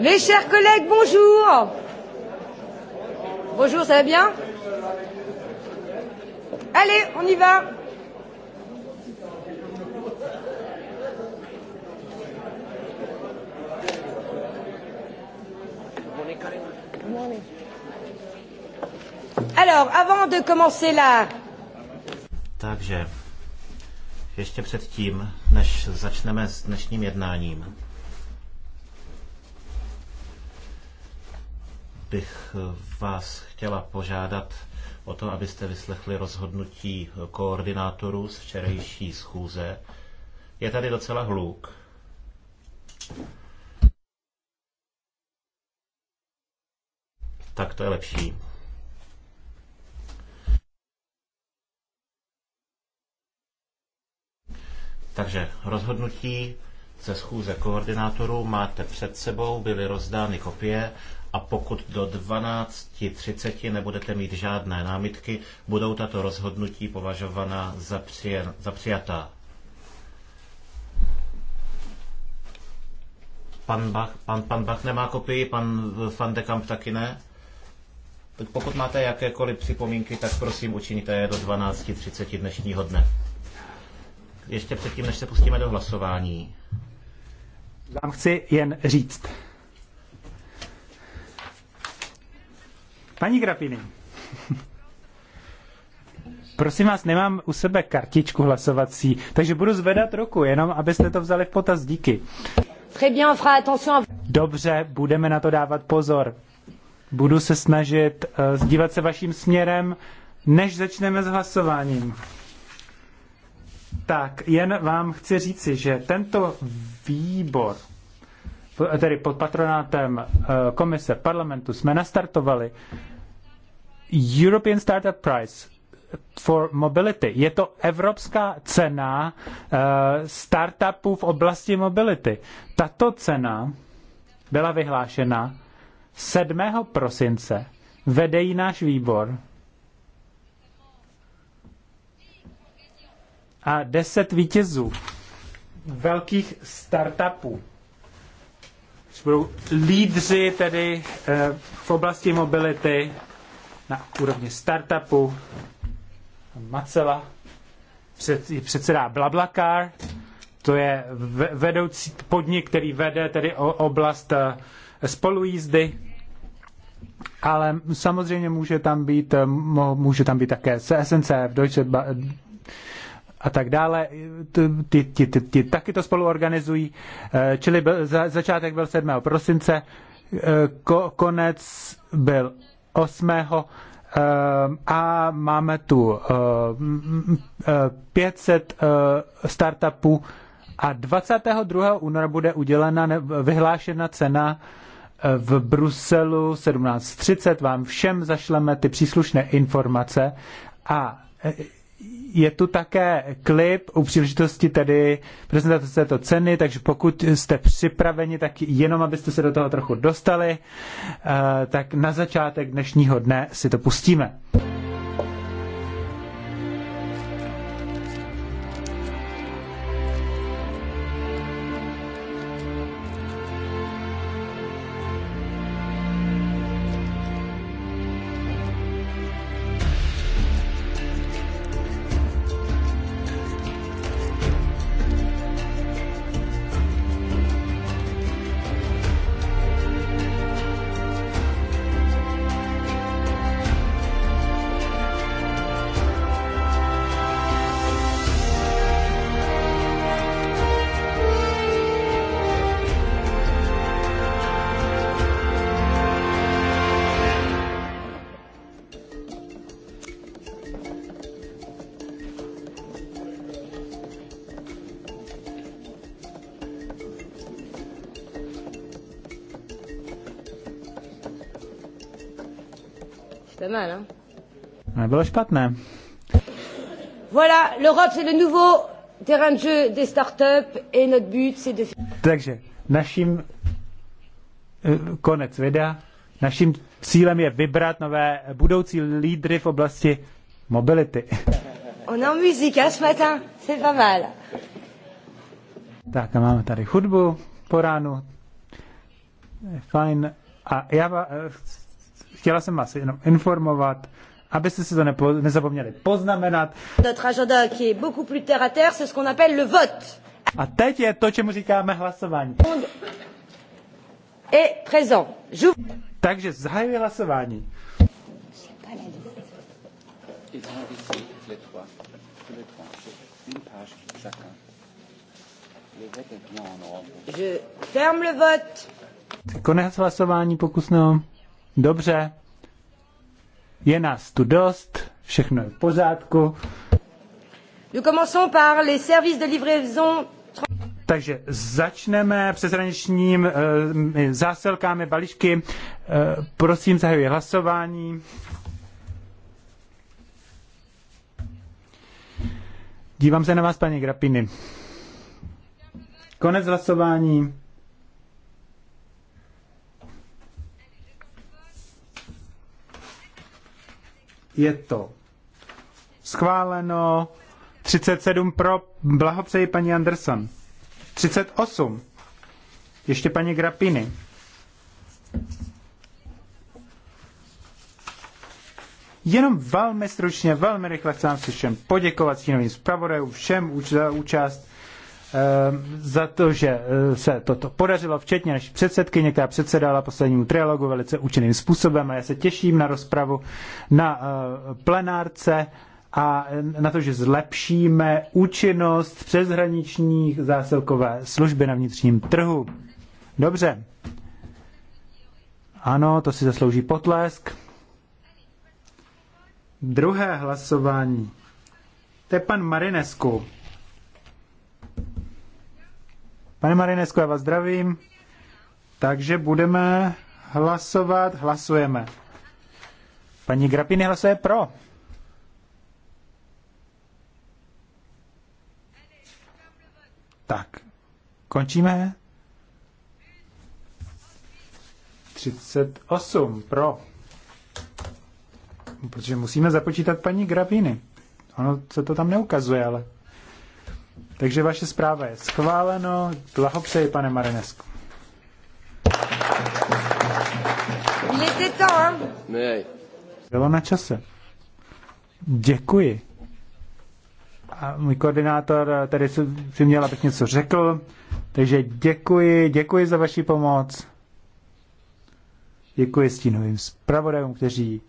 Mes chers collègues, bonjour. Bonjour, ça va bien Allez, on y va. Alors, avant de commencer la takže ještě předtím, než začneme s dnešním jednáním, bych vás chtěla požádat o to, abyste vyslechli rozhodnutí koordinátorů z včerejší schůze. Je tady docela hluk. Tak to je lepší. Takže rozhodnutí ze schůze koordinátorů máte před sebou, byly rozdány kopie a pokud do 12.30 nebudete mít žádné námitky, budou tato rozhodnutí považována za, přijen, za přijatá. Pan Bach, pan, pan Bach nemá kopii, pan Van de Kamp taky ne. Tak pokud máte jakékoliv připomínky, tak prosím učiníte je do 12.30 dnešního dne ještě předtím, než se pustíme do hlasování. Vám chci jen říct. Paní Grapiny, prosím vás, nemám u sebe kartičku hlasovací, takže budu zvedat ruku, jenom abyste to vzali v potaz, díky. Dobře, budeme na to dávat pozor. Budu se snažit uh, zdívat se vaším směrem, než začneme s hlasováním tak jen vám chci říci, že tento výbor, tedy pod patronátem eh, komise parlamentu, jsme nastartovali European Startup Prize for Mobility. Je to evropská cena eh, startupů v oblasti mobility. Tato cena byla vyhlášena 7. prosince. Vede ji náš výbor a 10 vítězů velkých startupů, což budou lídři tedy eh, v oblasti mobility na úrovni startupu. Macela před, předsedá BlaBlaCar, to je vedoucí podnik, který vede tedy oblast eh, spolujízdy, ale samozřejmě může tam být, eh, může tam být také SNCF. Deutsche, ba a tak dále. ty, ty, ty, ty taky to spolu organizují, eh, čili byl, za, začátek byl 7. prosince, eh, ko, konec byl 8. Eh, a máme tu 500 startupů a 22. února bude udělena vyhlášena cena v Bruselu 17.30. Vám všem zašleme ty příslušné informace a je tu také klip u příležitosti tedy prezentace této ceny, takže pokud jste připraveni, tak jenom abyste se do toho trochu dostali, eh, tak na začátek dnešního dne si to pustíme. bylo špatné. Voilà, l'Europe c'est le nouveau terrain de jeu des startups et notre but c'est de... Takže naším eh, konec videa. Naším cílem je vybrat nové budoucí lídry v oblasti mobility. On a musique, hein, ce matin, c'est pas mal. Tak a máme tady hudbu po ránu. Fajn. A já eh, chtěla jsem vás jenom informovat, abyste si to nepo, nezapomněli poznamenat. Notre agenda, qui est beaucoup plus terre à terre, c'est ce qu'on appelle le vote. A teď je to, čemu říkáme hlasování. Et présent. Je... Takže zahajuji hlasování. Je ferme le vote. Konec hlasování pokusného. Dobře. Je nás tu dost, všechno je v pořádku. takže začneme přeshraničním e, eh, zásilkami, balíčky. E, prosím, zahajuji hlasování. Dívám se na vás, paní Grapiny. Konec hlasování. Je to schváleno. 37 pro. Blahopřeji paní Anderson. 38. Ještě paní Grapiny. Jenom velmi stručně, velmi rychle chcem si všem poděkovat novým zpravodajům, všem za účast Eh, za to, že eh, se toto podařilo, včetně naší předsedkyně, která předsedala poslednímu trialogu velice účinným způsobem a já se těším na rozpravu na eh, plenárce a na to, že zlepšíme účinnost přeshraničních zásilkové služby na vnitřním trhu. Dobře. Ano, to si zaslouží potlesk. Druhé hlasování. To je pan Marinesku. Pane Marinesku, já vás zdravím. Takže budeme hlasovat, hlasujeme. Paní Grapiny hlasuje pro. Tak, končíme. 38 pro. Protože musíme započítat paní Grapiny. Ono se to tam neukazuje, ale... Takže vaše zpráva je schváleno. Blahopřeji, pane Marinesku. Bylo na čase. Děkuji. A můj koordinátor tady si měl, abych něco řekl. Takže děkuji, děkuji za vaši pomoc. Děkuji stínovým zpravodajům, kteří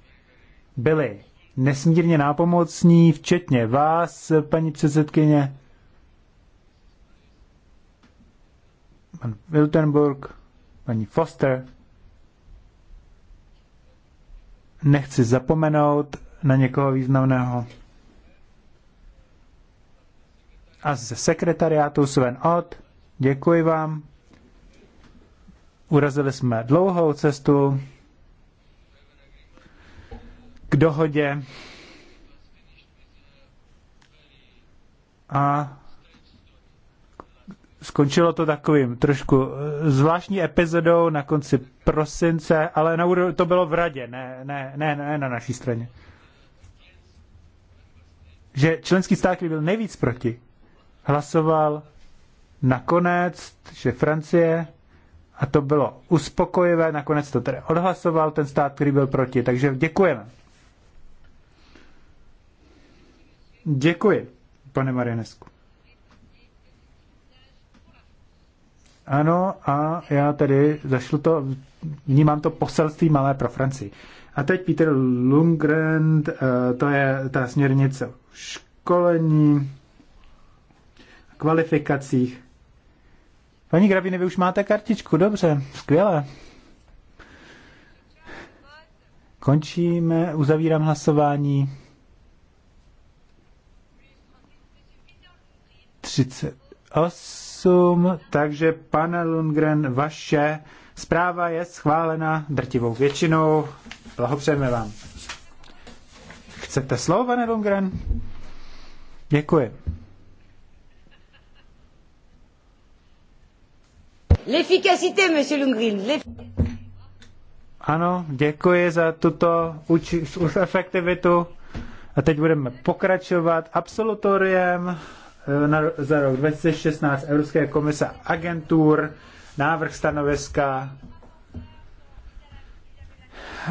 byli nesmírně nápomocní, včetně vás, paní předsedkyně. pan Wiltenburg, paní Foster. Nechci zapomenout na někoho významného. A ze sekretariátu Sven Ott, děkuji vám. Urazili jsme dlouhou cestu k dohodě. A Skončilo to takovým trošku eh, zvláštní epizodou na konci prosince, ale na, to bylo v radě, ne, ne, ne, ne na naší straně. Že členský stát, který byl nejvíc proti, hlasoval nakonec, že Francie, a to bylo uspokojivé, nakonec to tedy odhlasoval ten stát, který byl proti, takže děkujeme. Děkuji, pane Marinesku. Ano, a já tedy zašlu to, vnímám to poselství malé pro Francii. A teď Peter Lundgren, eh, to je ta směrnice školení, kvalifikacích. Paní Graviny, vy už máte kartičku, dobře, skvěle. Končíme, uzavírám hlasování. 38 8, takže pane Lundgren, vaše zpráva je schválena drtivou většinou. Blahopřejeme vám. Chcete slovo, pane Lundgren? Děkuji. L'efficacité, monsieur Lundgren. Ano, děkuji za tuto uči- efektivitu. A teď budeme pokračovat absolutoriem. Eh, na, za rok 2016 Evropské komise agentur, návrh stanoviska.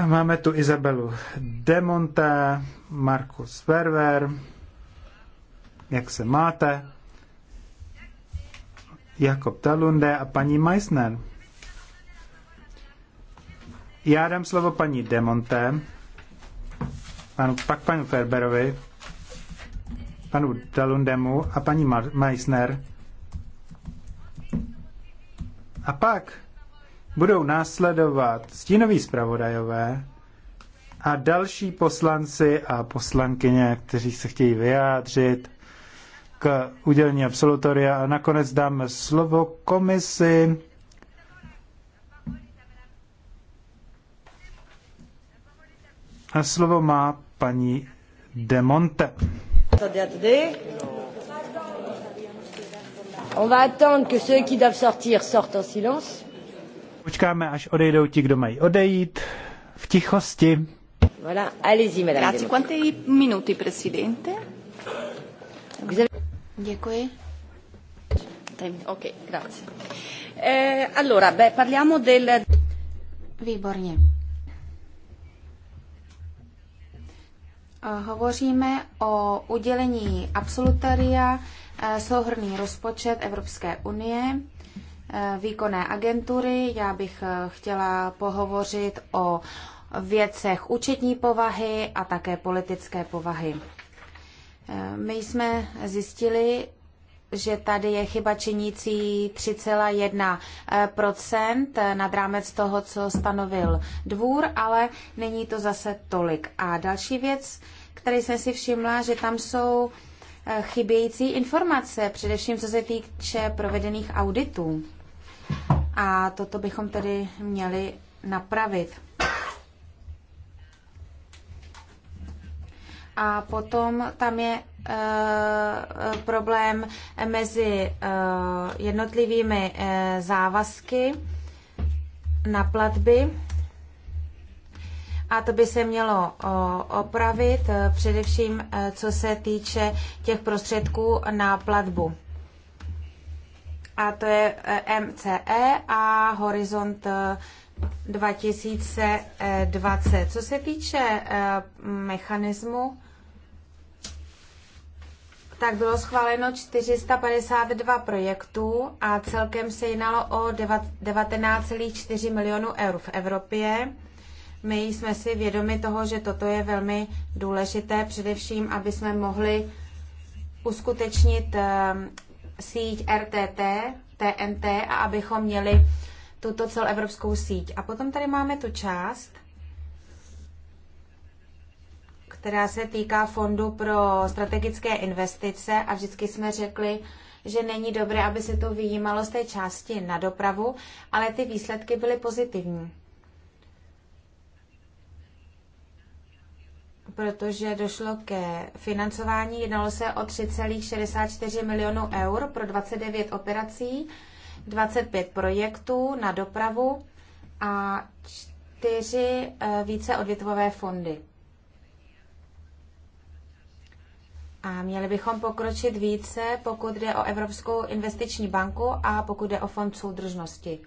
Máme tu Izabelu Demonte, Markus Verver. Jak se máte? Jakob Talunde a paní Meissner. Já dám slovo paní Demonte, panu, pak panu Ferberovi, panu Dalundemu a paní Meissner. A pak budou následovat stínoví zpravodajové a další poslanci a poslankyně, kteří se chtějí vyjádřit k udělení absolutoria. A nakonec dáme slovo komisi. A slovo má paní Demonte. Attendez, attendez. On va attendre que ceux qui doivent sortir sortent en silence. Počkáme, až odejdou ti, kdo mají odejít, v tichosti. Voilà, allez-y, madame. Grazie. Quante minuti, presidente? Děkuji. Ok, grazie. Eh, allora, beh, parliamo del... Výborně. Hovoříme o udělení absolutaria, eh, souhrný rozpočet Evropské unie, eh, výkonné agentury. Já bych eh, chtěla pohovořit o věcech účetní povahy a také politické povahy. My jsme zjistili, že tady je chyba činící 3,1 nad rámec toho, co stanovil dvůr, ale není to zase tolik. A další věc, které jsem si všimla, že tam jsou eh, chybějící informace, především co se týče provedených auditů. A toto bychom tedy měli napravit. A potom tam je Eh, problém mezi eh, jednotlivými eh, závazky na platby. A to by se mělo opravit, především co se týče těch prostředků na platbu. A to je MCE a Horizont 2020. Co se týče mechanismu, tak bylo schváleno 452 projektů a celkem se jednalo o 19,4 milionů eur v Evropě. My jsme si vědomi toho, že toto je velmi důležité, především, aby jsme mohli uskutečnit ehm, síť RTT, TNT a abychom měli tuto celoevropskou síť. A potom tady máme tu část, která se týká Fondu pro strategické investice a vždycky jsme řekli, že není dobré, aby se to vyjímalo z té části na dopravu, ale ty výsledky byly pozitivní. protože došlo ke financování. Jednalo se o 3,64 milionů eur pro 29 operací, 25 projektů na dopravu a čtyři eh, více odvětvové fondy. A měli bychom pokročit více, pokud jde o Evropskou investiční banku a pokud jde o fond soudržnosti.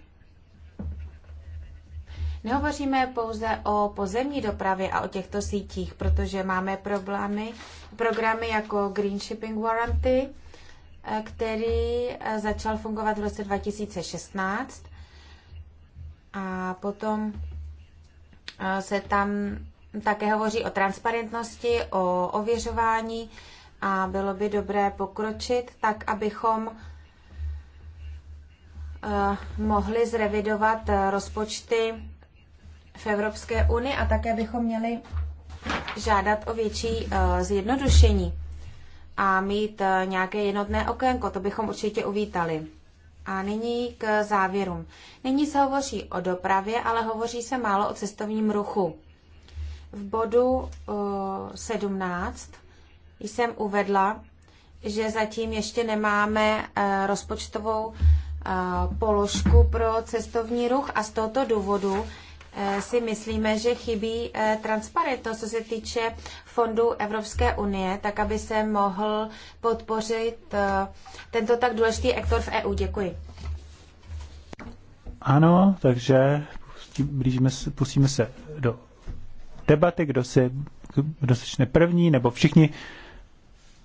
Nehovoříme pouze o pozemní dopravě a o těchto sítích, protože máme problémy, programy jako Green Shipping Warranty, eh, který eh, začal fungovat v roce 2016 a potom eh, se tam také hovoří o transparentnosti, o ověřování a bylo by dobré pokročit tak, abychom eh, mohli zrevidovat eh, rozpočty v Evropské unii a také bychom měli žádat o větší eh, zjednodušení a mít nějaké jednotné okénko. To bychom určitě uvítali. A nyní k závěrům. Nyní se hovoří o dopravě, ale hovoří se málo o cestovním ruchu. V bodu 17 jsem uvedla, že zatím ještě nemáme eh, rozpočtovou eh, položku pro cestovní ruch a z tohoto důvodu eh, si myslíme, že chybí transparentnost, co se týče fondů Evropské unie, tak aby se mohl podpořit tento tak důležitý ektor v EU. Děkuji. Ano, takže blížíme se, pustíme se do debaty, kdo se, kdo začne první, nebo všichni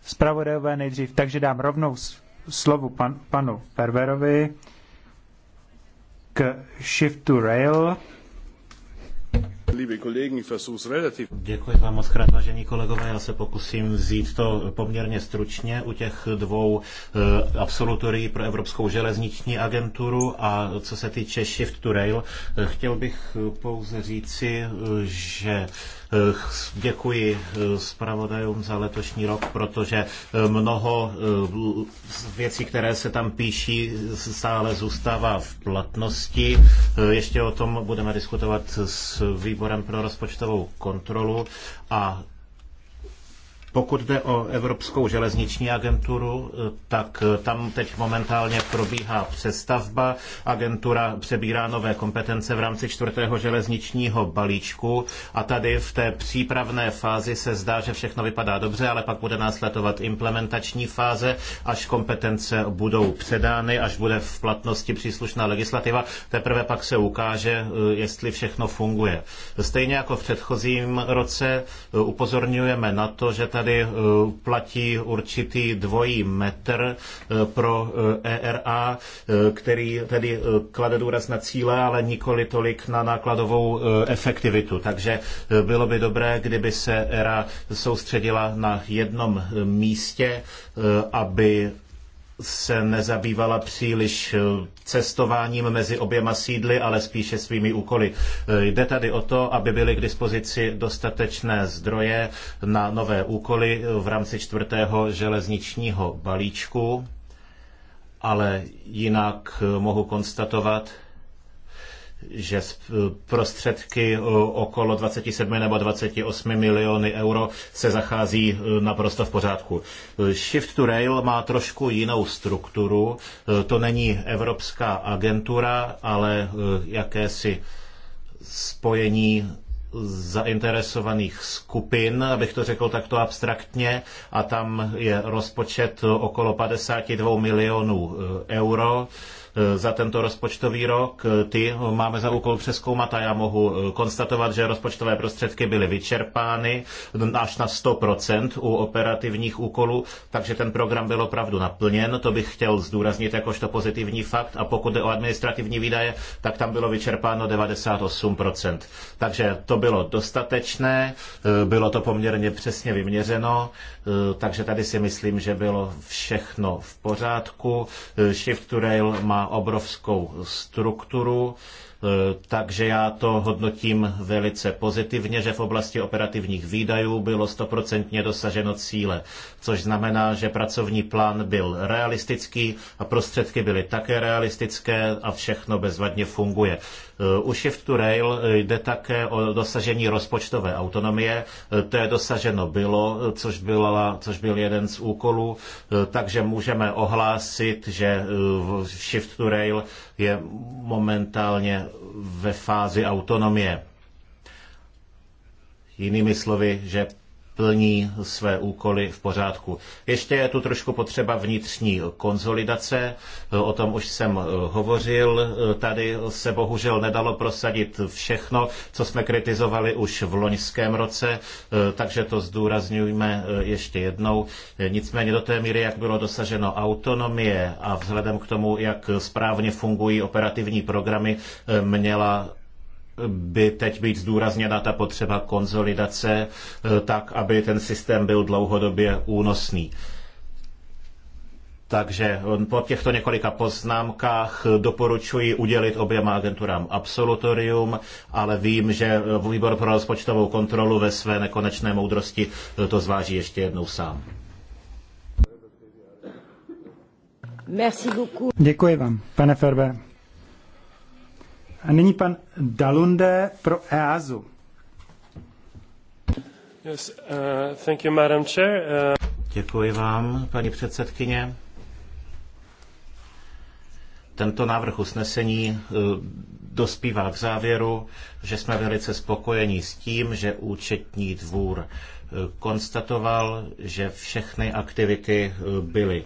zpravodajové nejdřív, takže dám rovnou slovu pan, panu Perverovi k Shift to Rail. Děkuji vám moc krát, vážení kolegové. Já se pokusím vzít to poměrně stručně u těch dvou eh, absolutorií pro Evropskou železniční agenturu a co se týče Shift to Rail, eh, chtěl bych pouze říci, eh, že Eh, děkuji eh, zpravodajům za letošní rok, protože eh, mnoho věcí, které se tam píší, stále zůstává v platnosti. Ještě o tom budeme diskutovat s výborem pro rozpočtovou kontrolu a pokud jde o Evropskou železniční agenturu, tak tam teď momentálně probíhá přestavba. Agentura přebírá nové kompetence v rámci čtvrtého železničního balíčku a tady v té přípravné fázi se zdá, že všechno vypadá dobře, ale pak bude následovat implementační fáze, až kompetence budou předány, až bude v platnosti příslušná legislativa. Teprve pak se ukáže, jestli všechno funguje. Stejně jako v předchozím roce upozorňujeme na to, že tady tady eh, platí určitý dvojí metr eh, pro ERA, eh, e který tedy klade důraz na cíle, ale nikoli tolik na nákladovou efektivitu. Takže bylo by dobré, kdyby se ERA soustředila na jednom místě, aby se nezabývala příliš eh, cestováním mezi oběma sídly, ale spíše svými úkoly. Eh, jde tady o to, aby byly k dispozici dostatečné zdroje na nové úkoly eh, v rámci čtvrtého železničního balíčku, ale jinak mohu konstatovat, že eh, prostředky eh, okolo 27 nebo 28 miliony euro se zachází eh, naprosto v pořádku. Shift to Rail má trošku jinou strukturu. To není evropská agentura, ale jakési spojení zainteresovaných skupin, abych to řekl takto abstraktně, a tam je rozpočet okolo 52 milionů euro Eh, za tento rozpočtový rok. Eh, ty máme za úkol přeskoumat a já mohu eh, konstatovat, že rozpočtové prostředky byly vyčerpány až na 100% u operativních úkolů, takže ten program byl opravdu naplněn. To bych chtěl zdůraznit jakožto pozitivní fakt. A pokud jde o administrativní výdaje, tak tam bylo vyčerpáno 98%. Takže to bylo dostatečné, bylo to poměrně přesně vyměřeno, takže tady si myslím, že bylo všechno v pořádku. Shift to Rail má obrovskou strukturu, e, takže já to hodnotím velice pozitivně, že v oblasti operativních výdajů bylo stoprocentně dosaženo cíle, což znamená, že pracovní plán byl realistický a prostředky byly také realistické a všechno bezvadně funguje. U Shift to Rail jde také o dosažení rozpočtové autonomie. To je dosaženo bylo, což, byla, což byl jeden z úkolů, takže můžeme ohlásit, že Shift to Rail je momentálně ve fázi autonomie. Jinými slovy, že plní své úkoly v pořádku. Ještě je tu trošku potřeba vnitřní konzolidace, o tom už jsem eh, hovořil. Eh, tady se bohužel nedalo prosadit všechno, co jsme kritizovali už v loňském roce, eh, takže to zdůrazňujme ještě jednou. Nicméně do té míry, jak bylo dosaženo autonomie a vzhledem k tomu, jak správně fungují operativní programy, měla by teď být zdůrazněna ta potřeba konzolidace, eh, tak aby ten systém byl dlouhodobě únosný. Takže hm, po těchto několika poznámkách eh, doporučuji udělit oběma agenturám absolutorium, ale vím, že eh, výbor pro rozpočtovou kontrolu ve své nekonečné moudrosti to zváží ještě jednou sám. Děkuji vám, pane Ferber. A nyní pan Dalunde pro EASu. Yes, uh, thank you, Madam Chair. Uh... Děkuji vám, paní předsedkyně. Tento návrh usnesení uh, dospívá k závěru, že jsme velice spokojeni s tím, že účetní dvůr uh, konstatoval, že všechny aktivity uh, byly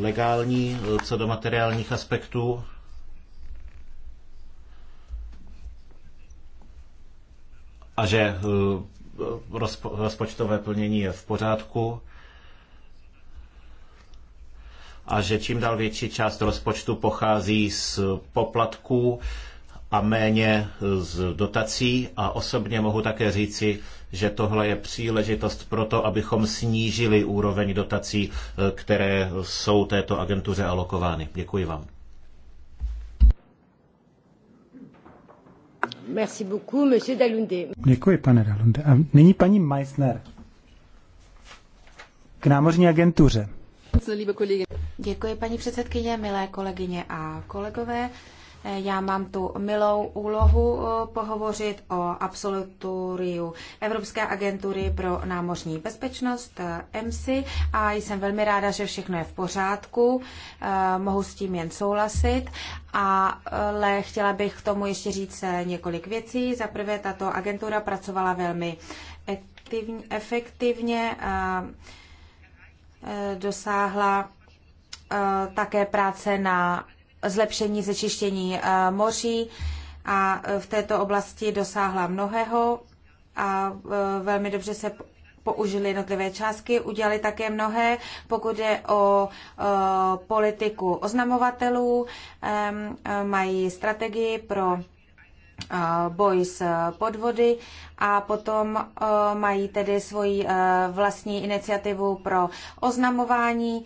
legální co do materiálních aspektů a že eh, rozpočtové plnění je v pořádku a že čím dál větší část rozpočtu pochází z poplatků a méně eh, z dotací. A osobně mohu také říci, že tohle je příležitost pro to, abychom snížili úroveň dotací, eh, které jsou této agentuře alokovány. Děkuji vám. Merci beaucoup, monsieur Dalunde. Děkuji, pane Dalunde. A nyní paní Meissner k námořní agentuře. Děkuji, paní předsedkyně, milé kolegyně a kolegové. Já mám tu milou úlohu eh, pohovořit o absolutoriu Evropské agentury pro námořní bezpečnost EMSI eh, a jsem velmi ráda, že všechno je v pořádku. Eh, mohu s tím jen souhlasit, ale chtěla bych k tomu ještě říct několik věcí. Za prvé, tato agentura pracovala velmi efektivně, dosáhla také práce na zlepšení zečištění eh, moří a eh, v této oblasti dosáhla mnohého a eh, velmi dobře se použili jednotlivé částky, udělali také mnohé, pokud je o o politiku oznamovatelů, em, mají strategii pro o, boj s podvody a potom mají tedy svoji vlastní iniciativu pro oznamování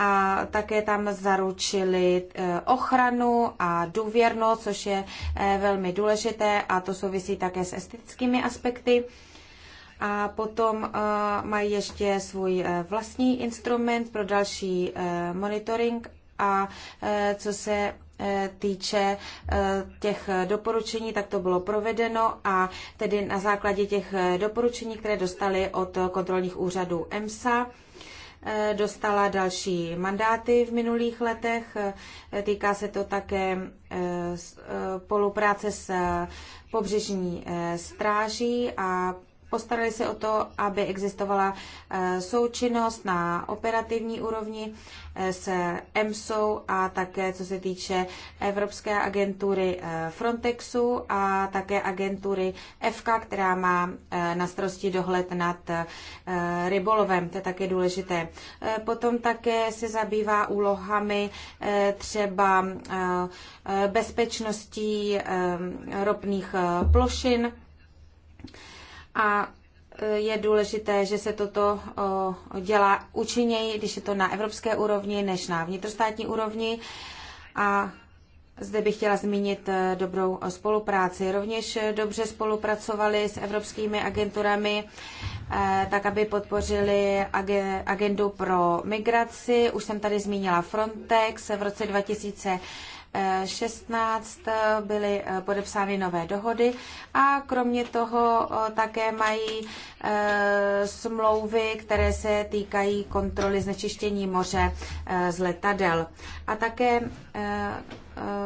a také tam zaručili e, ochranu a důvěrnost, což je e, velmi důležité a to souvisí také s estetickými aspekty. A potom e, mají ještě svůj vlastní instrument pro další monitoring a co se týče těch doporučení, tak to bylo provedeno a tedy na základě těch doporučení, které dostali od kontrolních úřadů EMSA, Eh, dostala další mandáty v minulých letech. Eh, týká se to také eh, spolupráce s pobřežní stráží a postarali se o to, aby existovala eh, součinnost na operativní úrovni eh, s EMSou a také co se týče Evropské agentury eh, Frontexu a také agentury FK, která má na starosti dohled nad rybolovem. To je také důležité. Potom také se zabývá úlohami třeba bezpečností ropných plošin a e, je důležité, že se toto dělá účinněji, když je to na evropské úrovni, než na vnitrostátní úrovni. A zde bych chtěla zmínit e, dobrou spolupráci. Rovněž e, dobře spolupracovali s evropskými agenturami, tak aby podpořili agendu pro migraci. Už jsem tady zmínila Frontex v roce 2000. 16 eh, byly eh, podepsány nové dohody a kromě toho eh, také mají smlouvy, které se týkají kontroly znečištění moře z letadel. A také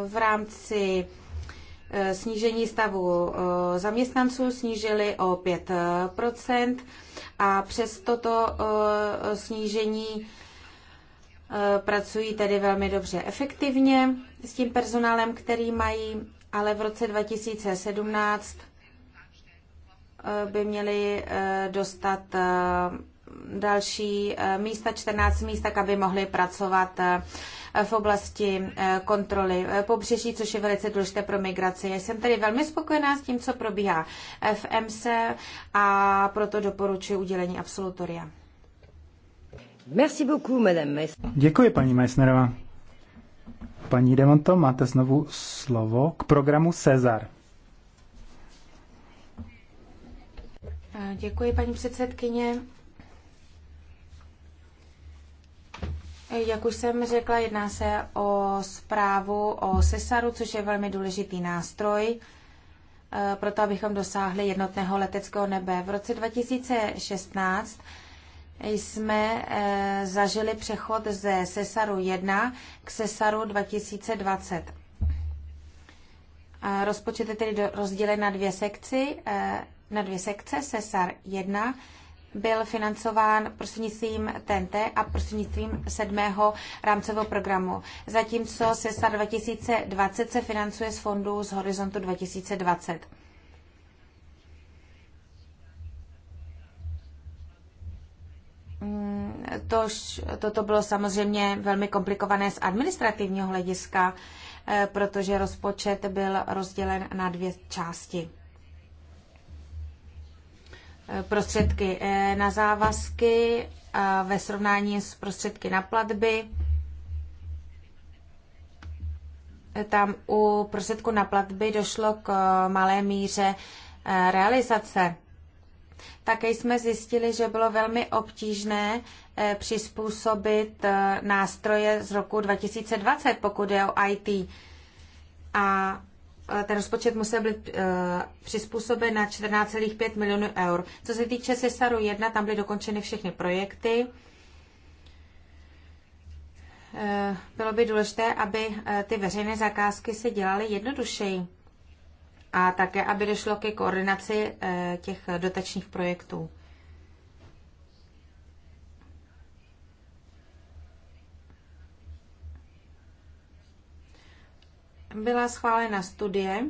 v rámci snížení stavu zaměstnanců snížili o 5 a přes toto snížení pracují tedy velmi dobře efektivně s tím personálem, který mají, ale v roce 2017 eh, by měli eh, dostat eh, další místa, 14 míst, tak aby mohli pracovat v oblasti kontroly pobřeží, což je velice důležité pro migraci. Já jsem tady velmi spokojená s tím, co probíhá v MC a proto doporučuji udělení absolutoria. Merci beaucoup, madame Děkuji, paní Meissnerová. Paní Demonto, máte znovu slovo k programu Cezar. Děkuji, paní předsedkyně. Jak už jsem řekla, jedná se o zprávu o SESARu, což je velmi důležitý nástroj e, pro to, abychom dosáhli jednotného leteckého nebe. V roce 2016 jsme eh, zažili přechod ze Sesaru 1 k Sesaru 2020. Rozpočet je tedy rozdělen na dvě, sekci, eh, na dvě sekce. Sesar 1 byl financován prostřednictvím TNT a prostřednictvím sedmého rámcového programu, zatímco Sesar 2020 se financuje z fondů z Horizontu 2020. Mm, to, toto bylo samozřejmě velmi komplikované z administrativního hlediska, eh, protože rozpočet byl rozdělen na dvě části. Eh, prostředky eh, na závazky ve srovnání s prostředky na platby. Tam u prostředku na platby došlo k malé míře realizace také jsme zjistili, že bylo velmi obtížné eh, přizpůsobit eh, nástroje z roku 2020, pokud je o IT. A eh, ten rozpočet musel být přizpůsoben na 14,5 milionů eur. Co se týče Cesaru 1, tam byly dokončeny všechny projekty. Bylo by důležité, aby ty veřejné zakázky se dělaly jednodušeji a také, aby došlo ke koordinaci eh, těch dotačních projektů. Byla schválena studie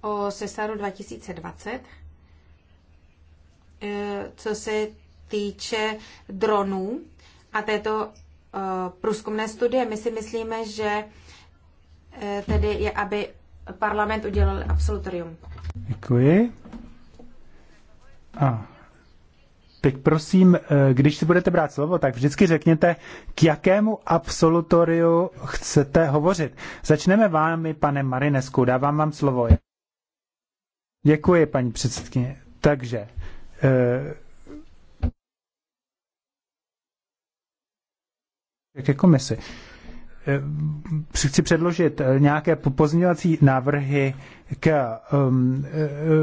o SESARu 2020, eh, co se týče dronů a této eh, průzkumné studie. My si myslíme, že Eh, tedy je, aby parlament udělal absolutorium. Děkuji. A teď prosím, eh, když si budete brát slovo, tak vždycky řekněte, k jakému absolutoriu chcete hovořit. Začneme vámi, pane Marinesku, dávám vám slovo. Děkuji, paní předsedkyně. Takže, eh, ke komisi. Eh, chci předložit eh, nějaké pozměňovací návrhy k ehm, eh,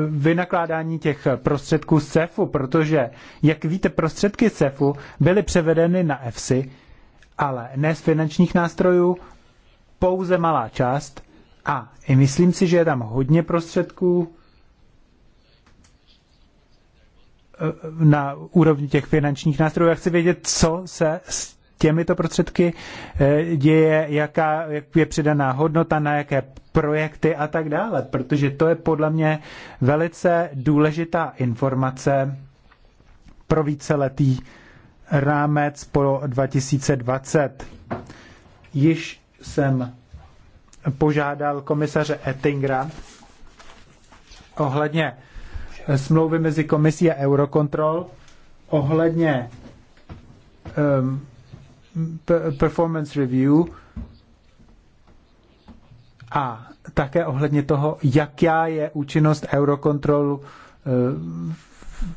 vynakládání těch prostředků z CEFu, protože, jak víte, prostředky z CEFu byly převedeny na EFSI, ale ne z finančních nástrojů, pouze malá část a myslím si, že je tam hodně prostředků na úrovni těch finančních nástrojů. Já chci vědět, co se s těmito prostředky eh, děje, jaká je přidaná hodnota, na jaké projekty a tak dále, protože to je podle mě velice důležitá informace pro víceletý rámec po 2020. Již jsem požádal komisaře Ettingera ohledně smlouvy mezi komisí a Eurocontrol, ohledně um, performance review a také ohledně toho, jaká je účinnost Eurokontrolu eh,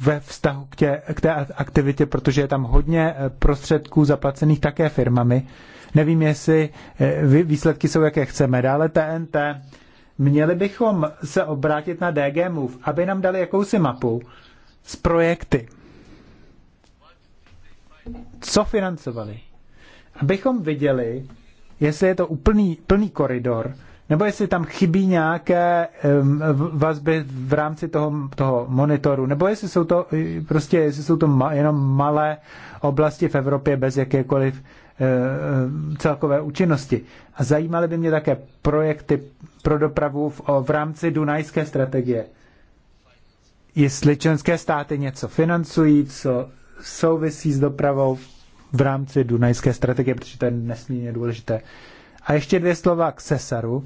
ve vztahu k, tě, k té aktivitě, protože je tam hodně eh, prostředků zaplacených také firmami. Nevím, jestli eh, výsledky jsou, jaké chceme. Dále TNT. Měli bychom se obrátit na DG Move, aby nám dali jakousi mapu s projekty, co financovali. Abychom viděli, jestli je to úplný, plný koridor, nebo jestli tam chybí nějaké vazby v rámci toho, toho monitoru, nebo jestli jsou to, prostě, jestli jsou to ma, jenom malé oblasti v Evropě bez jakékoliv e, e, celkové účinnosti. A zajímaly by mě také projekty pro dopravu v, v rámci Dunajské strategie. Jestli členské státy něco financují, co souvisí s dopravou v rámci Dunajské strategie, protože to je nesmírně důležité. A ještě dvě slova k Cesaru.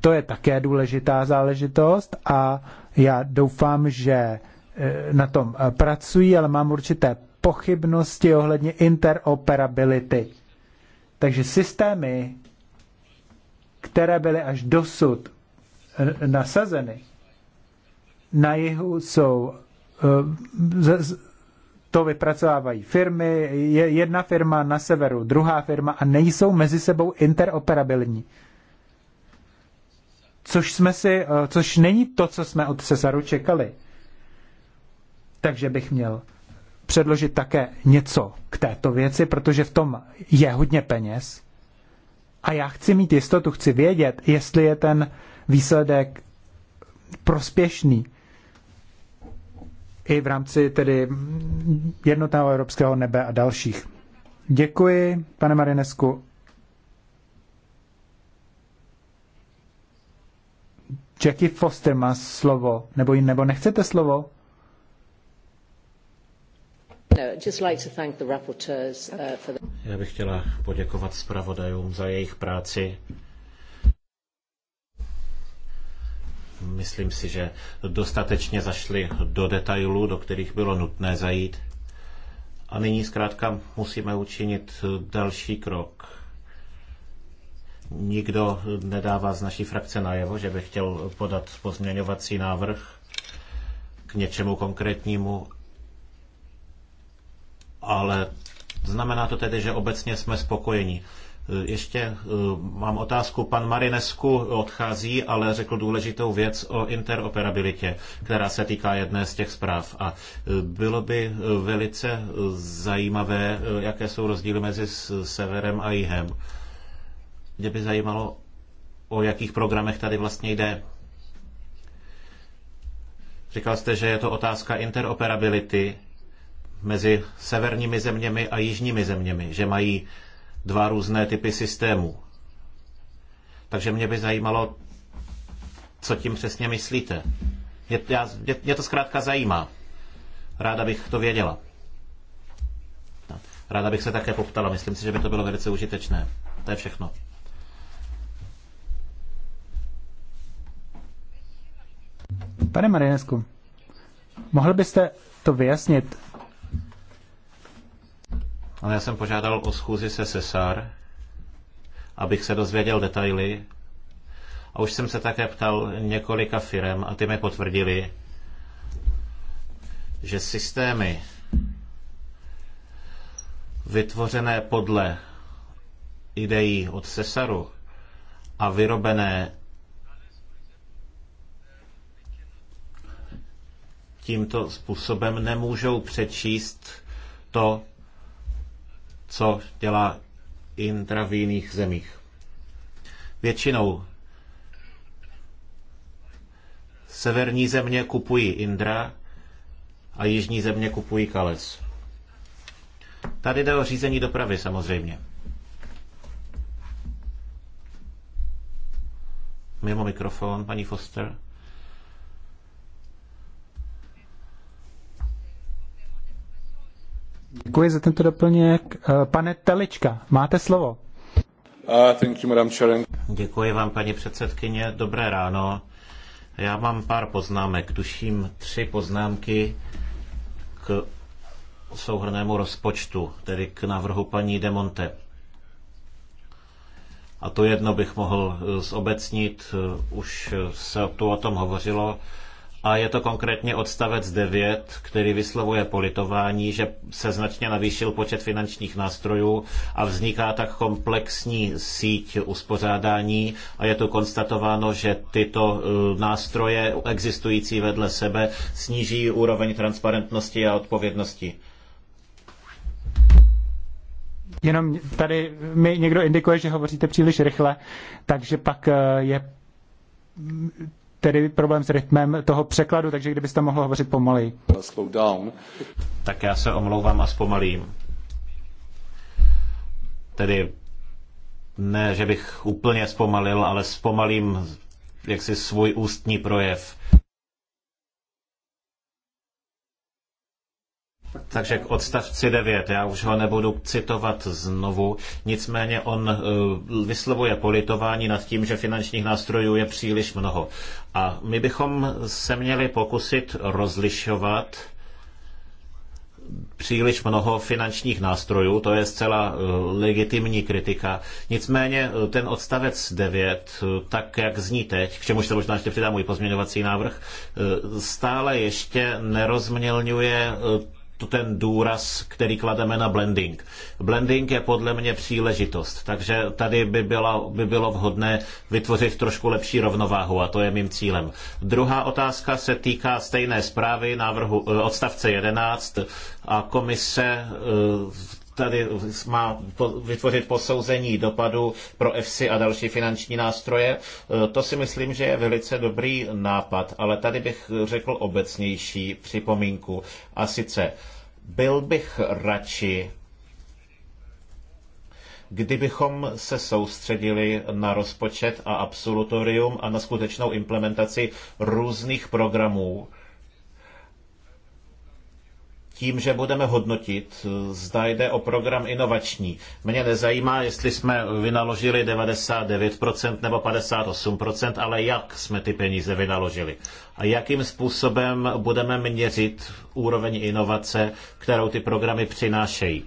To je také důležitá záležitost a já doufám, že eh, na tom eh, pracují, ale mám určité pochybnosti ohledně interoperability. Takže systémy, které byly až dosud eh, nasazeny, na jihu jsou to vypracovávají firmy, je jedna firma na severu, druhá firma a nejsou mezi sebou interoperabilní. Což, jsme si, eh, což není to, co jsme od Cesaru čekali. Takže bych měl předložit také něco k této věci, protože v tom je hodně peněz. A já chci mít jistotu, chci vědět, jestli je ten výsledek prospěšný i v rámci tedy jednotného evropského nebe a dalších. Děkuji, pane Marinesku. Jackie Foster má slovo, nebo jim, nebo nechcete slovo? No, uh, Já bych chtěla poděkovat zpravodajům za jejich práci Myslím si, že dostatečně zašli do detailů, do kterých bylo nutné zajít. A nyní zkrátka musíme učinit další krok. Nikdo nedává z naší frakce najevo, že by chtěl podat pozměňovací návrh k něčemu konkrétnímu, ale znamená to tedy, že obecně jsme spokojeni. Eh, ještě eh, mám otázku. Pan Marinesku odchází, ale řekl důležitou věc o interoperabilitě, která se týká jedné z těch zpráv. A eh, bylo by velice zajímavé, jaké jsou rozdíly mezi severem a jihem. Mě by zajímalo, o jakých programech tady vlastně jde. Říkal jste, že je to otázka interoperability mezi severními zeměmi a jižními zeměmi, že mají dva různé typy systémů. Takže mě by zajímalo, co tím přesně myslíte. Mě, já, mě, mě to zkrátka zajímá. Ráda bych to věděla. Ráda bych se také poptala. Myslím si, že by to bylo velice užitečné. To je všechno. Pane Marinesku, mohl byste to vyjasnit? Ale já jsem požádal o schůzi se Cesar, abych se dozvěděl detaily. A už jsem se také ptal několika firm a ty mi potvrdili, že systémy vytvořené podle ideí od Cesaru a vyrobené tímto způsobem nemůžou přečíst to, co dělá Intra v jiných zemích. Většinou severní země kupují Indra a jižní země kupují Kales. Tady jde o řízení dopravy samozřejmě. Mimo mikrofon, paní Foster. Děkuji za tento doplněk. Eh, pane Telička, máte slovo. Ah, Děkuji vám, paní předsedkyně. Dobré ráno. Já mám pár poznámek, tuším tři poznámky k souhrnému rozpočtu, tedy k návrhu paní Demonte. A to jedno bych mohl eh, zobecnit, eh, už se tu o tom hovořilo, a je to konkrétně odstavec 9, který vyslovuje politování, že se značně navýšil počet finančních nástrojů a vzniká tak komplexní síť uspořádání a je tu konstatováno, že tyto e, nástroje existující vedle sebe sníží úroveň transparentnosti a odpovědnosti. Jenom tady mi někdo indikuje, že hovoříte příliš rychle, takže pak e, je tedy problém s rytmem toho překladu, takže kdybyste mohl hovořit pomalej. Tak já se omlouvám a zpomalím. Tedy ne, že bych úplně zpomalil, ale zpomalím jaksi svůj ústní projev. Takže k odstavci 9, já už ho nebudu citovat znovu, nicméně on eh, vyslovuje politování nad tím, že finančních nástrojů je příliš mnoho. A my bychom se měli pokusit rozlišovat příliš mnoho finančních nástrojů, to je zcela eh, legitimní kritika. Nicméně eh, ten odstavec 9, tak jak zní teď, k čemuž se možná ještě přidá můj pozměňovací návrh, stále ještě nerozmělňuje ten důraz, který klademe na blending. Blending je podle mě příležitost, takže tady by, byla, by bylo vhodné vytvořit trošku lepší rovnováhu a to je mým cílem. Druhá otázka se týká stejné zprávy návrhu eh, odstavce 11 a komise eh, tady má vytvořit posouzení dopadu pro EFSI a další finanční nástroje. Eh, to si myslím, že je velice dobrý nápad, ale tady bych řekl obecnější připomínku. A sice byl bych radši, kdybychom se soustředili na rozpočet a absolutorium a na skutečnou implementaci různých programů, tím, že budeme hodnotit, eh, zda jde o program inovační. Mě nezajímá, jestli jsme vynaložili 99% nebo 58%, ale jak jsme ty peníze vynaložili. A jakým způsobem budeme měřit úroveň inovace, kterou ty programy přinášejí.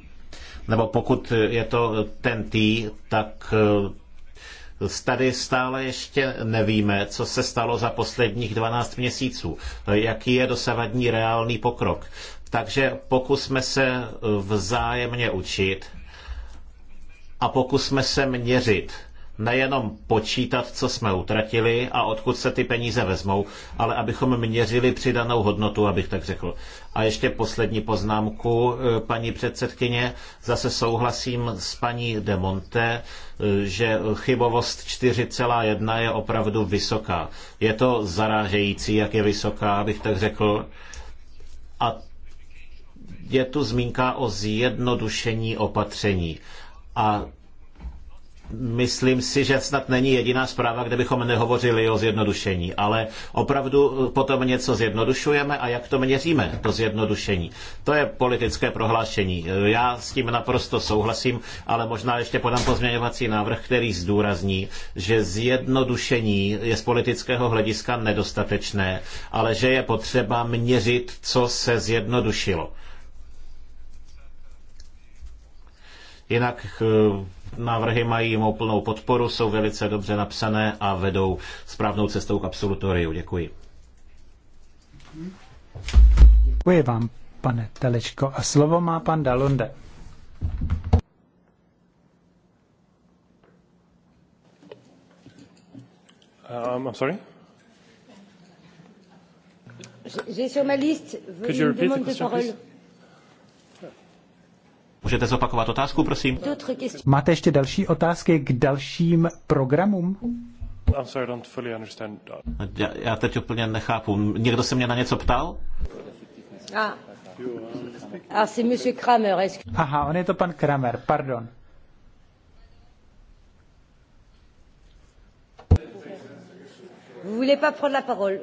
Nebo pokud je to ten tý, tak eh, tady stále ještě nevíme, co se stalo za posledních 12 měsíců, eh, jaký je dosavadní reálný pokrok. Takže pokusme se eh, vzájemně učit a pokusme se měřit nejenom počítat, co jsme utratili a odkud se ty peníze vezmou, ale abychom měřili přidanou hodnotu, abych tak řekl. A ještě poslední poznámku, eh, paní předsedkyně. Zase souhlasím s paní Demonte, eh, že chybovost 4,1 je opravdu vysoká. Je to zarážející, jak je vysoká, abych tak řekl. A je tu zmínka o zjednodušení opatření. A Myslím si, že snad není jediná zpráva, kde bychom nehovořili o zjednodušení, ale opravdu potom něco zjednodušujeme a jak to měříme, to zjednodušení. To je politické prohlášení. Já s tím naprosto souhlasím, ale možná ještě podám pozměňovací návrh, který zdůrazní, že zjednodušení je z politického hlediska nedostatečné, ale že je potřeba měřit, co se zjednodušilo Jinak eh, návrhy mají mou plnou podporu, jsou velice dobře napsané a vedou správnou cestou k absolutoriu. Děkuji. Děkuji vám, pane Telečko. A slovo má pan Dalonde. Um, I'm sorry? J'ai sur ma liste une demande de parole. Please? Můžete zopakovat otázku, prosím? Máte ještě další otázky k dalším programům? I'm sorry, don't fully understand. Já, já teď úplně nechápu. Někdo se mě na něco ptal? Ah. ah Kramer. Aha, on je to pan Kramer, pardon.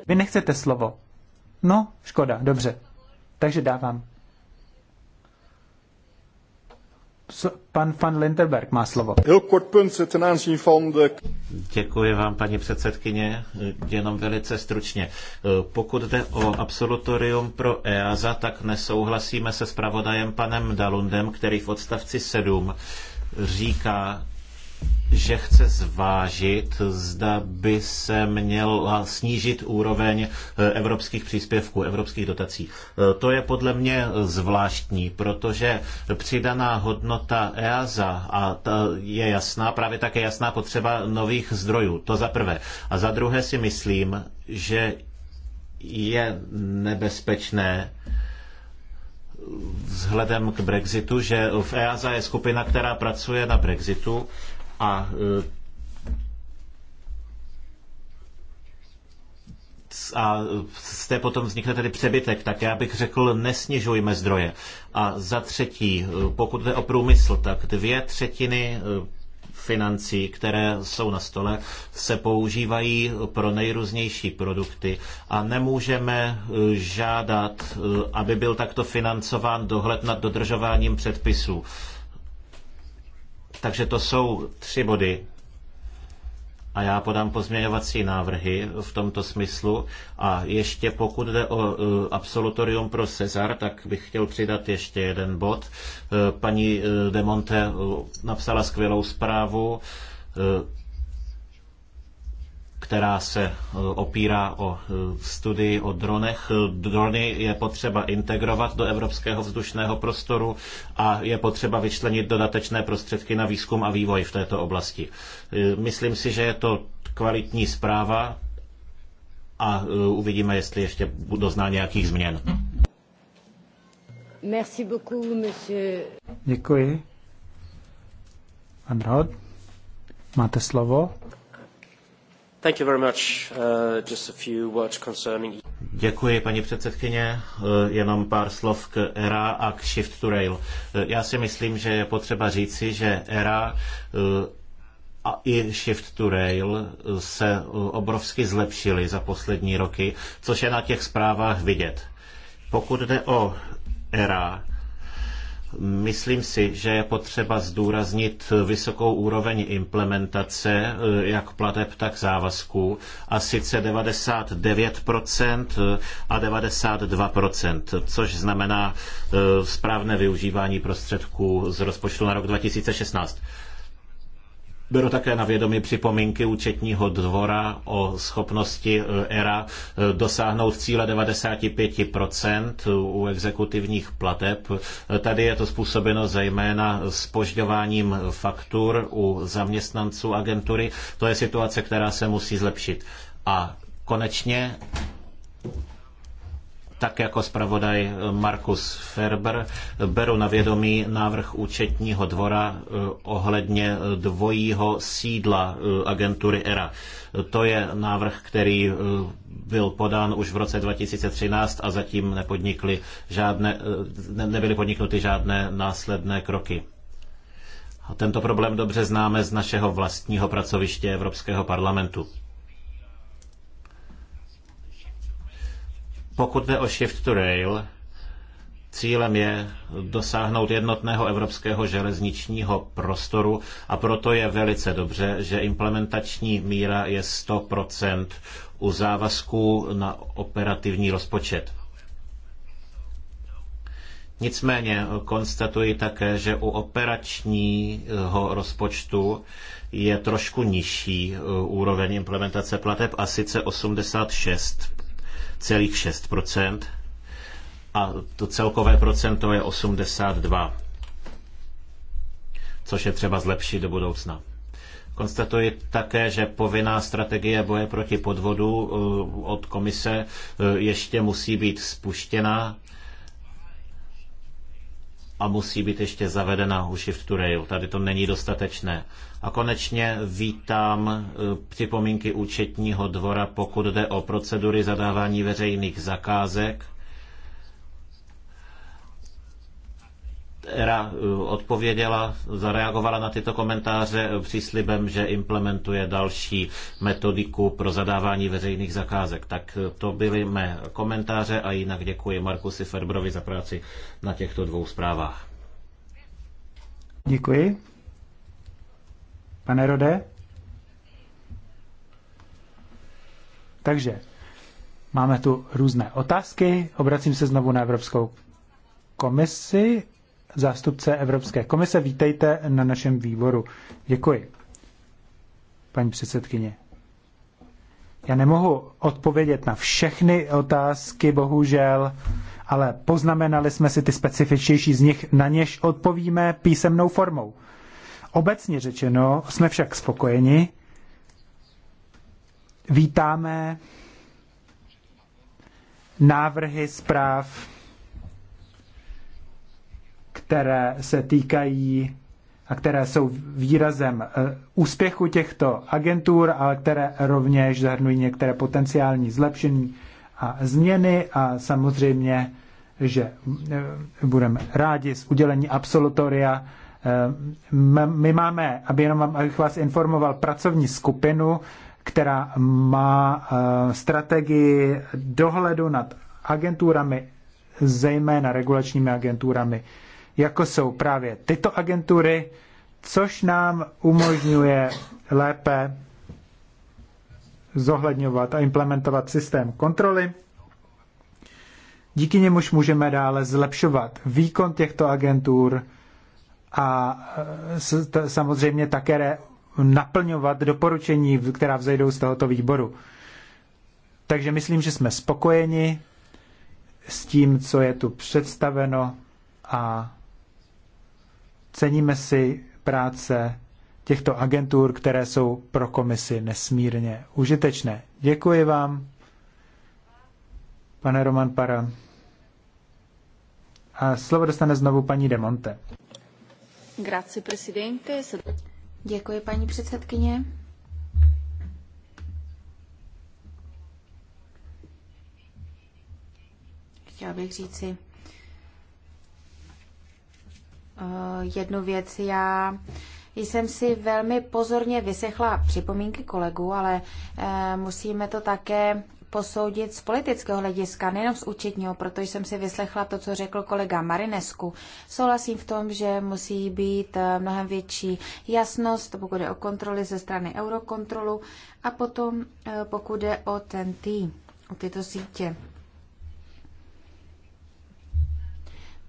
Vy nechcete slovo. No, škoda, dobře. Takže dávám Pan van Lindenberg má slovo. Děkuji vám, paní předsedkyně, jenom velice stručně. Pokud jde o absolutorium pro EASA, tak nesouhlasíme se spravodajem panem Dalundem, který v odstavci 7 říká, že chce zvážit, zda by se měla snížit úroveň eh, evropských příspěvků, evropských dotací. Eh, to je podle mě zvláštní, protože přidaná hodnota EASA a ta je jasná, právě také jasná potřeba nových zdrojů, to za prvé. A za druhé si myslím, že je nebezpečné, vzhledem k Brexitu, že v EASA je skupina, která pracuje na Brexitu a e, a z té potom vznikne tedy přebytek, tak já bych řekl, nesnižujme zdroje. A za třetí, e, pokud jde o průmysl, tak dvě třetiny e, financí, které jsou na stole, se používají pro nejrůznější produkty a nemůžeme žádat, aby byl takto financován dohled nad dodržováním předpisů. Takže to jsou tři body. A já podám pozměňovací návrhy v tomto smyslu. A ještě pokud jde o e, absolutorium pro Cezar, tak bych chtěl přidat ještě jeden bod. E, paní e, Demonte napsala skvělou zprávu která se e, opírá o e, studii o dronech. Drony je potřeba integrovat do evropského vzdušného prostoru a je potřeba vyčlenit dodatečné prostředky na výzkum a vývoj v této oblasti. E, myslím si, že je to kvalitní zpráva a uvidíme, jestli ještě dozná nějakých změn. Merci beaucoup, monsieur. Děkuji. Pan Rod, máte slovo. Děkuji, paní předsedkyně. Uh, jenom pár slov k ERA a k Shift to Rail. Uh, já si myslím, že je potřeba říci, že ERA uh, a i Shift to Rail se obrovsky zlepšily za poslední roky, což je na těch zprávách vidět. Pokud jde o ERA, Myslím si, že je potřeba zdůraznit vysokou úroveň implementace eh, jak plateb, tak závazků a sice 99% eh, a 92%, což znamená eh, správné využívání prostředků z rozpočtu na rok 2016. Beru také na vědomí připomínky účetního dvora o schopnosti e, ERA e, dosáhnout cíle 95% u exekutivních plateb. E, tady je to způsobeno zejména spožďováním faktur u zaměstnanců agentury. To je situace, která se musí zlepšit. A konečně tak jako zpravodaj eh, Markus Ferber beru na vědomí návrh účetního dvora eh, ohledně eh, dvojího sídla agentury ERA. To je návrh, který byl podán už v roce 2013 a zatím nepodnikly žádné, ne, nebyly podniknuty žádné následné kroky. A tento problém dobře známe z našeho vlastního pracoviště Evropského parlamentu. Pokud jde o Shift to Rail, Cílem je dosáhnout jednotného evropského železničního prostoru a proto je velice dobře, že implementační míra je 100% u závazků na operativní rozpočet. Nicméně konstatuji také, že u operačního rozpočtu je trošku nižší uh, úroveň implementace plateb a sice 86 6,6 a to celkové procento je 82, což je třeba zlepšit do budoucna. Konstatuji také, že povinná strategie boje proti podvodu eh, od komise eh, ještě musí být spuštěna a musí být ještě zavedena u Shift to Rail. Tady to není dostatečné. A konečně vítám e, připomínky účetního dvora, pokud jde o procedury zadávání veřejných zakázek ERA eh, odpověděla, zareagovala na tyto komentáře eh, příslibem, že implementuje další metodiku pro zadávání veřejných zakázek. Tak eh, to byly mé komentáře a jinak děkuji Markusi Ferbrovi za práci na těchto dvou zprávách. Děkuji. Pane Rode? Takže máme tu různé otázky. Obracím se znovu na Evropskou komisi zástupce Evropské komise. Vítejte na našem výboru. Děkuji, paní předsedkyně. Já nemohu odpovědět na všechny otázky, bohužel, ale poznamenali jsme si ty specifičnější z nich, na něž odpovíme písemnou formou. Obecně řečeno jsme však spokojeni. Vítáme návrhy zpráv které se týkají a které jsou výrazem eh, úspěchu těchto agentur, ale které rovněž zahrnují některé potenciální zlepšení a změny a samozřejmě, že eh, budeme rádi s udělení absolutoria. Eh, my máme, aby jenom abych vás informoval, pracovní skupinu, která má strategii dohledu nad agenturami, zejména regulačními agenturami jako jsou právě tyto agentury, což nám umožňuje lépe zohledňovat a implementovat systém kontroly. Díky němuž můžeme dále zlepšovat výkon těchto agentur a e, samozřejmě také naplňovat doporučení, která vzejdou z tohoto výboru. Takže myslím, že jsme spokojeni s tím, co je tu představeno a Ceníme si práce těchto agentur, které jsou pro komisi nesmírně užitečné. Děkuji vám, pane Roman Para. A slovo dostane znovu paní Demonte. Grazie, presidente. Děkuji, paní předsedkyně. Chtěla bych říci, Eh, jednu věc. Já jsem si velmi pozorně vysechla připomínky kolegů, ale eh, musíme to také posoudit z politického hlediska, nejenom z účetního, protože jsem si vyslechla to, co řekl kolega Marinesku. Souhlasím v tom, že musí být eh, mnohem větší jasnost, pokud je o kontroly ze strany Eurokontrolu a potom pokud je o ten tý, o tyto sítě.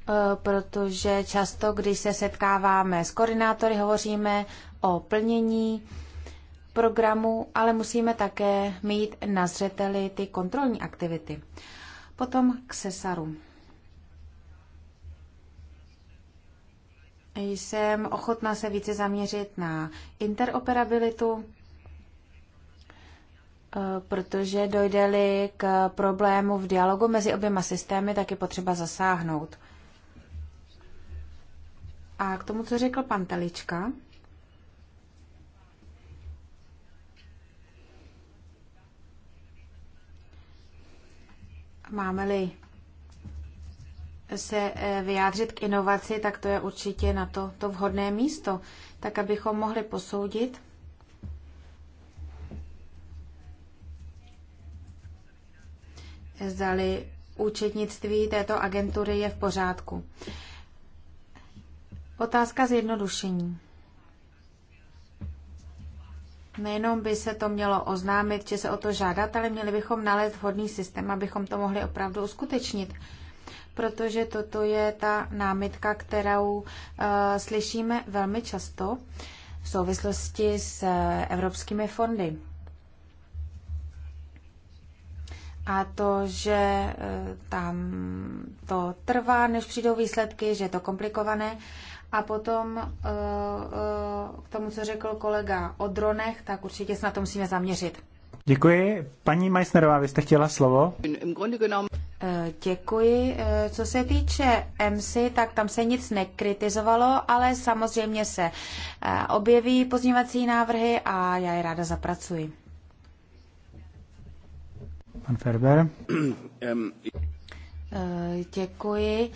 Eh, protože často, když se setkáváme s koordinátory, hovoříme o plnění programu, ale musíme také mít na zřeteli ty kontrolní aktivity. Potom k sesaru. Jsem ochotná se více zaměřit na interoperabilitu, eh, protože dojde-li k problému v dialogu mezi oběma systémy, tak je potřeba zasáhnout. A k tomu, co řekl pan Telička, máme-li se eh, vyjádřit k inovaci, tak to je určitě na to, to vhodné místo, tak abychom mohli posoudit, zdali účetnictví této agentury je v pořádku. Otázka zjednodušení. Nejenom by se to mělo oznámit, že se o to žádat, ale měli bychom nalézt vhodný systém, abychom to mohli opravdu uskutečnit. Protože toto je ta námitka, kterou e, slyšíme velmi často v souvislosti s eh, evropskými fondy. A to, že e, tam to trvá, než přijdou výsledky, že je to komplikované. E, a potom eh, eh, k tomu, co řekl kolega o dronech, tak určitě se na to musíme zaměřit. Děkuji. Paní Meissnerová, vy jste chtěla slovo? Eh, děkuji. Co se týče MC, tak tam se nic nekritizovalo, ale samozřejmě se objeví pozměňovací návrhy a já je ráda zapracuji. Pan Ferber. Děkuji.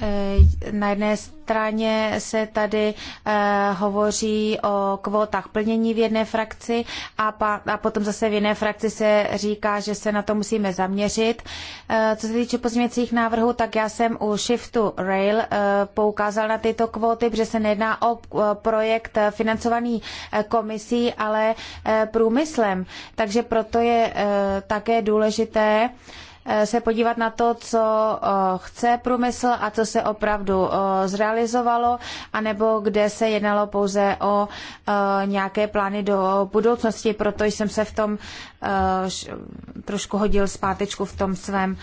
Eh, na jedné straně se tady eh, hovoří o kvótách plnění v jedné frakci a, pa, a potom zase v jiné frakci se říká, že se na to musíme zaměřit. Eh, co se týče pozměňujících návrhů, tak já jsem u Shiftu Rail poukázal na tyto kvóty, protože se nejedná o projekt financovaný komisí, ale průmyslem. Takže proto je také důležité, Eh, se podívat na to, co eh, chce průmysl a co se opravdu eh, zrealizovalo, anebo kde se jednalo pouze o nějaké plány do budoucnosti, proto jsem se v tom trošku hodil zpátečku v tom svém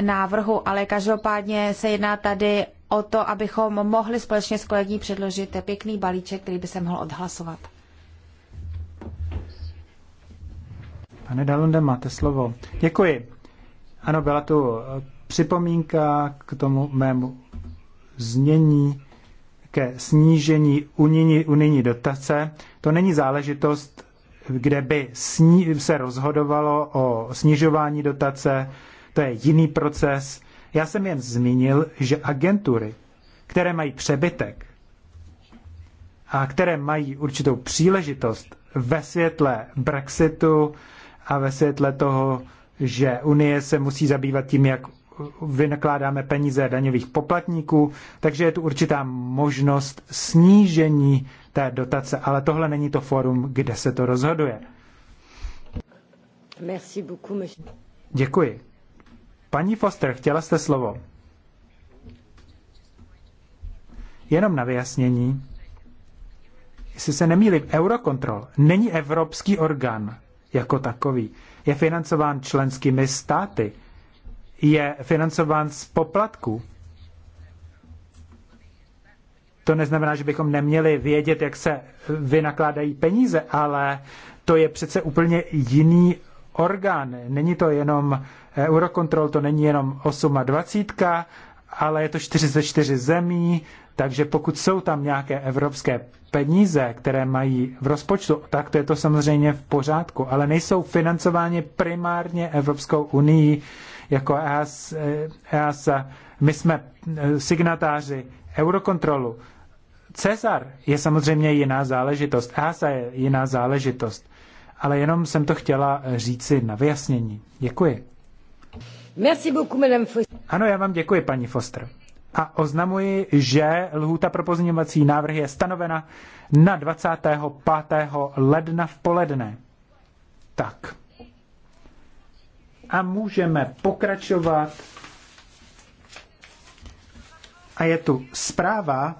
návrhu, ale každopádně se jedná tady o to, abychom mohli společně s kolegní předložit pěkný balíček, který by se mohl odhlasovat. Pane Dalunde, máte slovo. Děkuji. Ano, byla tu eh, připomínka k tomu mému znění ke snížení unijní, unijní dotace. To není záležitost, kde by sní, se rozhodovalo o snižování dotace, to je jiný proces. Já jsem jen zmínil, že agentury, které mají přebytek a které mají určitou příležitost ve světle Brexitu a ve světle toho, že Unie se musí zabývat tím, jak vynakládáme peníze daňových poplatníků, takže je tu určitá možnost snížení té dotace, ale tohle není to fórum, kde se to rozhoduje. Merci beaucoup, Děkuji. Paní Foster, chtěla jste slovo. Jenom na vyjasnění, jestli se nemýlím, Eurocontrol není evropský orgán jako takový je financován členskými státy, je financován z poplatků. To neznamená, že bychom neměli vědět, jak se vynakládají peníze, ale to je přece úplně jiný orgán. Není to jenom Eurocontrol, to není jenom 28, ale je to 44 zemí, takže pokud jsou tam nějaké evropské peníze, které mají v rozpočtu, tak to je to samozřejmě v pořádku, ale nejsou financovány primárně Evropskou unii jako EAS, EASA. My jsme eh, signatáři Eurokontrolu. Cezar je samozřejmě jiná záležitost, EASA je jiná záležitost, ale jenom jsem to chtěla říci na vyjasnění. Děkuji. Merci beaucoup, madame Foster. Ano, já vám děkuji, paní Foster. A oznamuji, že lhůta pro pozměňovací návrh je stanovena na 25. ledna v poledne. Tak. A můžeme pokračovat. A je tu zpráva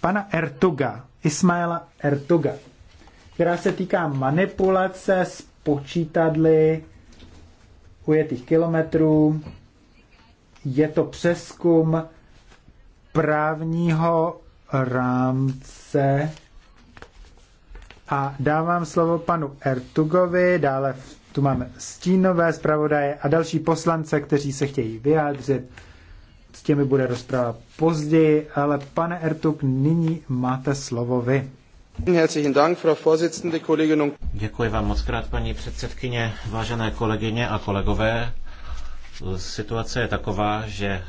pana Ertuga, Ismaela Ertuga, která se týká manipulace s počítadly ujetých kilometrů. Je to přeskum právního rámce. A dávám slovo panu Ertugovi, dále tu máme stínové zpravodaje a další poslance, kteří se chtějí vyjádřit. S těmi bude rozpráva později, ale pane Ertuk, nyní máte slovo vy. Děkuji vám moc krát, paní předsedkyně, vážené kolegyně a kolegové. Situace je taková, že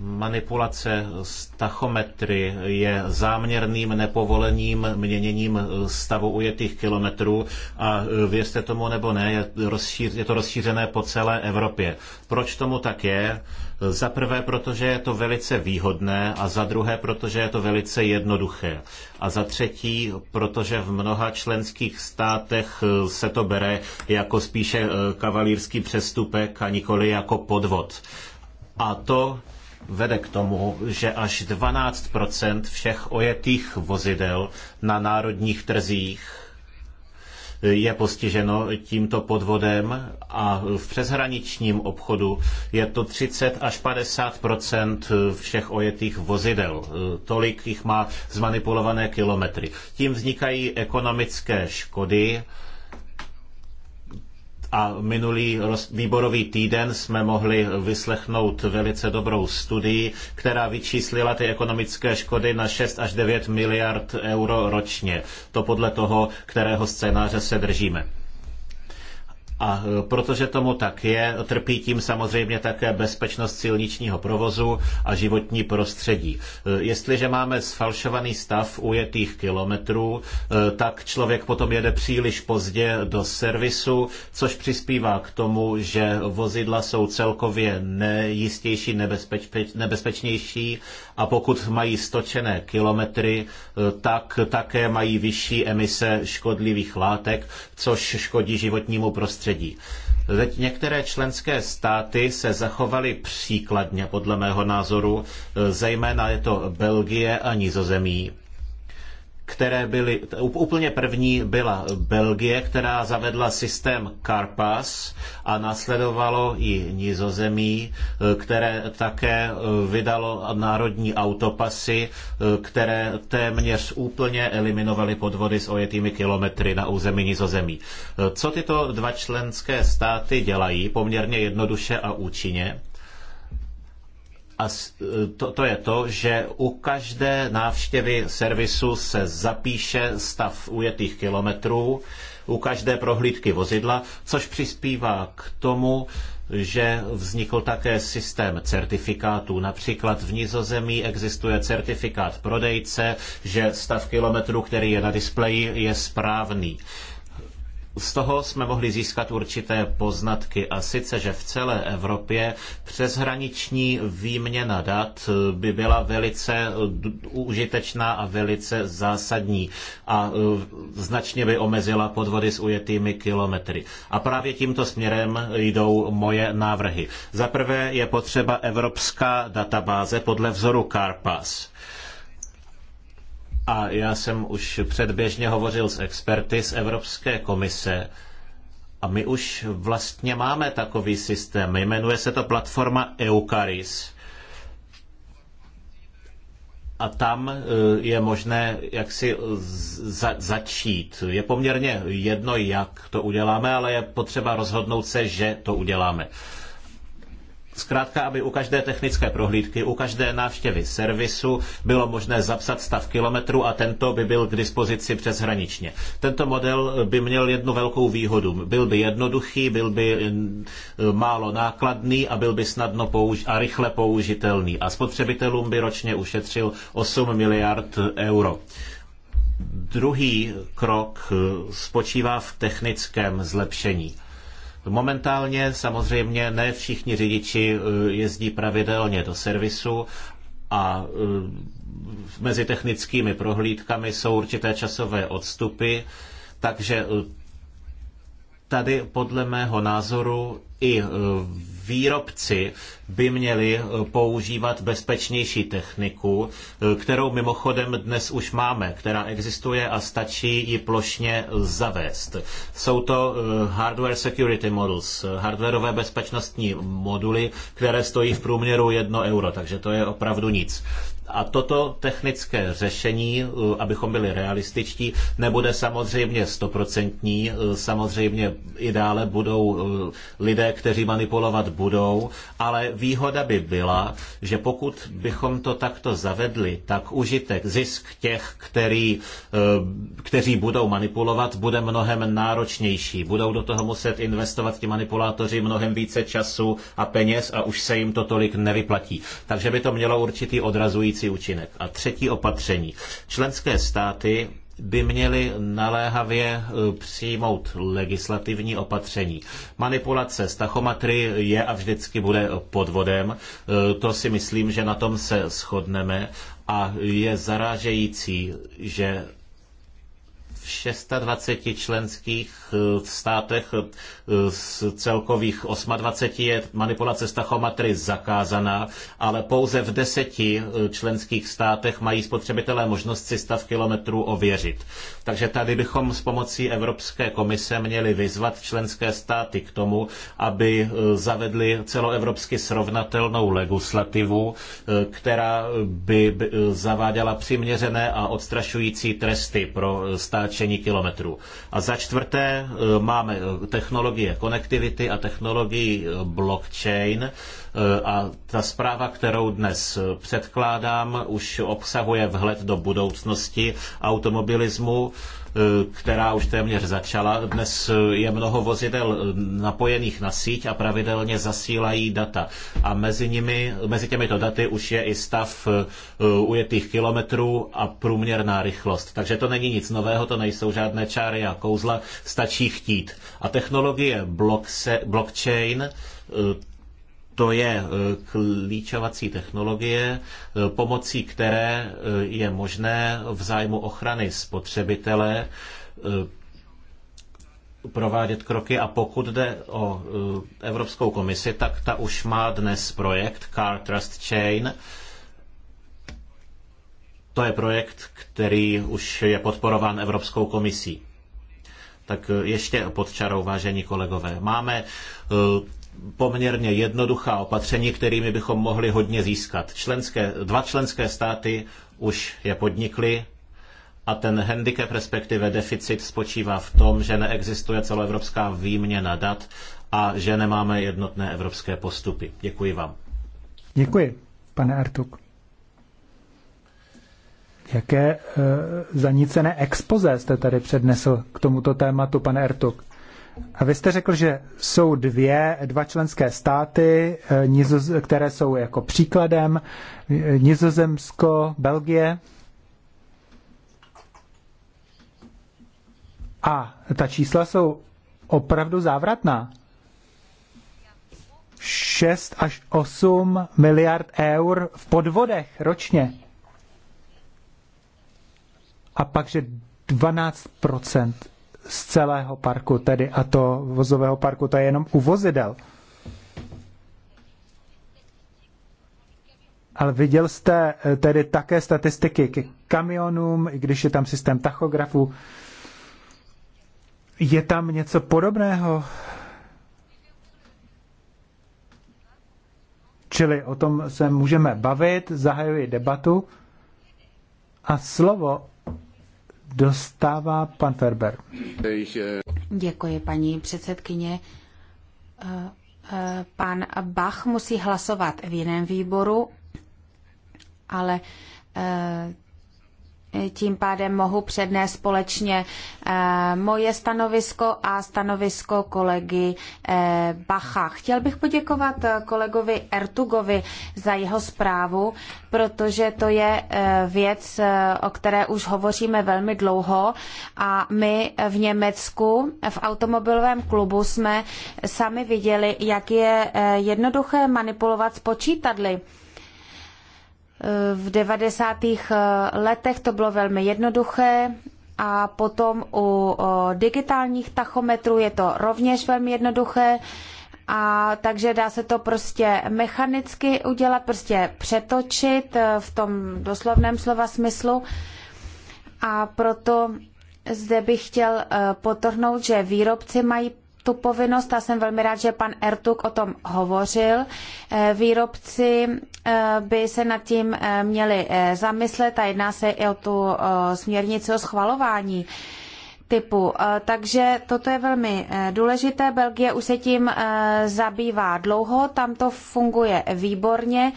Manipulace s tachometry je záměrným nepovoleným měněním eh, stavu ujetých kilometrů a eh, věřte tomu nebo ne, je to rozšířené po celé Evropě. Proč tomu tak je? Za prvé, protože je to velice výhodné a za druhé, protože je to velice jednoduché. A za třetí, protože v mnoha členských státech eh, se to bere jako spíše kavalírský přestupek a nikoli jako podvod. A to vede k tomu, že až 12 všech ojetých vozidel na národních trzích je postiženo tímto podvodem a v přeshraničním obchodu je to 30 až 50 všech ojetých vozidel. Tolik jich má zmanipulované kilometry. Tím vznikají ekonomické škody, a minulý výborový týden jsme mohli vyslechnout velice dobrou studii, která vyčíslila ty ekonomické škody na 6 až 9 miliard euro ročně. To podle toho, kterého scénáře se držíme. A e, protože tomu tak je, trpí tím samozřejmě také bezpečnost silničního provozu a životní prostředí. E, jestliže máme sfalšovaný stav ujetých kilometrů, e, tak člověk potom jede příliš pozdě do servisu, což přispívá k tomu, že vozidla jsou celkově nejistější, nebezpeč, nebezpečnější a pokud mají stočené kilometry, tak také mají vyšší emise škodlivých látek, což škodí životnímu prostředí prostředí. Teď některé členské státy se zachovaly příkladně, podle mého názoru, zejména je to Belgie a Nizozemí které byly, úplně první byla Belgie, která zavedla systém Carpas a následovalo i Nizozemí, eh, které také eh, vydalo národní autopasy, eh, které téměř úplně eliminovaly podvody s ojetými kilometry na území Nizozemí. Co tyto dva členské státy dělají poměrně jednoduše a účinně? A e, to, to je to, že u každé návštěvy servisu se zapíše stav ujetých kilometrů, u každé prohlídky vozidla, což přispívá k tomu, že vznikl také systém certifikátů. Například v Nizozemí existuje certifikát prodejce, že stav kilometru, který je na displeji, je správný z toho jsme mohli získat určité poznatky a sice, že v celé Evropě přeshraniční výměna dat by byla velice užitečná a velice zásadní a e, značně by omezila podvody s ujetými kilometry. A právě tímto směrem jdou moje návrhy. Za prvé je potřeba evropská databáze podle vzoru CarPass. A já jsem už předběžně hovořil s experty z Evropské komise a my už vlastně máme takový systém. Jmenuje se to platforma EuCaris A tam e, je možné jaksi za, začít. Je poměrně jedno, jak to uděláme, ale je potřeba rozhodnout se, že to uděláme. Zkrátka, aby u každé technické prohlídky, u každé návštěvy servisu bylo možné zapsat stav kilometru a tento by byl k dispozici přeshraničně. Tento model by měl jednu velkou výhodu. Byl by jednoduchý, byl by eh, málo nákladný a byl by snadno použ- a rychle použitelný. A spotřebitelům by ročně ušetřil 8 miliard euro. Druhý krok eh, spočívá v technickém zlepšení. Momentálně samozřejmě ne všichni řidiči eh, jezdí pravidelně do servisu a eh, mezi technickými prohlídkami jsou určité časové odstupy, takže eh, tady podle mého názoru i výrobci by měli eh, používat bezpečnější techniku, eh, kterou mimochodem dnes už máme, která existuje a stačí ji plošně zavést. Jsou to eh, hardware security models, hardwareové bezpečnostní moduly, které stojí v průměru jedno euro, takže to je opravdu nic. A toto technické řešení, eh, abychom byli realističtí, nebude samozřejmě stoprocentní. Eh, samozřejmě i dále budou eh, lidé, kteří manipulovat budou, ale výhoda by byla, že pokud bychom to takto zavedli, tak užitek, zisk těch, který, kteří budou manipulovat, bude mnohem náročnější. Budou do toho muset investovat ti manipulátoři mnohem více času a peněz a už se jim to tolik nevyplatí. Takže by to mělo určitý odrazující odstrašující účinek. A třetí opatření. Členské státy by měly naléhavě e, přijmout legislativní opatření. Manipulace s tachometry je a vždycky bude podvodem. E, to si myslím, že na tom se shodneme a je zarážející, že Eh, v 26 členských státech eh, z celkových 28 je manipulace s tachometry zakázaná, ale pouze v deseti eh, členských státech mají spotřebitelé možnost si stav kilometrů ověřit. Takže tady bychom s pomocí Evropské komise měli vyzvat členské státy k tomu, aby zavedli celoevropsky srovnatelnou legislativu, která by zaváděla přiměřené a odstrašující tresty pro stáč překračení kilometrů. A za čtvrté eh, máme eh, technologie konektivity a technologii eh, blockchain. A ta zpráva, kterou dnes předkládám, už obsahuje vhled do budoucnosti automobilismu která už téměř začala. Dnes je mnoho vozidel napojených na síť a pravidelně zasílají data. A mezi, nimi, mezi těmito daty už je i stav eh, ujetých kilometrů a průměrná rychlost. Takže to není nic nového, to nejsou žádné čáry a kouzla, stačí chtít. A technologie blockse, blockchain eh, to je eh, klíčovací technologie, eh, pomocí které eh, je možné v zájmu ochrany spotřebitele provádět kroky a pokud jde o Evropskou komisi, tak ta už má dnes projekt Car Trust Chain. To je projekt, který už je podporován Evropskou komisí. Tak ještě pod čarou, vážení kolegové. Máme poměrně jednoduchá opatření, kterými bychom mohli hodně získat. Členské, dva členské státy už je podnikly a ten handicap, respektive deficit, spočívá v tom, že neexistuje celoevropská výměna dat a že nemáme jednotné evropské postupy. Děkuji vám. Děkuji, pane Artuk. Jaké e, zanícené expoze jste tady přednesl k tomuto tématu, pane Artuk? vy jste řekl, že jsou dvě, dva členské státy, eh, které jsou jako příkladem, eh, Nizozemsko, Belgie. A ta čísla jsou opravdu závratná. 6 až 8 miliard eur v podvodech ročně. A pak, že 12 z celého parku, tedy a to vozového parku, to je jenom u vozidel. Ale viděl jste eh, tedy také statistiky k kamionům, i když je tam systém tachografu. Je tam něco podobného? Čili o tom se můžeme bavit, zahajuji debatu a slovo dostává pan Ferber. Děkuji, paní předsedkyně. Eh, eh, pan Bach musí hlasovat v jiném výboru, ale eh, tím pádem mohu přednést společně eh, moje stanovisko a stanovisko kolegy eh, Bacha. Chtěl bych poděkovat eh, kolegovi Ertugovi za jeho zprávu, protože to je věc, o které už hovoříme velmi dlouho a my v Německu v automobilovém klubu jsme sami viděli, jak je jednoduché manipulovat s počítadly. V 90. Eh, letech to bylo velmi jednoduché a potom u digitálních tachometrů je to rovněž velmi jednoduché a takže dá se to prostě mechanicky udělat, prostě přetočit eh, v tom doslovném slova smyslu a proto zde bych chtěl eh, potrhnout, že výrobci mají tu povinnost a jsem velmi rád, že pan Ertuk o tom hovořil. Eh, výrobci eh, by se nad tím eh, měli zamyslet a jedná se i o tu směrnici o schvalování typu. Takže toto je velmi důležité. Belgie už se tím zabývá dlouho, tam to funguje výborně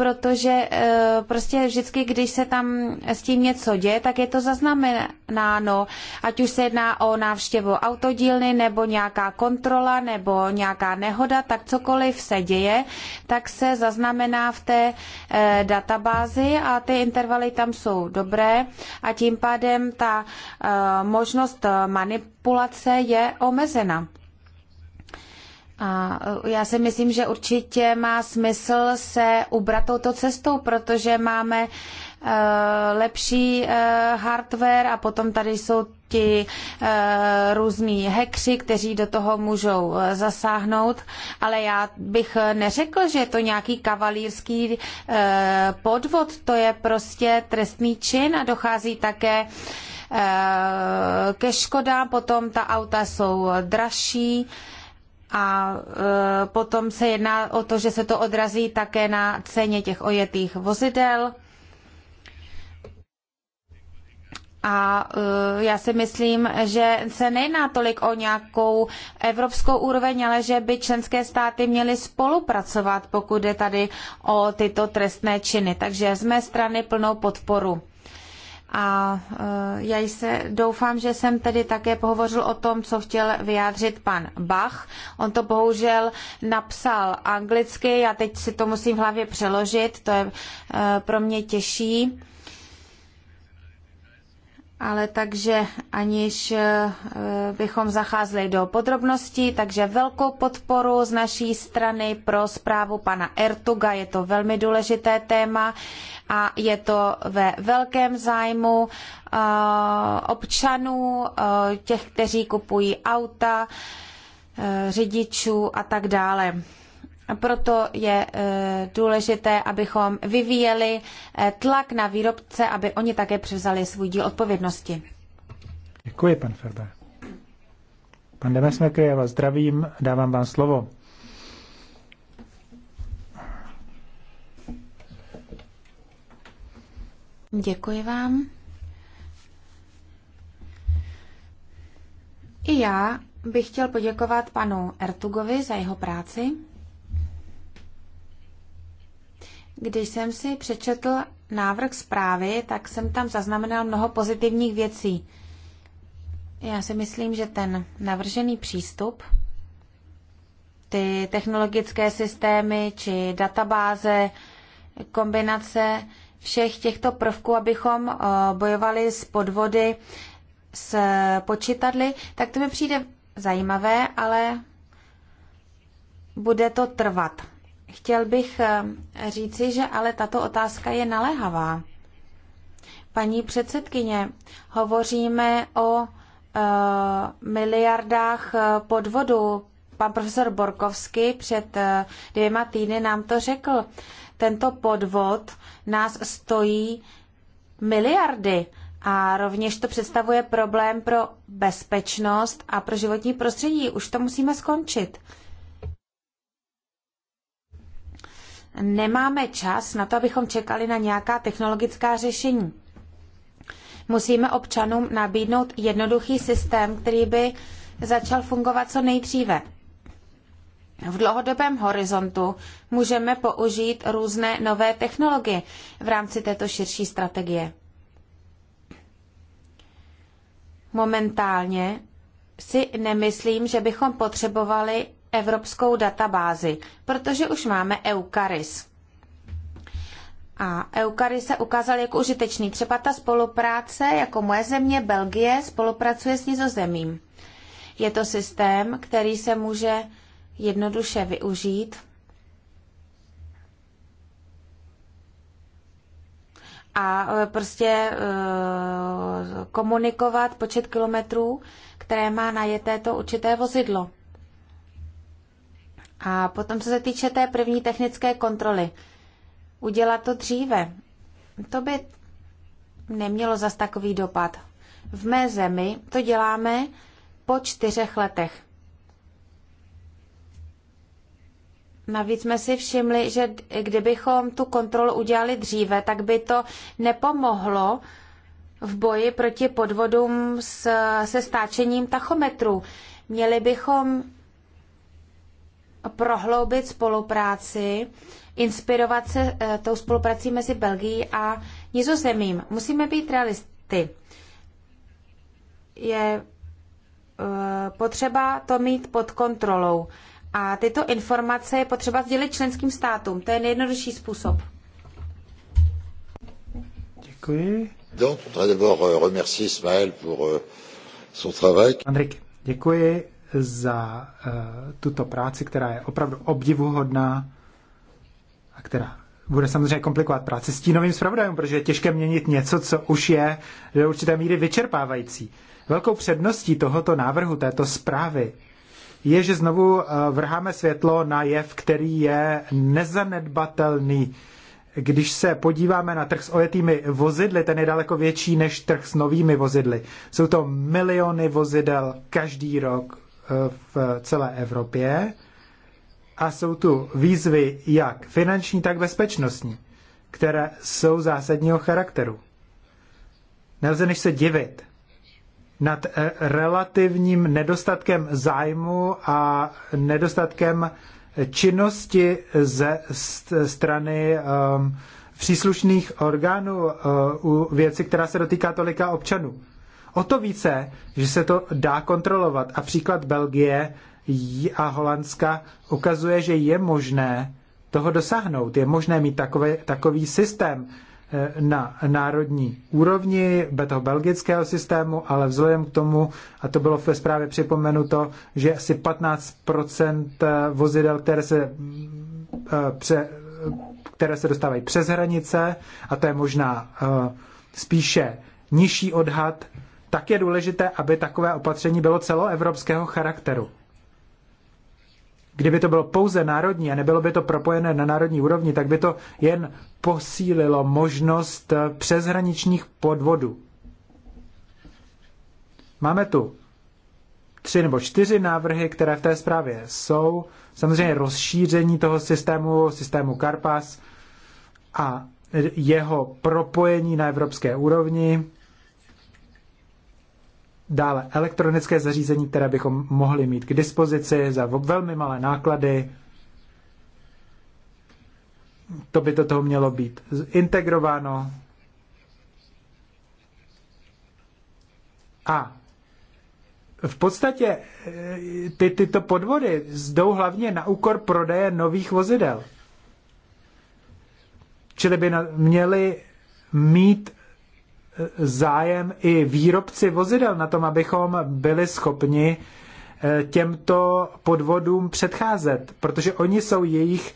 protože eh, prostě vždycky, když se tam s tím něco děje, tak je to zaznamenáno, ať už se jedná o návštěvu autodílny, nebo nějaká kontrola, nebo nějaká nehoda, tak cokoliv se děje, tak se zaznamená v té eh, databázi a ty intervaly tam jsou dobré a tím pádem ta eh, možnost manipulace je omezena. A já si myslím, že určitě má smysl se ubrat touto cestou, protože máme eh, lepší eh, hardware a potom tady jsou ti eh, různí hekři, kteří do toho můžou zasáhnout, ale já bych neřekl, že je to nějaký kavalírský podvod, to je prostě trestný čin a dochází také ke škodám, potom ta auta jsou dražší a e, potom se jedná o to, že se to odrazí také na ceně těch ojetých vozidel. A e, já si myslím, že se nejedná tolik o nějakou evropskou úroveň, ale že by členské státy měly spolupracovat, pokud je tady o tyto trestné činy. Takže z mé strany plnou podporu. A eh, já se doufám, že jsem tedy také pohovořil o tom, co chtěl vyjádřit pan Bach. On to bohužel napsal anglicky, já teď si to musím v hlavě přeložit, to je eh, pro mě těžší ale takže aniž eh, bychom zacházeli do podrobností, takže velkou podporu z naší strany pro zprávu pana Ertuga, je to velmi důležité téma a je to ve velkém zájmu eh, občanů, eh, těch, kteří kupují auta, řidičů a tak dále. Proto je e, důležité, abychom vyvíjeli e, tlak na výrobce, aby oni také převzali svůj díl odpovědnosti. Děkuji, pan Ferber. Pan Demesmekr, já vás zdravím, dávám vám slovo. Děkuji vám. I já bych chtěl poděkovat panu Ertugovi za jeho práci. Když jsem si přečetl návrh zprávy, tak jsem tam zaznamenal mnoho pozitivních věcí. Já si myslím, že ten navržený přístup, ty technologické systémy či databáze, kombinace všech těchto prvků, abychom eh, bojovali s podvody s počítadly, tak to mi přijde zajímavé, ale bude to trvat. Chtěl bych eh, říci, že ale tato otázka je naléhavá. Paní předsedkyně, hovoříme o eh, miliardách eh, podvodu. Pan profesor Borkovsky před dvěma týdny nám to řekl. Tento podvod nás stojí miliardy a rovněž to představuje problém pro bezpečnost a pro životní prostředí. Už to musíme skončit. nemáme čas na to, abychom čekali na nějaká technologická řešení. Musíme občanům nabídnout jednoduchý systém, který by začal fungovat co nejdříve. V dlouhodobém horizontu můžeme použít různé nové technologie v rámci této širší strategie. Momentálně si nemyslím, že bychom potřebovali evropskou databázi, protože už máme EuCaris A EuCaris se ukázal jako užitečný. Třeba ta spolupráce, jako moje země, Belgie, spolupracuje s nizozemím. Je to systém, který se může jednoduše využít. A e, prostě e, komunikovat počet kilometrů, které má najeté to určité vozidlo. A potom, co se týče té první technické kontroly, udělat to dříve, to by nemělo zas takový dopad. V mé zemi to děláme po čtyřech letech. Navíc jsme si všimli, že kdybychom tu kontrolu udělali dříve, tak by to nepomohlo v boji proti podvodům s, se stáčením tachometru. Měli bychom prohloubit spolupráci, inspirovat se eh, tou spoluprací mezi Belgií a Nizozemím. Musíme být realisty. Je eh, potřeba to mít pod kontrolou. A tyto informace je potřeba sdělit členským státům. To je nejjednodušší způsob. Děkuji. Donc, on voudrait d'abord euh, remercier Ismaël pour euh, son travail. Andrik, děkuji za eh, tuto práci, která je opravdu obdivuhodná a která bude samozřejmě komplikovat práci S tím zpravodajem, protože je těžké měnit něco, co už je do určité míry vyčerpávající. Velkou předností tohoto návrhu, této zprávy, je, že znovu eh, vrháme světlo na jev, který je nezanedbatelný. Když se podíváme na trh s ojetými vozidly, ten je daleko větší než trh s novými vozidly. Jsou to miliony vozidel každý rok v celé Evropě a jsou tu výzvy jak finanční, tak bezpečnostní, které jsou zásadního charakteru. Nelze než se divit nad eh, relativním nedostatkem zájmu a nedostatkem činnosti ze strany ehm, příslušných orgánů eh, u věci, která se dotýká tolika občanů. O to více, že se to dá kontrolovat. A příklad Belgie a Holandska ukazuje, že je možné toho dosáhnout. Je možné mít takový takový systém eh, na národní úrovni, toho belgického systému, ale vzhledem k tomu, a to bylo ve zprávě připomenuto, že asi 15% eh, vozidel, které se, mm, eh, pře, které se dostávají přes hranice, a to je možná spíše nižší odhad, tak je důležité, aby takové opatření bylo celoevropského charakteru. Kdyby to bylo pouze národní a nebylo by to propojené na národní úrovni, tak by to jen posílilo možnost eh, přeshraničních podvodů. Máme tu tři nebo čtyři návrhy, které v té zprávě jsou. Samozřejmě rozšíření toho systému, systému Karpas a jeho propojení na evropské úrovni, Dále elektronické zařízení, které bychom mohli mít k dispozici za velmi malé náklady. To by to toho mělo být integrováno. A v podstatě e, ty, tyto podvody zdou hlavně na úkor prodeje nových vozidel. Čili by měli mít zájem i výrobci vozidel na tom, abychom byli schopni eh, těmto podvodům předcházet, protože oni jsou jejich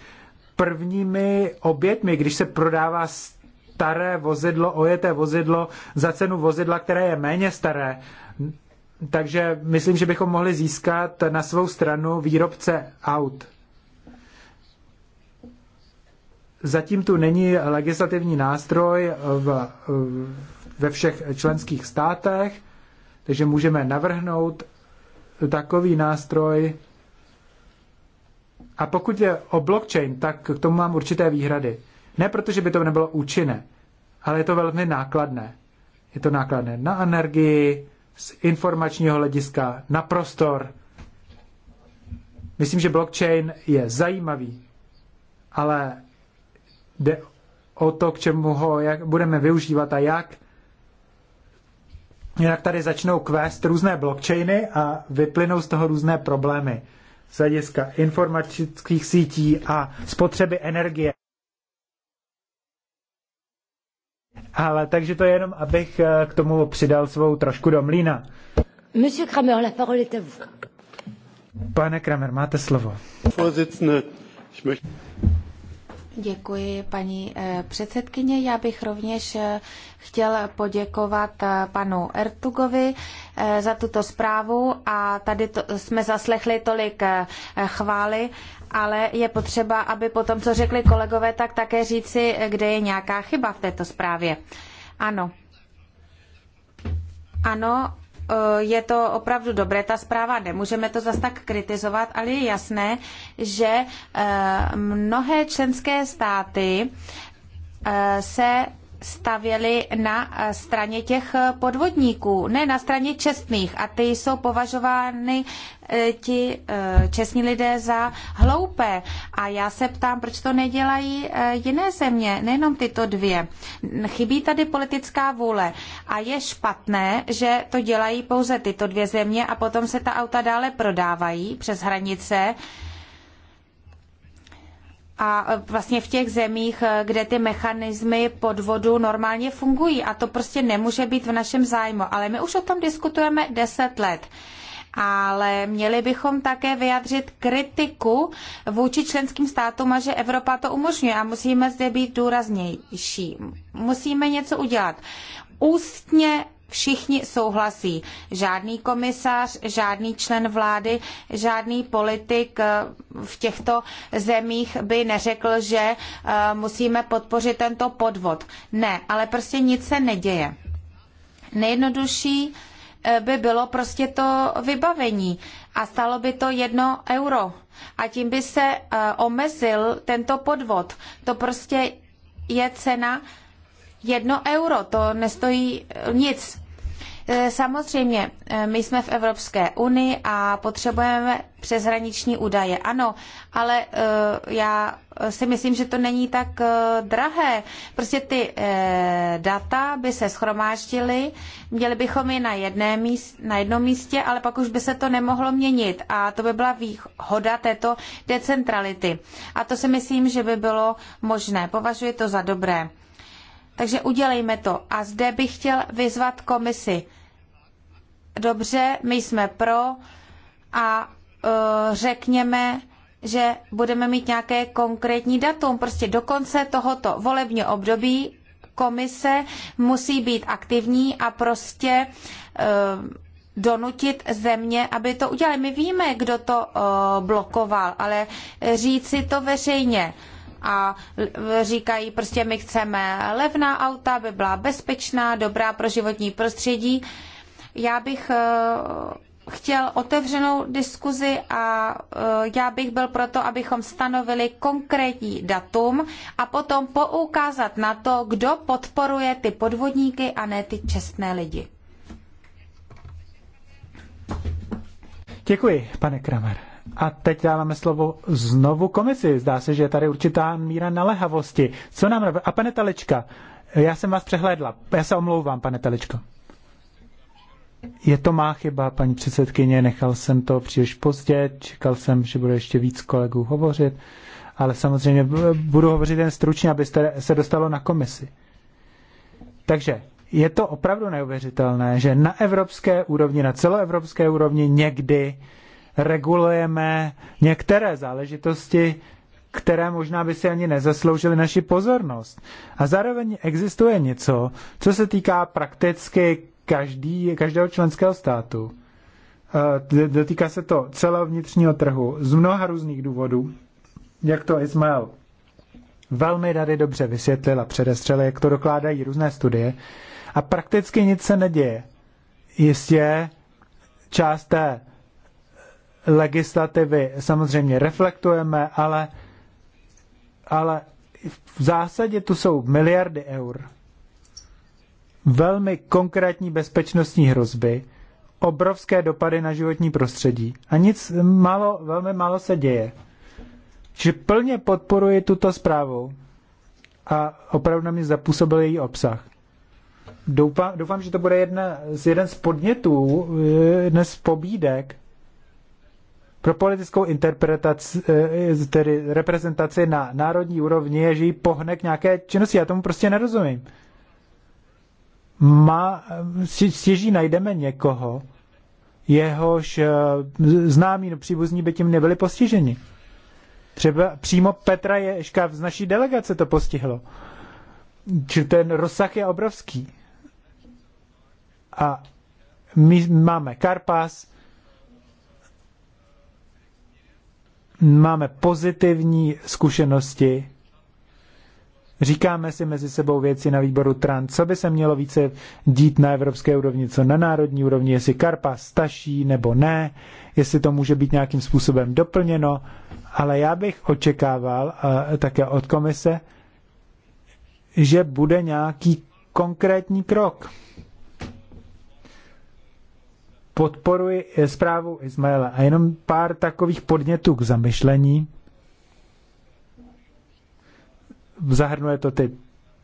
prvními obětmi, když se prodává staré vozidlo, ojeté vozidlo za cenu vozidla, které je méně staré. Takže myslím, že bychom mohli získat na svou stranu výrobce aut. Zatím tu není legislativní nástroj v, v ve všech členských státech, takže můžeme navrhnout takový nástroj. A pokud je o blockchain, tak k tomu mám určité výhrady. Ne proto, že by to nebylo účinné, ale je to velmi nákladné. Je to nákladné na energii, z informačního hlediska, na prostor. Myslím, že blockchain je zajímavý, ale jde o to, k čemu ho jak budeme využívat a jak jinak tady začnou kvést různé blockchainy a vyplynou z toho různé problémy z hlediska informatických sítí a spotřeby energie. Ale takže to je jenom, abych eh, k tomu přidal svou trošku do mlína. Monsieur Kramer, la parole est à vous. Pane Kramer, máte slovo. Děkuji, paní eh, předsedkyně. Já bych rovněž eh, chtěl poděkovat eh, panu Ertugovi za tuto zprávu a tady to, jsme zaslechli tolik chvály, ale je potřeba, aby po tom, co řekli kolegové, tak také říci, kde je nějaká chyba v této zprávě. Ano. Ano, Eh, je to opravdu dobré, ta zpráva, nemůžeme to zas tak kritizovat, ale je jasné, že eh, mnohé členské státy eh, se stavěli na straně těch podvodníků, ne na straně čestných. A ty jsou považovány eh, ti eh, čestní lidé za hloupé. A já se ptám, proč to nedělají eh, jiné země, nejenom tyto dvě. Chybí tady politická vůle. A je špatné, že to dělají pouze tyto dvě země a potom se ta auta dále prodávají přes hranice a vlastně v těch zemích, eh, kde ty mechanismy podvodu normálně fungují. A to prostě nemůže být v našem zájmu. Ale my už o tom diskutujeme deset let ale měli bychom také vyjádřit kritiku vůči členským státům a že Evropa to umožňuje a musíme zde být důraznější. Musíme něco udělat. Ústně všichni souhlasí. Žádný komisař, žádný člen vlády, žádný politik eh, v těchto zemích by neřekl, že eh, musíme podpořit tento podvod. Ne, ale prostě nic se neděje. Nejjednodušší eh, by bylo prostě to vybavení a stalo by to jedno euro. A tím by se omezil tento podvod. To prostě je cena jedno euro, to nestojí nic. E, samozřejmě, e, my jsme v Evropské unii a potřebujeme přeshraniční údaje. Ano, ale e, já si myslím, že to není tak drahé. Prostě ty data by se schromáždily, měli bychom je na, jedné na jednom místě, ale pak už by se to nemohlo měnit a to by byla výhoda této decentrality. A to si myslím, že by bylo možné. Považuji to za dobré. Takže udělejme to. A zde bych chtěl vyzvat komisi. Dobře, my jsme pro a uh, řekněme, že budeme mít nějaké konkrétní datum. Prostě do konce tohoto volebního období komise musí být aktivní a prostě uh, donutit země, aby to udělali. My víme, kdo to uh, blokoval, ale říci to veřejně. Uh, a říkají prostě my chceme levná auta, by byla bezpečná, dobrá pro životní prostředí. Já bych eh, chtěl otevřenou diskuzi a eh, já bych byl proto, abychom stanovili konkrétní datum a potom poukázat na to, kdo podporuje ty podvodníky a ne ty čestné lidi. Děkuji, pane Kramer. A teď dáváme slovo znovu komisi. Zdá se, že je tady určitá míra nalehavosti. Co nám... A pane Telička, já jsem vás přehlédla. Já se omlouvám, pane Teličko. Je to má chyba, paní předsedkyně, nechal jsem to příliš pozdě, čekal jsem, že bude ještě víc kolegů hovořit, ale samozřejmě budu hovořit jen stručně, abyste se dostalo na komisi. Takže je to opravdu neuvěřitelné, že na evropské úrovni, na celoevropské úrovni někdy regulujeme některé záležitosti, které možná by si ani nezasloužily naši pozornost. A zároveň existuje něco, co se týká prakticky každý, každého členského státu. Dotýká se to celého vnitřního trhu z mnoha různých důvodů, jak to Ismail velmi tady dobře vysvětlil a předestřel, jak to dokládají různé studie. A prakticky nic se neděje. Jistě část té legislativy samozřejmě reflektujeme, ale, ale v zásadě tu jsou miliardy eur. Velmi konkrétní bezpečnostní hrozby, obrovské dopady na životní prostředí a nic málo, velmi málo se děje. Že plně podporuji tuto zprávu a opravdu na mě zapůsobil její obsah. Doufám, doufám že to bude jedna, jeden z podnětů, eh, jeden z pobídek, pro politickou interpretaci, eh, tedy reprezentaci na národní úrovni je, že ji pohne k nějaké činnosti. Já tomu prostě nerozumím. Má, stěží najdeme někoho, jehož eh, známí no, příbuzní by tím nebyli postiženi. Třeba přímo Petra Ješka z naší delegace to postihlo. Čili ten rozsah je obrovský. A my máme Karpas, máme pozitivní zkušenosti, říkáme si mezi sebou věci na výboru TRAN, co by se mělo více dít na evropské úrovni, co na národní úrovni, jestli Karpa staší nebo ne, jestli to může být nějakým způsobem doplněno, ale já bych očekával a také od komise, že bude nějaký konkrétní krok podporuji zprávu Izmaela. A jenom pár takových podnětů k zamyšlení. Zahrnuje to ty,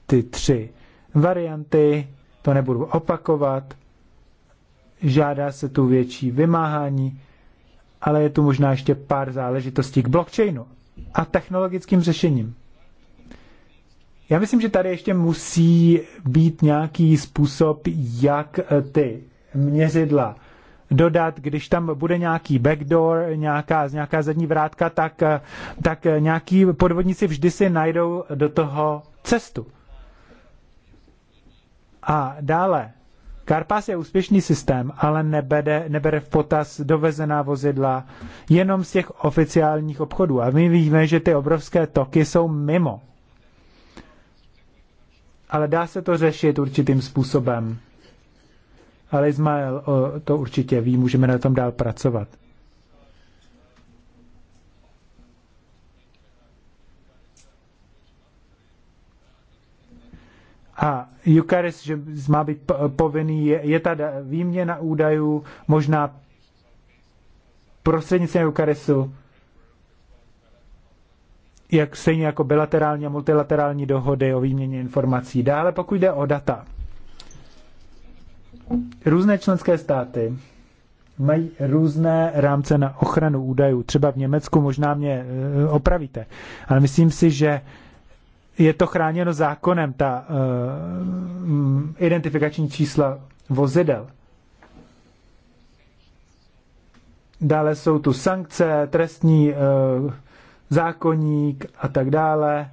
ty tři varianty, to nebudu opakovat. Žádá se tu větší vymáhání, ale je tu možná ještě pár záležitostí k blockchainu a technologickým řešením. Já myslím, že tady ještě musí být nějaký způsob, jak eh, ty měřidla dodat, když tam bude nějaký backdoor, nějaká, nějaká zadní vrátka, tak, tak nějaký podvodníci vždy si najdou do toho cestu. A dále, Karpas je úspěšný systém, ale nebede, nebere v potaz dovezená vozidla jenom z těch oficiálních obchodů. A my víme, že ty obrovské toky jsou mimo. Ale dá se to řešit určitým způsobem ale o, to určitě ví, můžeme na tom dál pracovat. A Jukaris, že má být povinný, je, je ta výměna údajů možná prostřednictvím Jukarisu, jak stejně jako bilaterální a multilaterální dohody o výměně informací. Dále pokud jde o data různé členské státy mají různé rámce na ochranu údajů. Třeba v Německu možná mě eh, opravíte, ale myslím si, že je to chráněno zákonem, ta uh, identifikační čísla vozidel. Dále jsou tu sankce, trestní uh, eh, zákonník a tak dále.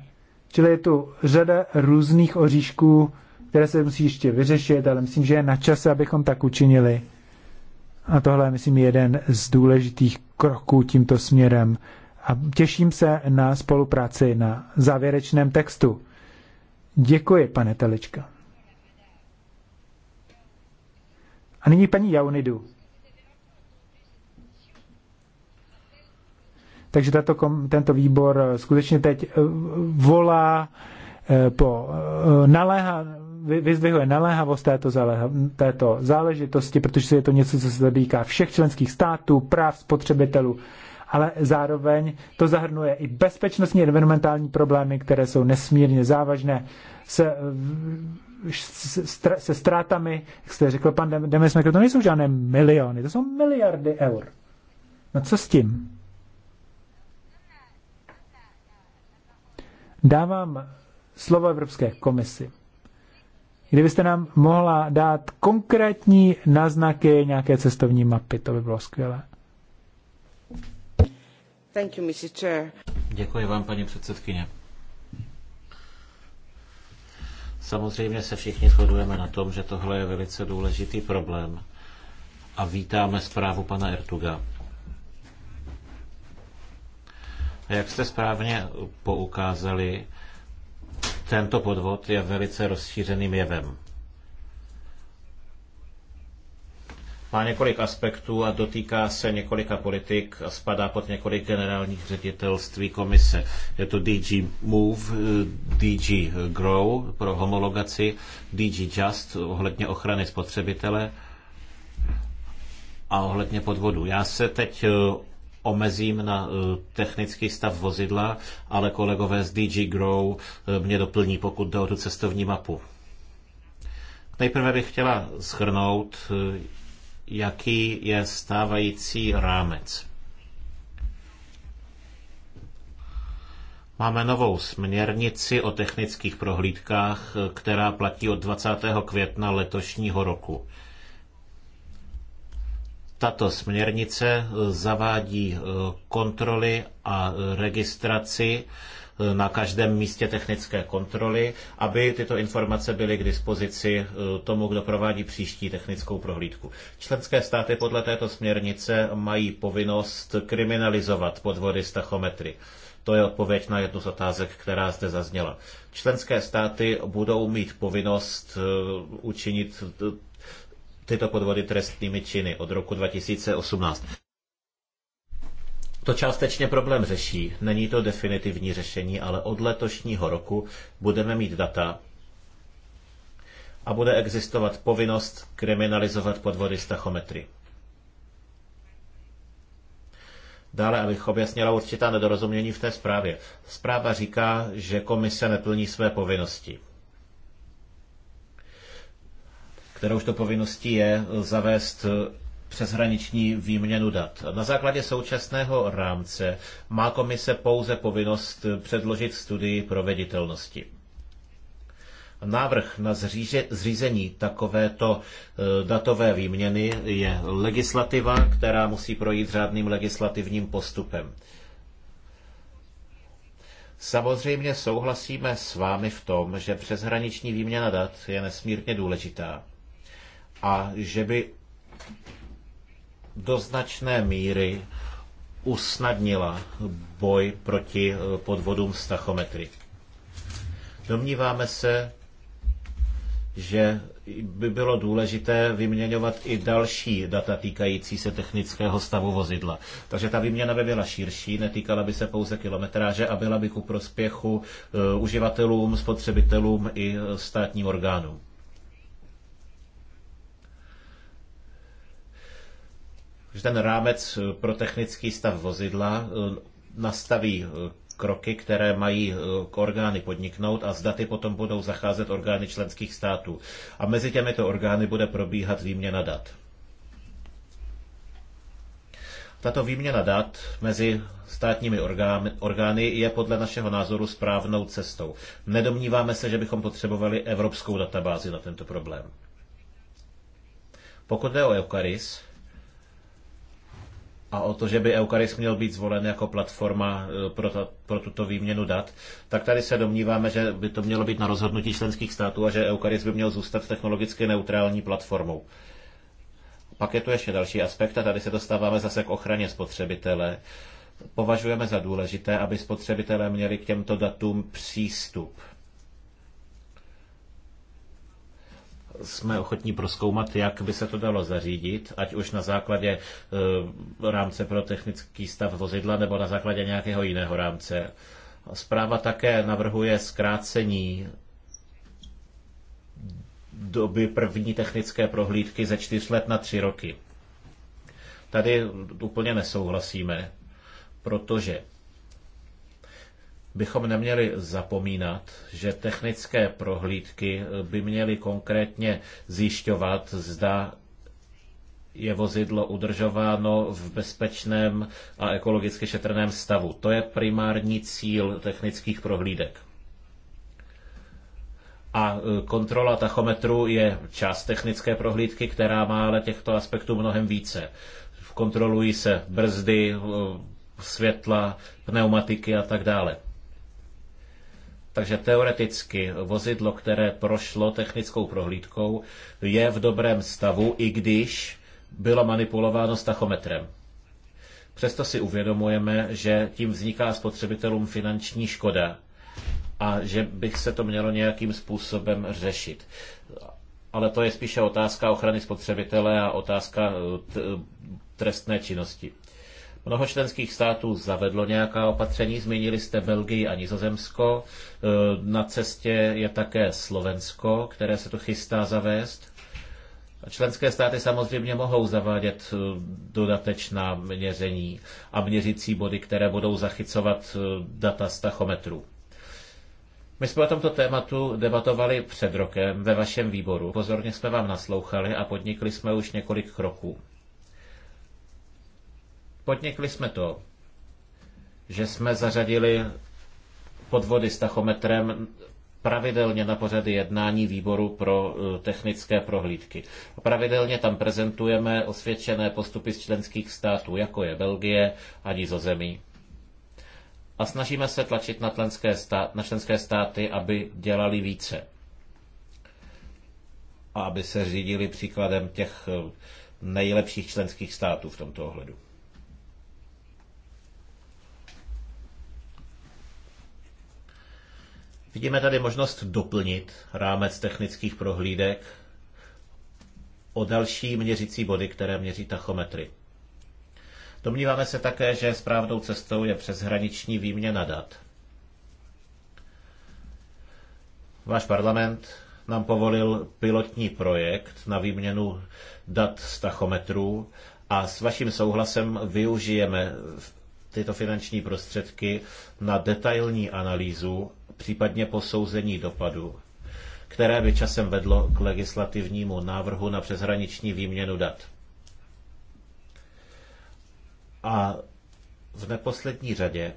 Čili je tu řada různých oříšků, které se musí ještě vyřešit, ale myslím, že je na čase, abychom tak učinili. A tohle je, myslím, jeden z důležitých kroků tímto směrem. A těším se na spolupráci na závěrečném textu. Děkuji, pane Telička. A nyní paní Jaunidu. Takže tato, tento výbor skutečně teď eh, volá eh, po eh, naléhá vyzdvihuje naléhavost této, této záležitosti, protože je to něco, co se týká všech členských států, práv spotřebitelů, ale zároveň to zahrnuje i bezpečnostní environmentální problémy, které jsou nesmírně závažné se, se ztrátami, jak jste řekl pan Demesmaker, to nejsou žádné miliony, to jsou miliardy eur. No co s tím? Dávám slovo Evropské komisi. Kdybyste nám mohla dát konkrétní naznaky nějaké cestovní mapy, to by bylo skvělé. Thank you, Mr. Chair. Děkuji vám, paní předsedkyně. Samozřejmě se všichni shodujeme na tom, že tohle je velice důležitý problém a vítáme zprávu pana Ertuga. Jak jste správně poukázali, tento podvod je velice rozšířeným jevem. Má několik aspektů a dotýká se několika politik a spadá pod několik generálních ředitelství komise. Je to DG Move, eh, DG Grow pro homologaci, DG Just ohledně ochrany spotřebitele a ohledně podvodu. Já se teď eh, omezím na e, technický stav vozidla, ale kolegové z DG Grow e, mě doplní, pokud jde o tu cestovní mapu. Nejprve bych chtěla shrnout, e, jaký je stávající rámec. Máme novou směrnici o technických prohlídkách, která platí od 20. května letošního roku. Tato směrnice eh, zavádí eh, kontroly a eh, registraci na každém místě technické kontroly, aby tyto informace byly k dispozici tomu, kdo provádí příští technickou prohlídku. Členské státy podle této směrnice mají povinnost kriminalizovat podvody s tachometry. To je odpověď na jednu z otázek, která zde zazněla. Členské státy budou mít povinnost učinit tyto podvody trestnými činy od roku 2018. To částečně problém řeší. Není to definitivní řešení, ale od letošního roku budeme mít data a bude existovat povinnost kriminalizovat podvody z tachometry. Dále, abych objasnila určitá nedorozumění v té zprávě. Zpráva říká, že komise neplní své povinnosti. kterouž to povinností je eh, zavést eh, přeshraniční výměnu dat. Na základě současného rámce má komise pouze povinnost eh, předložit studii proveditelnosti. Návrh na zříže, zřízení takovéto datové výměny je legislativa, která musí projít řádným legislativním postupem. Samozřejmě souhlasíme s vámi v tom, že přeshraniční výměna dat je nesmírně důležitá a že by do značné míry usnadnila boj proti eh, podvodům z tachometry. Domníváme se, že by bylo důležité vyměňovat i další data týkající se technického stavu vozidla. Takže ta výměna by byla širší, netýkala by se pouze kilometráže a byla by ku prospěchu eh, uživatelům, spotřebitelům i eh, státním orgánům. že ten rámec eh, pro technický stav vozidla eh, nastaví eh, kroky, které mají orgány podniknout a zdaty potom budou zacházet orgány členských států. A mezi těmito orgány bude probíhat výměna dat. Tato výměna dat mezi státními orgány je podle našeho názoru správnou cestou. Nedomníváme se, že bychom potřebovali evropskou databázi na tento problém. Pokud jde o Eucharist, a o to, že by Eucharist měl být zvolen jako platforma eh, pro, ta, pro tuto výměnu dat, tak tady se domníváme, že by to mělo být na rozhodnutí členských států a že Eucharist by měl zůstat technologicky neutrální platformou. Pak je tu ještě další aspekt a tady se dostáváme zase k ochraně spotřebitele. Považujeme za důležité, aby spotřebitelé měli k těmto datům přístup jsme ochotní proskoumat, jak by se to dalo zařídit, ať už na základě e, rámce pro technický stav vozidla nebo na základě nějakého jiného rámce. Zpráva také navrhuje zkrácení doby první technické prohlídky ze čtyř let na tři roky. Tady úplně nesouhlasíme, protože bychom neměli zapomínat, že technické prohlídky by měly konkrétně zjišťovat, zda je vozidlo udržováno v bezpečném a ekologicky šetrném stavu. To je primární cíl technických prohlídek. A e, kontrola tachometru je část technické prohlídky, která má ale těchto aspektů mnohem více. Kontrolují se brzdy, e, světla, pneumatiky a tak dále. Takže teoreticky vozidlo, které prošlo technickou prohlídkou, je v dobrém stavu, i když bylo manipulováno s tachometrem. Přesto si uvědomujeme, že tím vzniká spotřebitelům finanční škoda a že bych se to mělo nějakým způsobem řešit. Ale to je spíše otázka ochrany spotřebitele a otázka eh, trestné činnosti. Mnoho členských států zavedlo nějaká opatření, zmínili jste Belgii a Nizozemsko. E, na cestě je také Slovensko, které se to chystá zavést. Členské státy samozřejmě mohou zavádět e, dodatečná měření a měřicí body, které budou zachycovat e, data z tachometru. My jsme o tomto tématu debatovali před rokem ve vašem výboru. Pozorně jsme vám naslouchali a podnikli jsme už několik kroků. Podnikli jsme to, že jsme zařadili podvody s tachometrem pravidelně na pořady jednání výboru pro eh, technické prohlídky. Pravidelně tam prezentujeme osvědčené postupy z členských států, jako je Belgie a Nizozemí. A snažíme se tlačit na, stát, na členské státy, aby dělali více. A aby se řídili příkladem těch eh, nejlepších členských států v tomto ohledu. Vidíme tady možnost doplnit rámec technických prohlídek o další měřící body, které měří tachometry. Domníváme se také, že správnou cestou je přeshraniční výměna dat. Váš parlament nám povolil pilotní projekt na výměnu dat z tachometrů a s vaším souhlasem využijeme tyto finanční prostředky na detailní analýzu, případně posouzení dopadu, které by časem vedlo k legislativnímu návrhu na přeshraniční výměnu dat. A v neposlední řadě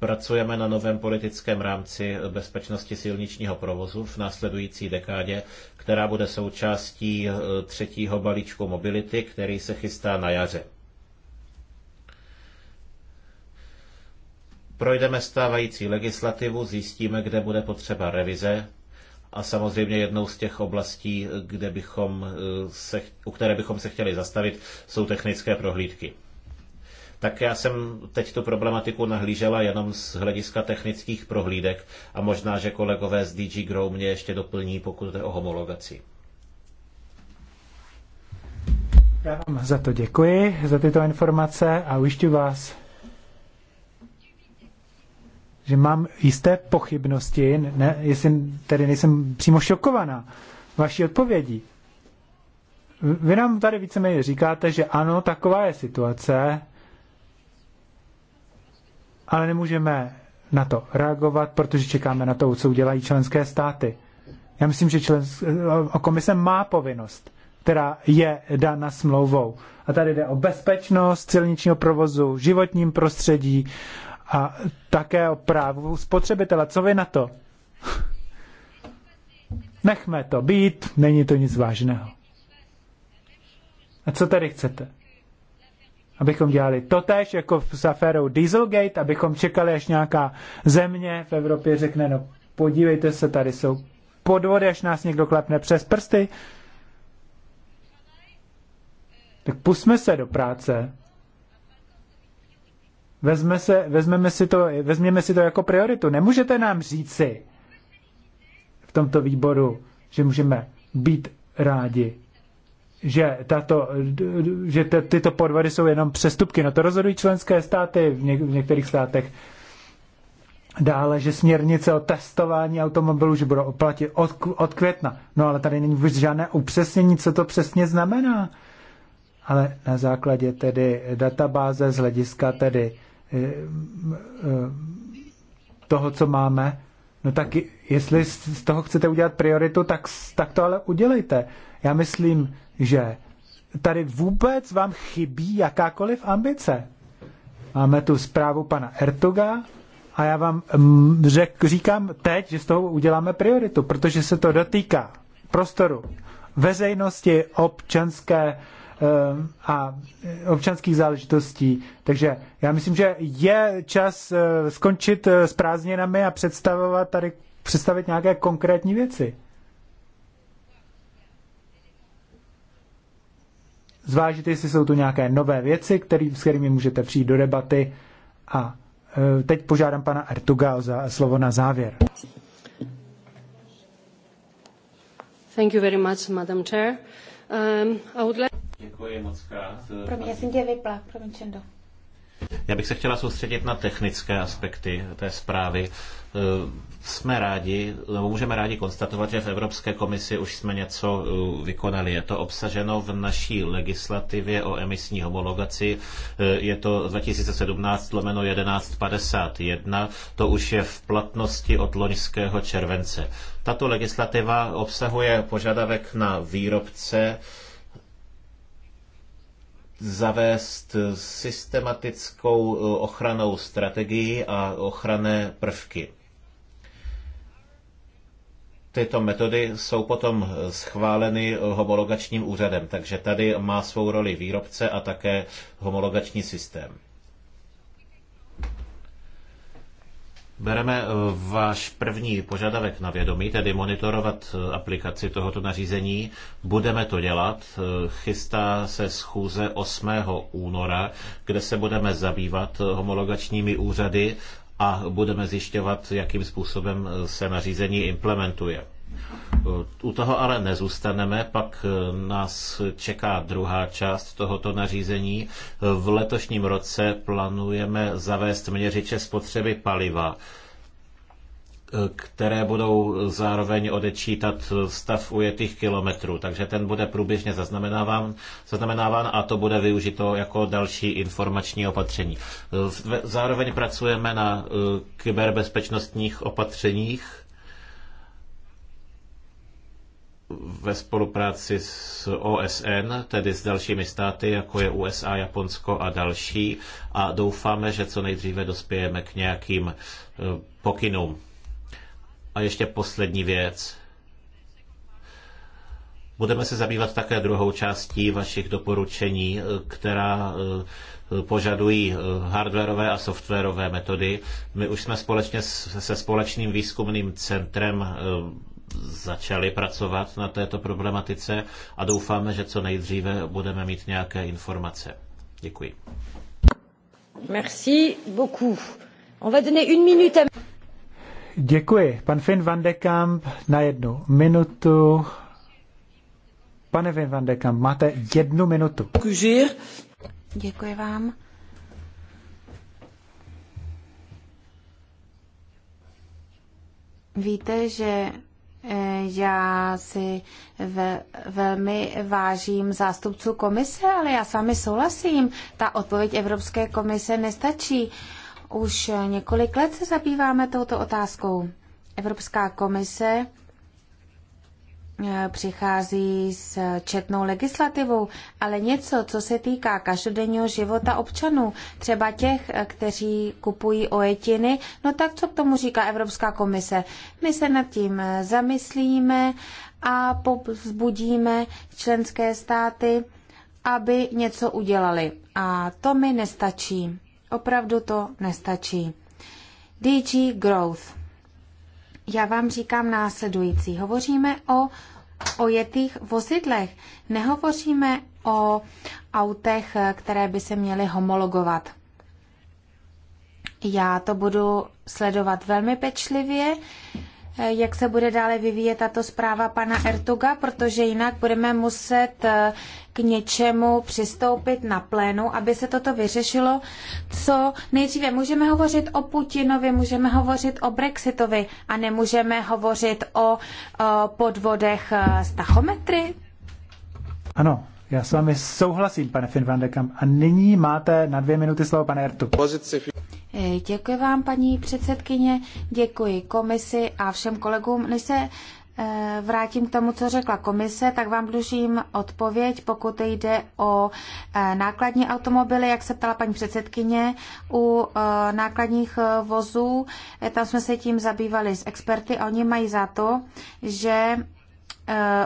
Pracujeme na novém politickém rámci bezpečnosti silničního provozu v následující dekádě, která bude součástí eh, třetího balíčku mobility, který se chystá na jaře. Projdeme stávající legislativu, zjistíme, kde bude potřeba revize a samozřejmě jednou z těch oblastí, eh, kde bychom eh, se, u které bychom se chtěli zastavit, jsou technické prohlídky tak já jsem teď tu problematiku nahlížela jenom z hlediska technických prohlídek a možná, že kolegové z DG Grow mě ještě doplní, pokud jde o homologaci. Já vám za to děkuji, za tyto informace a ujišťuji vás, že mám jisté pochybnosti, ne, jestli tedy nejsem přímo šokovaná vaší odpovědí. Vy nám tady víceméně říkáte, že ano, taková je situace, ale nemůžeme na to reagovat, protože čekáme na to, co udělají členské státy. Já myslím, že člen, eh, komise má povinnost, která je dána smlouvou. A tady jde o bezpečnost silničního provozu, životním prostředí a také o právu spotřebitele. Co vy na to? Nechme to být, není to nic vážného. A co tady chcete? abychom dělali totéž jako s aférou Dieselgate, abychom čekali, až nějaká země v Evropě řekne, no podívejte se, tady jsou podvody, až nás někdo klepne přes prsty. Tak pusme se do práce. Vezme se, vezmeme, si to, vezměme si to jako prioritu. Nemůžete nám říci v tomto výboru, že můžeme být rádi že, tato, že t- tyto podvody jsou jenom přestupky. No to rozhodují členské státy v, něk, v některých státech. Dále, že směrnice o testování automobilů, že budou oplatit od, od května. No ale tady není vůbec žádné upřesnění, co to přesně znamená. Ale na základě tedy databáze z hlediska tedy eh, eh, toho, co máme, no tak jestli z toho chcete udělat prioritu, tak, tak to ale udělejte. Já myslím, že tady vůbec vám chybí jakákoliv ambice. Máme tu zprávu pana Ertuga a já vám mm, řek, říkám teď, že z toho uděláme prioritu, protože se to dotýká prostoru veřejnosti, občanské eh, a občanských záležitostí. Takže já myslím, že je čas eh, skončit eh, s prázdninami a představovat tady představit nějaké konkrétní věci. zvážit, jestli jsou tu nějaké nové věci, který, s kterými můžete přijít do debaty. A e, teď požádám pana Ertuga za slovo na závěr. Thank you very much, Madam Chair. Um, I would like... Děkuji moc krát. Promiň, já jsem tě vypla, promiň, Čendo. Já bych se chtěla soustředit na technické aspekty té zprávy. E, jsme rádi, nebo můžeme rádi konstatovat, že v Evropské komisi už jsme něco e, vykonali. Je to obsaženo v naší legislativě o emisní homologaci. E, je to 2017 lomeno 1151. To už je v platnosti od loňského července. Tato legislativa obsahuje požadavek na výrobce, zavést systematickou eh, ochranou strategii a ochranné prvky. Tyto metody jsou potom schváleny homologačním úřadem, takže tady má svou roli výrobce a také homologační systém. Bereme eh, váš první požadavek na vědomí, tedy monitorovat eh, aplikaci tohoto nařízení. Budeme to dělat. Eh, chystá se schůze 8. února, kde se budeme zabývat homologačními úřady a budeme zjišťovat, jakým způsobem se nařízení implementuje. U toho ale nezůstaneme, pak eh, nás čeká druhá část tohoto nařízení. V letošním roce plánujeme zavést měřiče spotřeby paliva eh, které budou zároveň odečítat stav ujetých kilometrů. Takže ten bude průběžně zaznamenáván, zaznamenáván a to bude využito jako další informační opatření. Eh, zároveň pracujeme na kyberbezpečnostních opatřeních ve spolupráci s OSN, tedy s dalšími státy, jako je USA, Japonsko a další, a doufáme, že co nejdříve dospějeme k nějakým e, pokynům. A ještě poslední věc. Budeme se zabývat také druhou částí vašich doporučení, e, která e, požadují hardwareové a softwarové metody. My už jsme společně se společným výzkumným centrem začali pracovat na této problematice a doufáme, že co nejdříve budeme mít nějaké informace. Děkuji. Merci beaucoup. On va donner une minute Děkuji. Pan Finn van de Kamp na jednu minutu. Pane Finn van de Kamp, máte jednu minutu. Děkuji vám. Víte, že já si ve, velmi vážím zástupců komise, ale já s vámi souhlasím. Ta odpověď Evropské komise nestačí. Už několik let se zabýváme touto otázkou. Evropská komise Eh, přichází s četnou legislativou, ale něco, co se týká každodenního života občanů, třeba těch, eh, kteří kupují ojetiny, no tak co k tomu říká Evropská komise? My se nad tím eh, zamyslíme a povzbudíme členské státy, aby něco udělali. A to mi nestačí. Opravdu to nestačí. DG Growth já vám říkám následující. Hovoříme o ojetých vozidlech. Nehovoříme o autech, které by se měly homologovat. Já to budu sledovat velmi pečlivě jak se bude dále vyvíjet tato zpráva pana Ertuga, protože jinak budeme muset eh, k něčemu přistoupit na plénu, aby se toto vyřešilo. Co nejdříve můžeme hovořit o Putinovi, můžeme hovořit o Brexitovi a nemůžeme hovořit o, o eh, podvodech z eh, tachometry? Ano, já s vámi souhlasím, pane Finvandekam. A nyní máte na dvě minuty slovo, pane Ertu. Děkuji vám, paní předsedkyně, děkuji komisi a všem kolegům. Než se eh, vrátím k tomu, co řekla komise, tak vám dlužím odpověď, pokud jde o eh, nákladní automobily, jak se ptala paní předsedkyně, u eh, nákladních vozů, tam jsme se tím zabývali s experty oni mají za to, že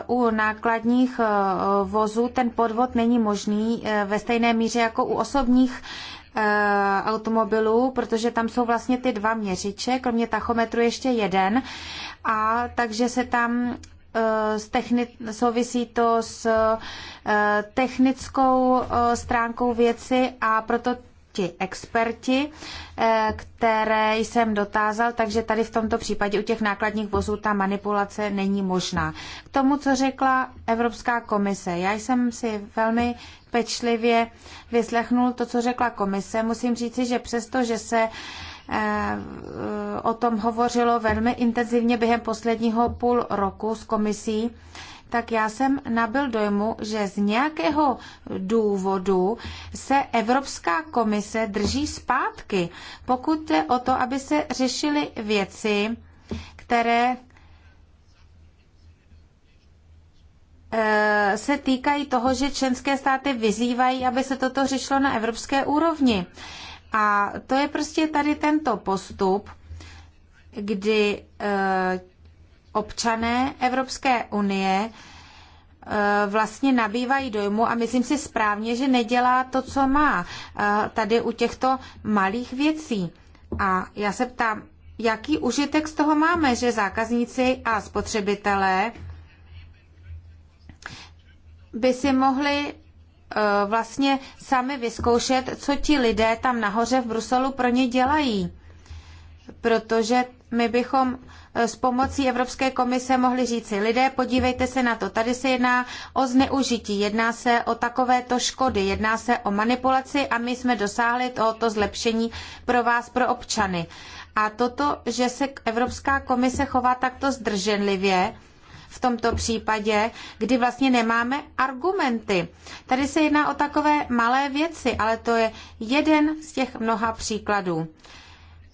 u nákladních vozů ten podvod není možný ve stejné míře jako u osobních Eh, automobilů, protože tam jsou vlastně ty dva měřiče, kromě tachometru ještě jeden, a takže se tam eh, s techni- souvisí to s eh, technickou stránkou věci a proto ti experti, eh, které jsem dotázal, takže tady v tomto případě u těch nákladních vozů ta manipulace není možná. K tomu, co řekla Evropská komise, já jsem si velmi pečlivě vyslechnul to, co řekla komise. Musím říci, že přesto, že se eh, o tom hovořilo velmi intenzivně během posledního půl roku s komisí, tak já jsem nabil dojmu, že z nějakého důvodu se Evropská komise drží zpátky, pokud je o to, aby se řešily věci, které eh, se týkají toho, že členské státy vyzývají, aby se toto řešilo na evropské úrovni. A to je prostě tady tento postup, kdy eh, občané Evropské unie eh, vlastně nabývají dojmu a myslím si správně, že nedělá to, co má eh, tady u těchto malých věcí. A já se ptám, jaký užitek z toho máme, že zákazníci a spotřebitelé by si mohli eh, vlastně sami vyzkoušet, co ti lidé tam nahoře v Bruselu pro ně dělají. Protože my bychom eh, s pomocí Evropské komise mohli říci, lidé, podívejte se na to, tady se jedná o zneužití, jedná se o takovéto škody, jedná se o manipulaci a my jsme dosáhli tohoto zlepšení pro vás, pro občany. A toto, že se Evropská komise chová takto zdrženlivě, v tomto případě, kdy vlastně nemáme argumenty. Tady se jedná o takové malé věci, ale to je jeden z těch mnoha příkladů.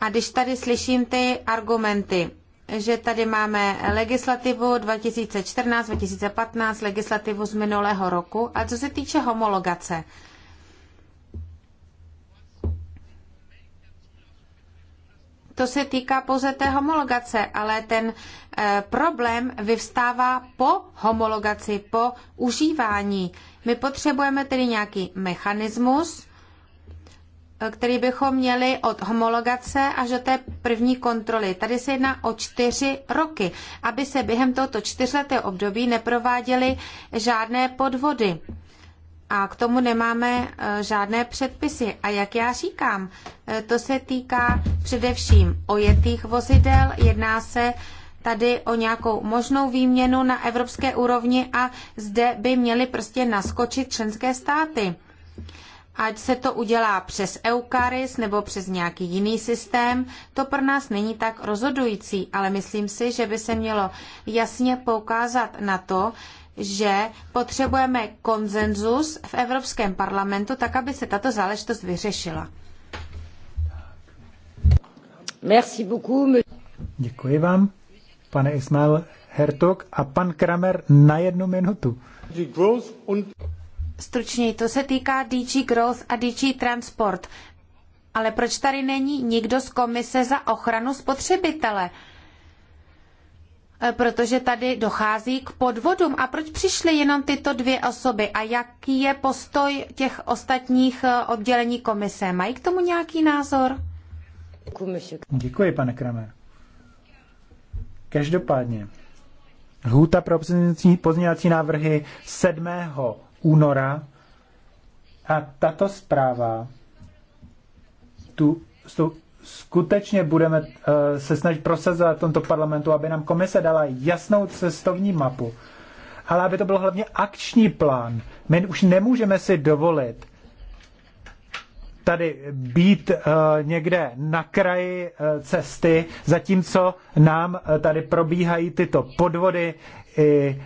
A když tady slyším ty argumenty, že tady máme legislativu 2014-2015, legislativu z minulého roku, a co se týče homologace, to se týká pouze té homologace, ale ten e, problém vyvstává po homologaci, po užívání. My potřebujeme tedy nějaký mechanismus, který bychom měli od homologace až do té první kontroly. Tady se jedná o čtyři roky, aby se během tohoto čtyřletého období neprováděly žádné podvody. A k tomu nemáme e, žádné předpisy. A jak já říkám, e, to se týká především ojetých vozidel, jedná se tady o nějakou možnou výměnu na evropské úrovni a zde by měly prostě naskočit členské státy ať se to udělá přes EuKaris nebo přes nějaký jiný systém, to pro nás není tak rozhodující, ale myslím si, že by se mělo jasně poukázat na to, že potřebujeme konsenzus v Evropském parlamentu, tak aby se tato záležitost vyřešila. Merci beaucoup. Děkuji vám, pane Ismail Hertog a pan Kramer na jednu minutu stručněji. To se týká DG Growth a DG Transport. Ale proč tady není nikdo z Komise za ochranu spotřebitele? E, protože tady dochází k podvodům. A proč přišly jenom tyto dvě osoby? A jaký je postoj těch ostatních e, oddělení komise? Mají k tomu nějaký názor? Děkuji, pane Kramer. Každopádně, Hůta pro pozměňovací návrhy 7 února. A tato zpráva tu, tu skutečně budeme uh, se snažit prosazovat v tomto parlamentu, aby nám komise dala jasnou cestovní mapu. Ale aby to byl hlavně akční plán. My už nemůžeme si dovolit tady být uh, někde na kraji uh, cesty, zatímco nám uh, tady probíhají tyto podvody, i,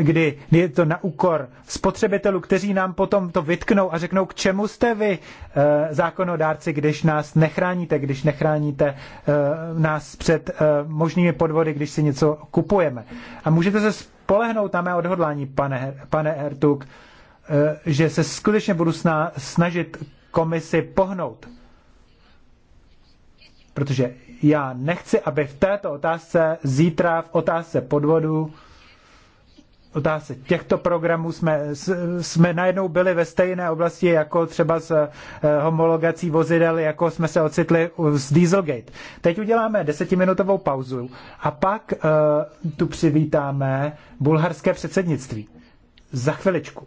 kdy je to na úkor spotřebitelů, kteří nám potom to vytknou a řeknou, k čemu jste vy eh, zákonodárci, když nás nechráníte, když nechráníte eh, nás před eh, možnými podvody, když si něco kupujeme. A můžete se spolehnout na mé odhodlání, pane, pane Hertuk, že se skutečně budu snažit komisi pohnout. Protože já nechci, aby v této otázce zítra v otázce podvodu otázce těchto programů jsme, jsme najednou byli ve stejné oblasti jako třeba s eh, homologací vozidel, jako jsme se ocitli z Dieselgate. Teď uděláme desetiminutovou pauzu a pak uh, tu přivítáme bulharské předsednictví. Za chviličku.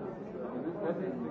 Gracias.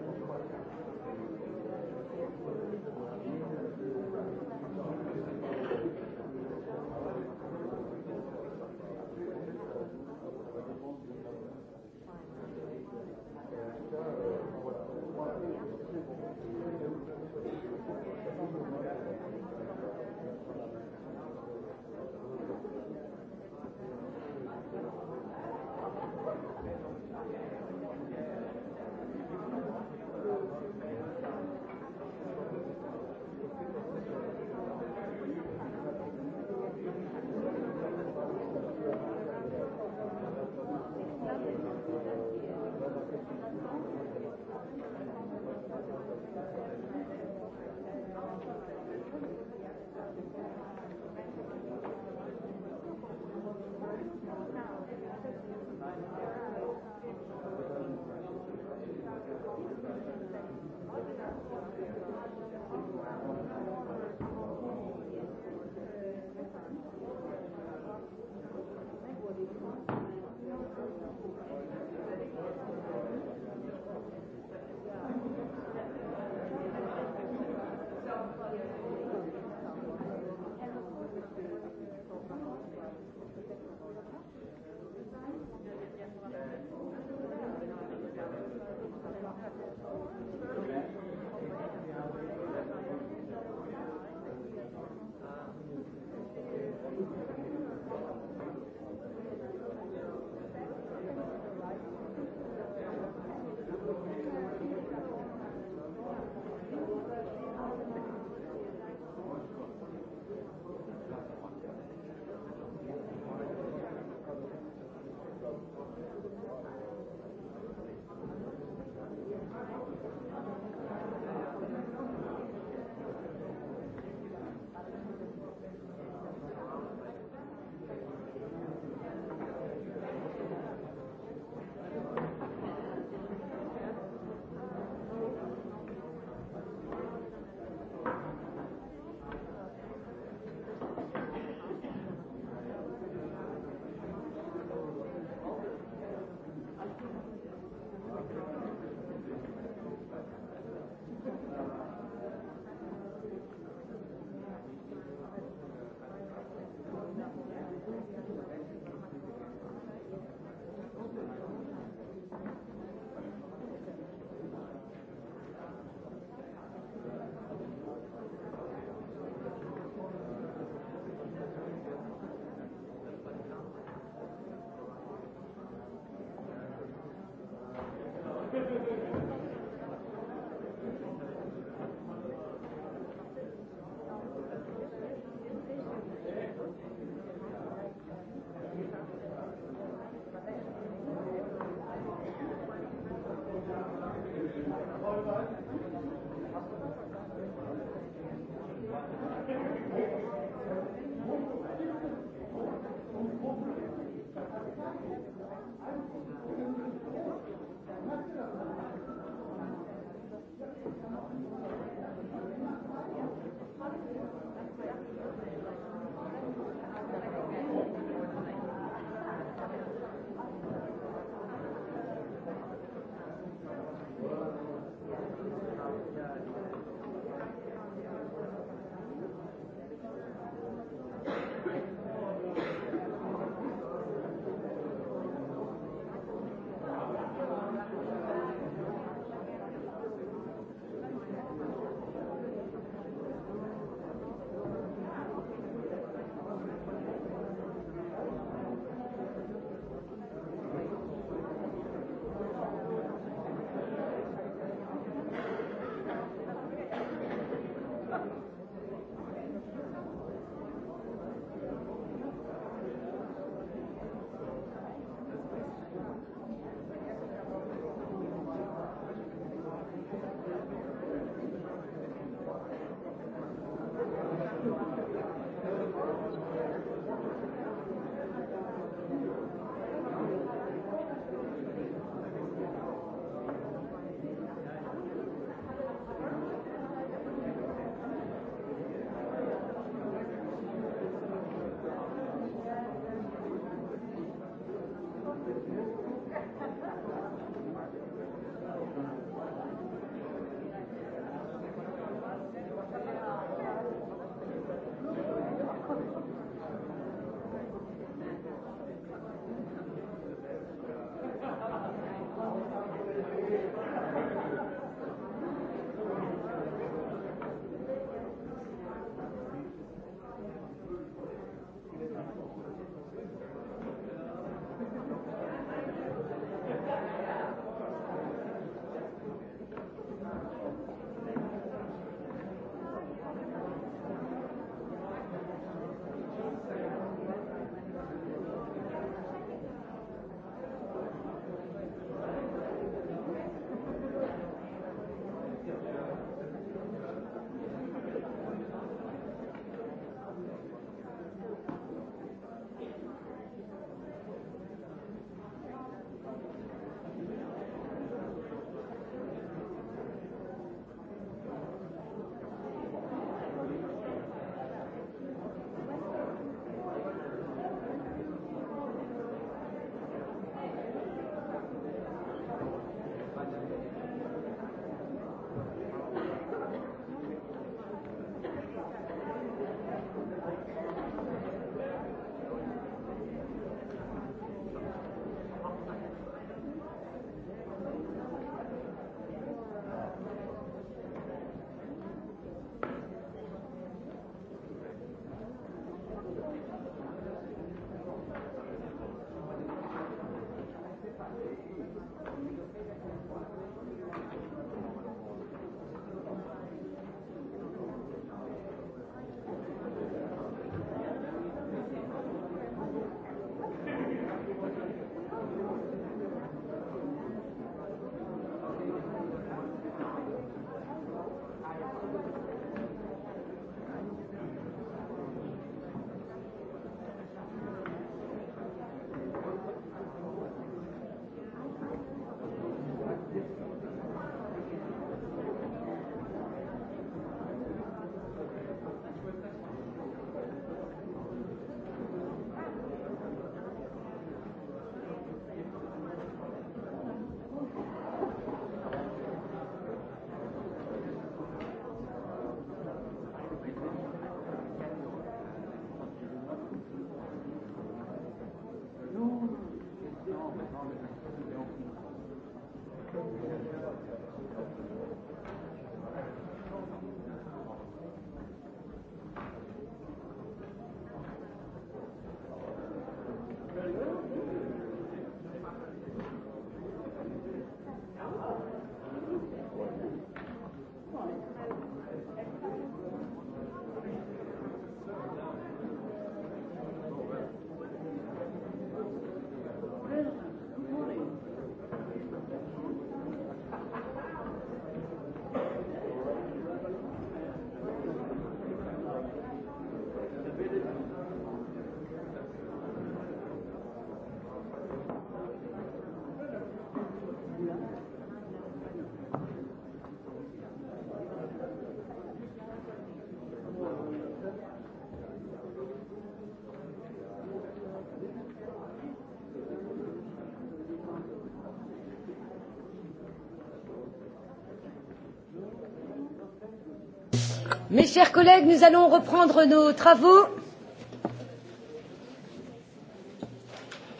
Mes chers collègues, nous allons reprendre nos travaux.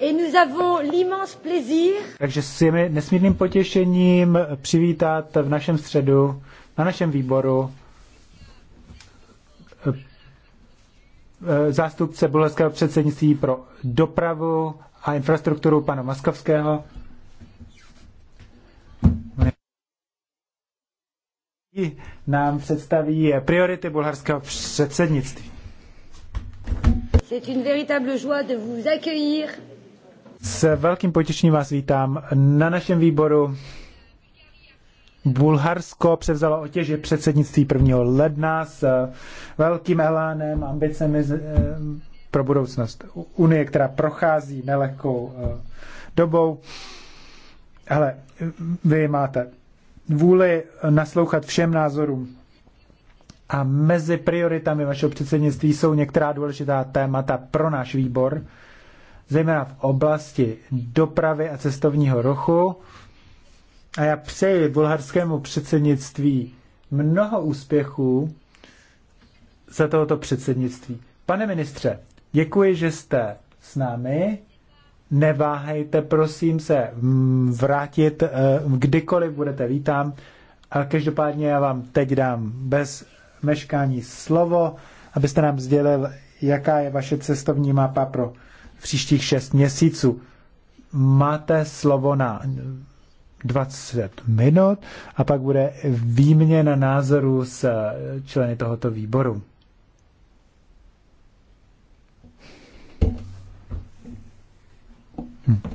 Et nous avons l'immense plaisir. Takže s nesmírným potěšením přivítat v našem středu, na našem výboru eh, zástupce bulharského předsednictví pro dopravu a infrastrukturu pana Maskovského. nám představí priority bulharského předsednictví. S velkým potěšením vás vítám na našem výboru. Bulharsko převzalo otěže předsednictví 1. ledna s eh, velkým elánem, ambicemi eh, pro budoucnost Unie, která prochází nelehkou eh, dobou. Ale vy máte vůli naslouchat všem názorům. A mezi prioritami vašeho předsednictví jsou některá důležitá témata pro náš výbor, zejména v oblasti dopravy a cestovního ruchu. A já přeji bulharskému předsednictví mnoho úspěchů za tohoto předsednictví. Pane ministře, děkuji, že jste s námi neváhejte, prosím se, mm, vrátit, eh, kdykoliv budete vítám. Ale každopádně já vám teď dám bez meškání slovo, abyste nám sdělil, jaká je vaše cestovní mapa pro příštích šest měsíců. Máte slovo na 20 minut a pak bude výměna názoru s členy tohoto výboru.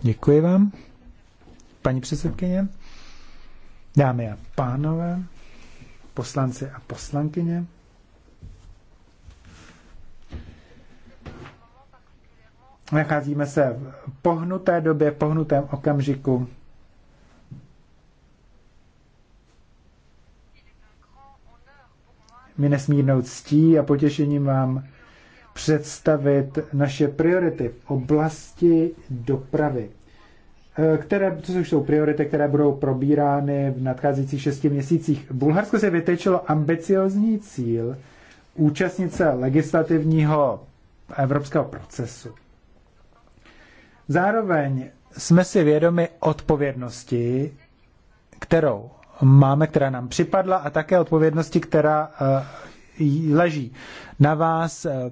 Děkuji vám, paní předsedkyně, dámy a pánové, poslanci a poslankyně. Nacházíme se v pohnuté době, v pohnutém okamžiku. Mi nesmírnou ctí a potěšením vám představit naše priority v oblasti dopravy. Eh, které, to jsou priority, které budou probírány v nadcházejících šesti měsících. Bulharsko se vytečilo ambiciozní cíl účastnit se legislativního evropského procesu. Zároveň jsme si vědomi odpovědnosti, kterou máme, která nám připadla a také odpovědnosti, která eh, leží na vás, eh,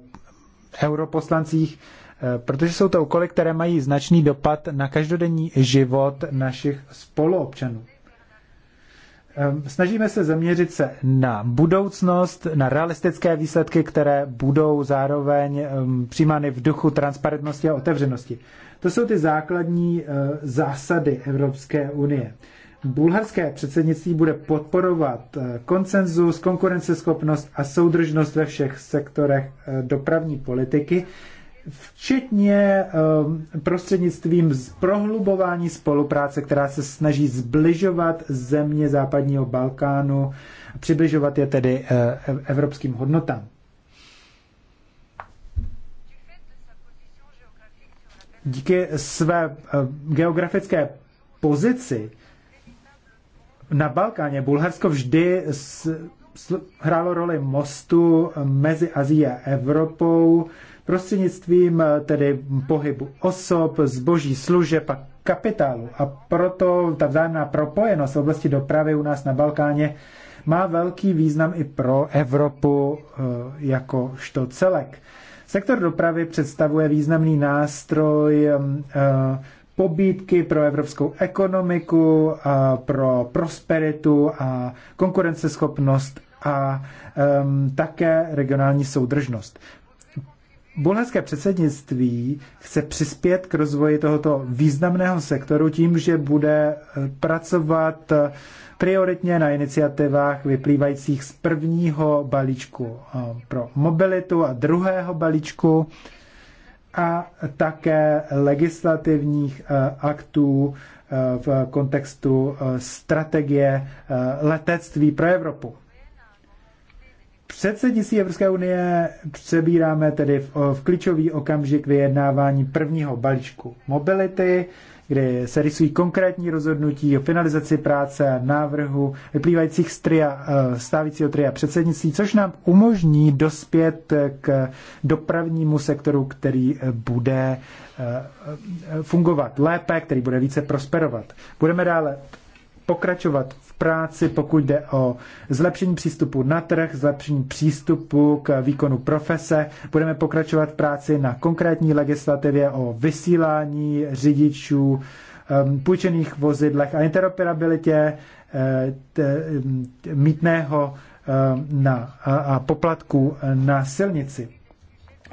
europoslancích, eh, protože jsou to úkoly, které mají značný dopad na každodenní život našich spoluobčanů. Ehm, snažíme se zaměřit se na budoucnost, na realistické výsledky, které budou zároveň ehm, přijímány v duchu transparentnosti a otevřenosti. To jsou ty základní eh, zásady Evropské unie. Bulharské předsednictví bude podporovat eh, konsenzus, konkurenceschopnost a soudržnost ve všech sektorech eh, dopravní politiky, včetně eh, prostřednictvím prohlubování spolupráce, která se snaží zbližovat země západního Balkánu a přibližovat je tedy evropským hodnotám. Díky své geografické pozici na Balkáně Bulharsko vždy s, s, hrálo roli mostu mezi Azií a Evropou prostřednictvím eh, tedy pohybu osob, zboží, služeb a kapitálu. A proto ta vzájemná propojenost v oblasti dopravy u nás na Balkáně má velký význam i pro Evropu eh, jakožto celek. Sektor dopravy představuje významný nástroj eh, pobídky pro evropskou ekonomiku, a pro prosperitu a konkurenceschopnost a um, také regionální soudržnost. Bulharské předsednictví chce přispět k rozvoji tohoto významného sektoru tím, že bude e, pracovat e, prioritně na iniciativách vyplývajících z prvního balíčku e, pro mobilitu a druhého balíčku a také legislativních eh, aktů eh, v kontextu eh, strategie letectví pro Evropu. Předsednictví Evropské unie přebíráme tedy v, v klíčový okamžik vyjednávání prvního balíčku mobility kdy se rysují konkrétní rozhodnutí o finalizaci práce a návrhu vyplývajících z tria, eh, stávícího tria předsednictví, což nám umožní dospět k dopravnímu sektoru, který eh, bude eh, fungovat lépe, který bude více prosperovat. Budeme dále pokračovat v práci, pokud jde o zlepšení přístupu na trh, zlepšení přístupu k výkonu profese. Budeme pokračovat v práci na konkrétní legislativě o vysílání řidičů, půjčených vozidlech a interoperabilitě eh, mítného na, a poplatku na silnici.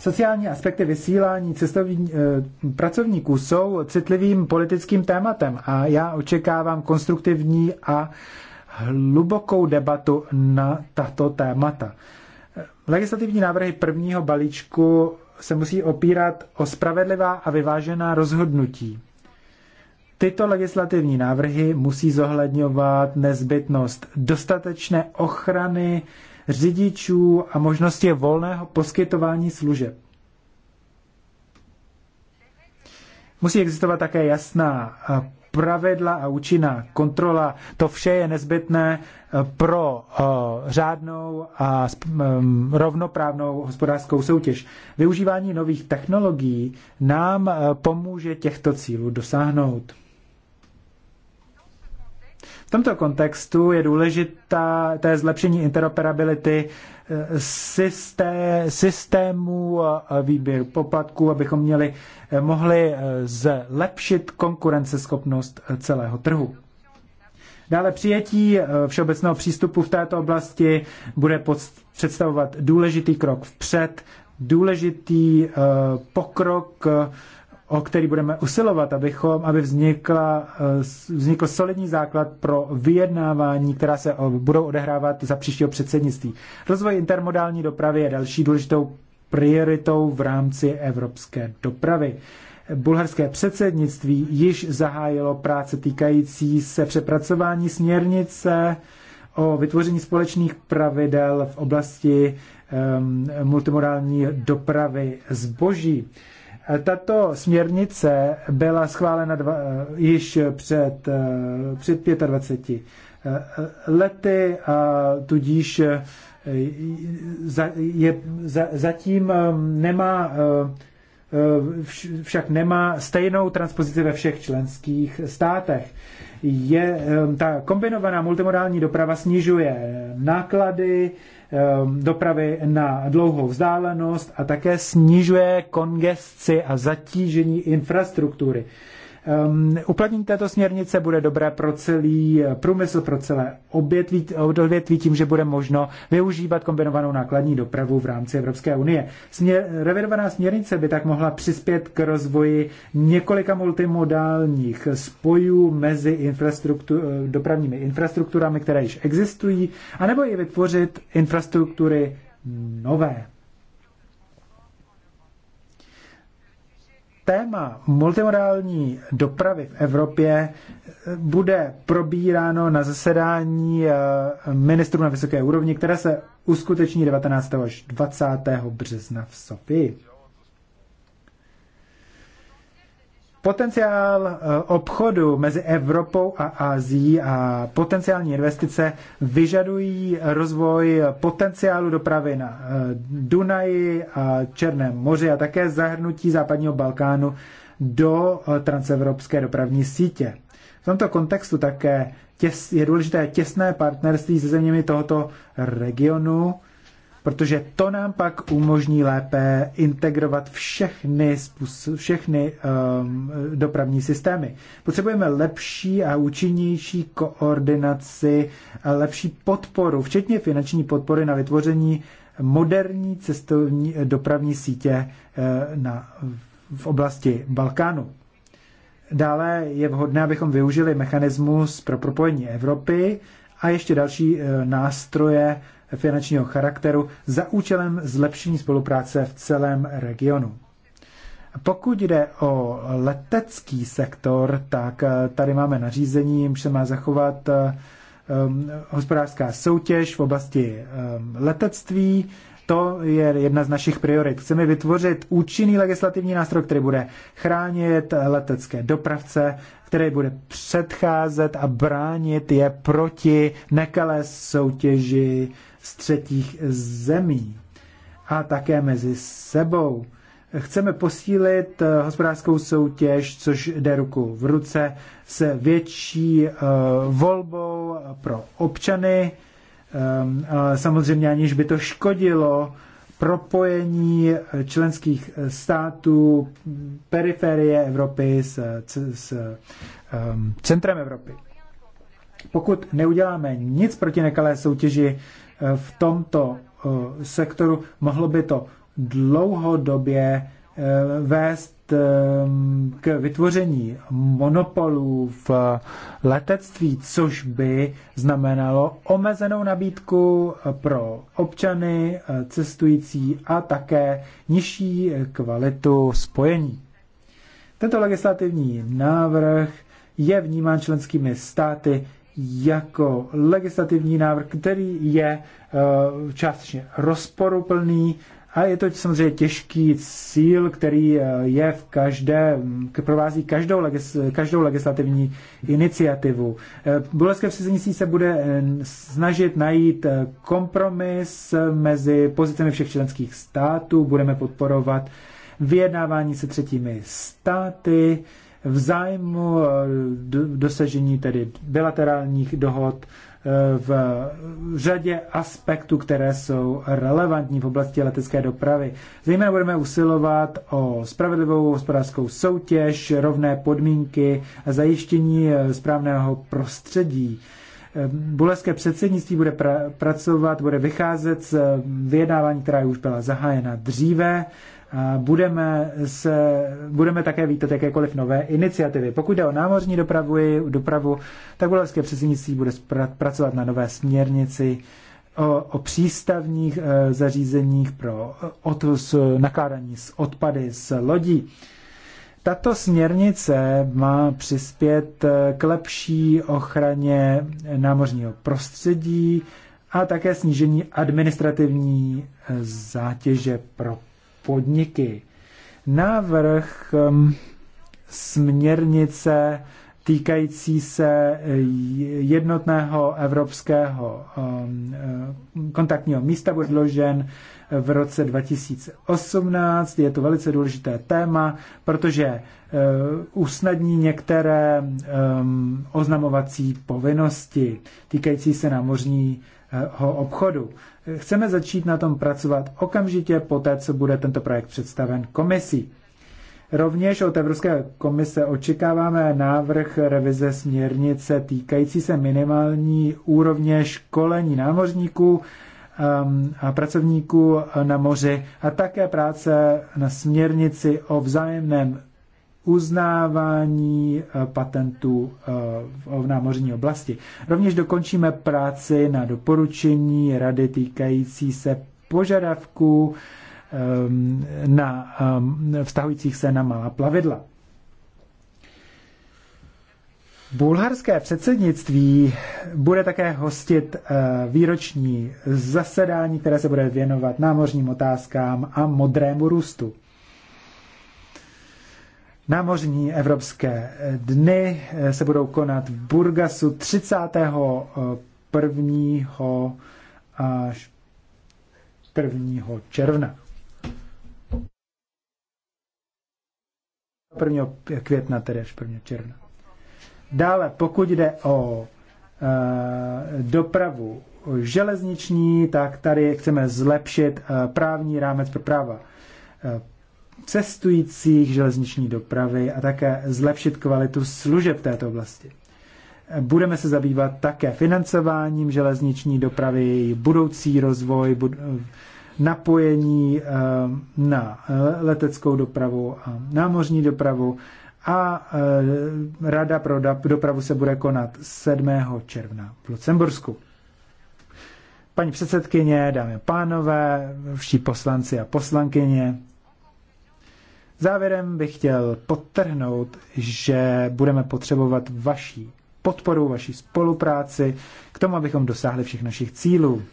Sociální aspekty vysílání cestovní, eh, pracovníků jsou citlivým politickým tématem a já očekávám konstruktivní a hlubokou debatu na tato témata. Legislativní návrhy prvního balíčku se musí opírat o spravedlivá a vyvážená rozhodnutí. Tyto legislativní návrhy musí zohledňovat nezbytnost dostatečné ochrany řidičů a možnosti volného poskytování služeb. Musí existovat také jasná eh, pravidla a účinná kontrola. To vše je nezbytné eh, pro eh, řádnou a mm, rovnoprávnou hospodářskou soutěž. Využívání nových technologií nám pomůže těchto cílů dosáhnout tomto kontextu je důležitá té zlepšení interoperability eh, systé, systému výběru poplatků, abychom měli, eh, mohli eh, zlepšit konkurenceschopnost celého trhu. Dále přijetí všeobecného přístupu v této oblasti bude představovat důležitý krok vpřed, důležitý pokrok o který budeme usilovat, abychom, aby vznikla, eh, vznikl solidní základ pro vyjednávání, která se budou odehrávat za příštího předsednictví. Rozvoj intermodální dopravy je další důležitou prioritou v rámci evropské dopravy. Bulharské předsednictví již zahájilo práce týkající se přepracování směrnice o vytvoření společných pravidel v oblasti um, multimodální dopravy zboží. Uh, tato směrnice byla schválena dva, eh, již před, eh, před 25 eh, lety a tudíž za, je, za, zatím nemá však nemá stejnou transpozici ve všech členských státech. Je, ta kombinovaná multimodální doprava snižuje náklady, Ehm, dopravy na dlouhou vzdálenost a také snižuje kongesci a zatížení infrastruktury. Um, uplatnění této směrnice bude dobré pro celý eh, průmysl, pro celé odvětví, odvětví tím, že bude možno využívat kombinovanou nákladní dopravu v rámci Evropské unie. Směr, revidovaná směrnice by tak mohla přispět k rozvoji několika multimodálních spojů mezi infrastruktu, eh, dopravními infrastrukturami, které již existují, anebo i vytvořit infrastruktury nové. téma multimodální dopravy v Evropě eh, bude probíráno na zasedání eh, ministrů na vysoké úrovni, které se uskuteční 19. až 20. března v Sofii. Potenciál eh, obchodu mezi Evropou a Ázií a potenciální investice vyžadují rozvoj potenciálu dopravy na eh, Dunaji a Černém moři a také zahrnutí západního Balkánu do eh, transevropské dopravní sítě. V tomto kontextu také je důležité těsné partnerství se zeměmi tohoto regionu, protože to nám pak umožní lépe integrovat všechny, všechny um, dopravní systémy. Potřebujeme lepší a účinnější koordinaci, lepší podporu, včetně finanční podpory na vytvoření moderní cestovní eh, dopravní sítě uh, na, v oblasti Balkánu. Dále je vhodné, abychom využili mechanismus pro propojení Evropy a ještě další eh, nástroje finančního charakteru za účelem zlepšení spolupráce v celém regionu. Pokud jde o letecký sektor, tak eh, tady máme nařízení, že má zachovat eh, um, hospodářská soutěž v oblasti um, letectví. To je jedna z našich priorit. Chceme vytvořit účinný legislativní nástroj, který bude chránit letecké dopravce, který bude předcházet a bránit je proti nekalé soutěži z třetích zemí a také mezi sebou. Chceme posílit eh, hospodářskou soutěž, což jde ruku v ruce s větší eh, volbou pro občany, eh, samozřejmě aniž by to škodilo propojení členských států periferie Evropy s, s centrem Evropy. Pokud neuděláme nic proti nekalé soutěži, v tomto eh, sektoru. Mohlo by to dlouhodobě eh, vést ehm, k vytvoření monopolů v letectví, což by znamenalo omezenou nabídku pro občany, eh, cestující a také nižší kvalitu spojení. Tento legislativní návrh je vnímán členskými státy jako legislativní návrh, který je eh, částečně rozporuplný a je to samozřejmě těžký cíl, který eh, je v každé, provází každou, legis, každou legislativní iniciativu. Eh, bulharské předsednictví se bude snažit najít kompromis mezi pozicemi všech členských států, budeme podporovat vyjednávání se třetími státy, v zájmu eh, dosažení tedy bilaterálních dohod eh, v řadě aspektů, které jsou relevantní v oblasti letecké dopravy. Zejména budeme usilovat o spravedlivou hospodářskou soutěž, rovné podmínky a zajištění eh, správného prostředí. Boleské předsednictví bude pra- pracovat, bude vycházet z vyjednávání, která už byla zahájena dříve budeme, se, budeme také vítat jakékoliv nové iniciativy. Pokud jde o námořní dopravu, dopravu tak bulharské předsednictví bude pracovat na nové směrnici o, o přístavních e, zařízeních pro e, od, s, nakládání s odpady z lodí. Tato směrnice má přispět e, k lepší ochraně námořního prostředí a také snížení administrativní e, zátěže pro podniky. Návrh um, směrnice týkající se eh, jednotného evropského um, eh, kontaktního místa byl v roce 2018. Je to velice důležité téma, protože eh, usnadní některé um, oznamovací povinnosti týkající se námořní Eh, ho obchodu. Chceme začít na tom pracovat okamžitě po té, co bude tento projekt představen komisí. Rovněž od Evropské komise očekáváme návrh revize směrnice týkající se minimální úrovně školení námořníků ehm, a pracovníků na moři a také práce na směrnici o vzájemném uznávání eh, patentů eh, v námořní oblasti. Rovněž dokončíme práci na doporučení rady týkající se požadavků ehm, na, ehm, vztahujících se na malá plavidla. Bulharské předsednictví bude také hostit eh, výroční zasedání, které se bude věnovat námořním otázkám a modrému růstu. Námořní evropské eh, dny eh, se budou konat v Burgasu 31. Eh, až 1. června. 1. května, tedy až 1. června. Dále, pokud jde o dopravu železniční, tak tady chceme zlepšit právní rámec pro práva cestujících železniční dopravy a také zlepšit kvalitu služeb této oblasti. Budeme se zabývat také financováním železniční dopravy, budoucí rozvoj, bud- napojení eh, na leteckou dopravu a námořní dopravu a eh, Rada pro dopravu se bude konat 7. června v Lucembursku. Paní předsedkyně, dámy a pánové, všichni poslanci a poslankyně, Závěrem bych chtěl podtrhnout, že budeme potřebovat vaší podporu, vaší spolupráci k tomu, abychom dosáhli všech našich cílů.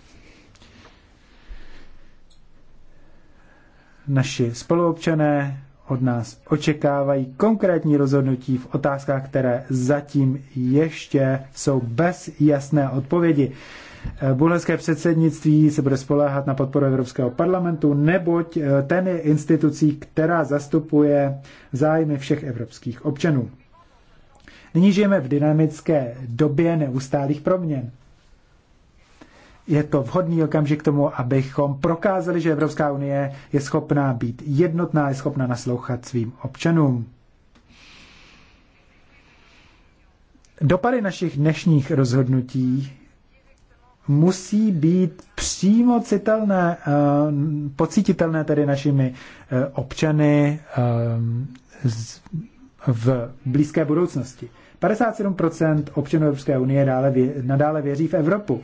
Naši spoluobčané od nás očekávají konkrétní rozhodnutí v otázkách, které zatím ještě jsou bez jasné odpovědi. Eh, bulharské předsednictví se bude spoléhat na podporu Evropského parlamentu, neboť eh, ten je institucí, která zastupuje zájmy všech evropských občanů. Nyní žijeme v dynamické době neustálých proměn. Je to vhodný okamžik k tomu, abychom prokázali, že Evropská unie je schopná být jednotná, je schopná naslouchat svým občanům. Dopady našich dnešních rozhodnutí musí být přímo citelné, eh, pocititelné tedy našimi eh, občany eh, v blízké budoucnosti. 57% občanů Evropské unie dále, nadále věří v Evropu.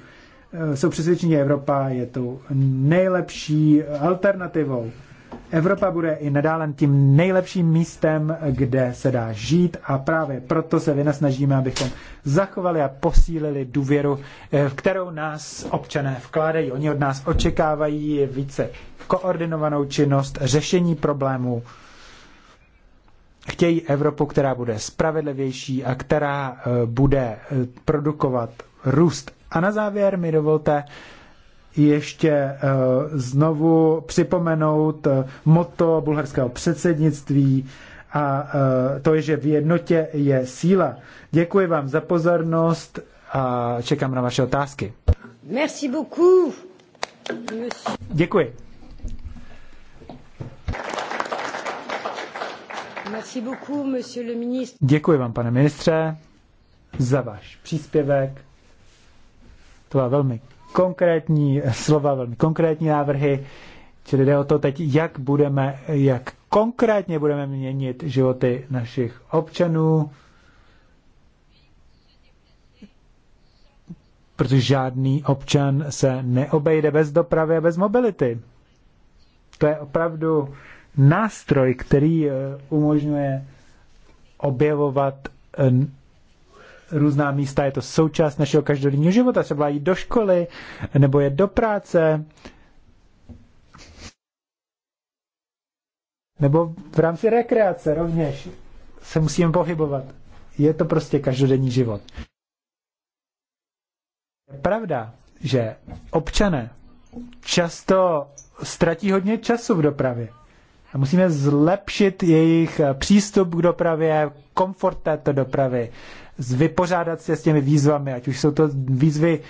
Jsou přesvědčení, že Evropa je tou nejlepší alternativou Evropa bude i nadále tím nejlepším místem, kde se dá žít a právě proto se vynasnažíme, abychom zachovali a posílili důvěru, eh, v kterou nás občané vkládají. Oni od nás očekávají více koordinovanou činnost, řešení problémů. Chtějí Evropu, která bude spravedlivější a která eh, bude eh, produkovat růst. A na závěr mi dovolte ještě eh, znovu připomenout eh, moto bulharského předsednictví a eh, to je, že v jednotě je síla. Děkuji vám za pozornost a čekám na vaše otázky. Merci beaucoup. Děkuji. Merci beaucoup, monsieur le ministre. Děkuji vám, pane ministře, za váš příspěvek. To byla velmi konkrétní slova, velmi konkrétní návrhy, čili jde o to teď, jak budeme, jak konkrétně budeme měnit životy našich občanů, protože žádný občan se neobejde bez dopravy a bez mobility. To je opravdu nástroj, který eh, umožňuje objevovat eh, různá místa, je to součást našeho každodenního života, třeba jít do školy nebo jít do práce. Nebo v rámci rekreace rovněž se musíme pohybovat. Je to prostě každodenní život. Je pravda, že občané často ztratí hodně času v dopravě. A musíme zlepšit jejich přístup k dopravě, komfort této dopravy, vypořádat se s těmi výzvami, ať už jsou to výzvy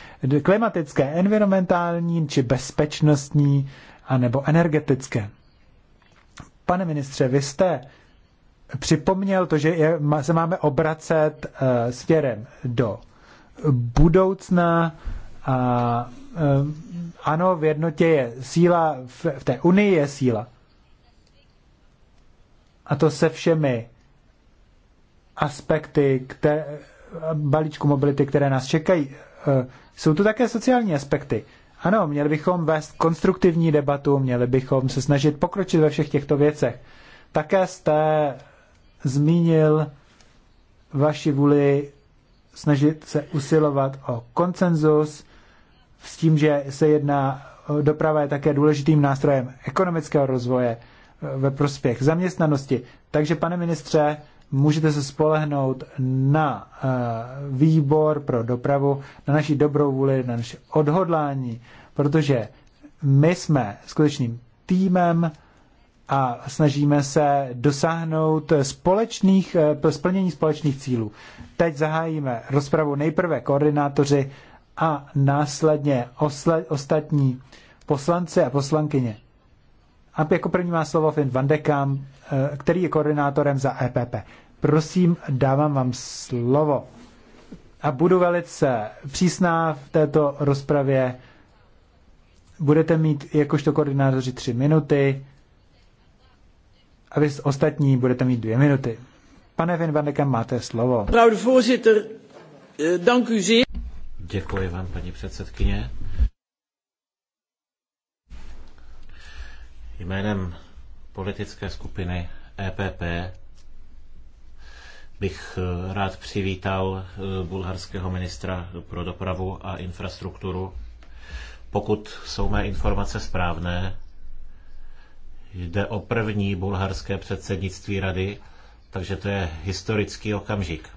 klimatické, environmentální, či bezpečnostní, anebo energetické. Pane ministře, vy jste připomněl to, že je, se máme obracet uh, směrem do budoucna. A, uh, ano, v jednotě je síla, v, v té unii je síla. A to se všemi aspekty které, balíčku mobility, které nás čekají. E, jsou tu také sociální aspekty. Ano, měli bychom vést konstruktivní debatu, měli bychom se snažit pokročit ve všech těchto věcech. Také jste zmínil vaši vůli snažit se usilovat o konsenzus s tím, že se jedná, doprava je také důležitým nástrojem ekonomického rozvoje e, ve prospěch zaměstnanosti. Takže, pane ministře, můžete se spolehnout na eh, výbor pro dopravu, na naši dobrou vůli, na naše odhodlání, protože my jsme skutečným týmem a snažíme se dosáhnout společných, eh, splnění společných cílů. Teď zahájíme rozpravu nejprve koordinátoři a následně osle, ostatní poslanci a poslankyně. A jako první má slovo Finn van de Kamp, eh, který je koordinátorem za EPP. Prosím, dávám vám slovo. A budu velice přísná v této rozpravě. Budete mít jakožto koordinátoři tři minuty a vy ostatní budete mít dvě minuty. Pane Vin van de Kamp, máte slovo. Eh, Děkuji vám, paní předsedkyně. Jménem politické skupiny EPP bych eh, rád přivítal eh, bulharského ministra pro dopravu a infrastrukturu. Pokud jsou mé informace správné, jde o první bulharské předsednictví rady, takže to je historický okamžik.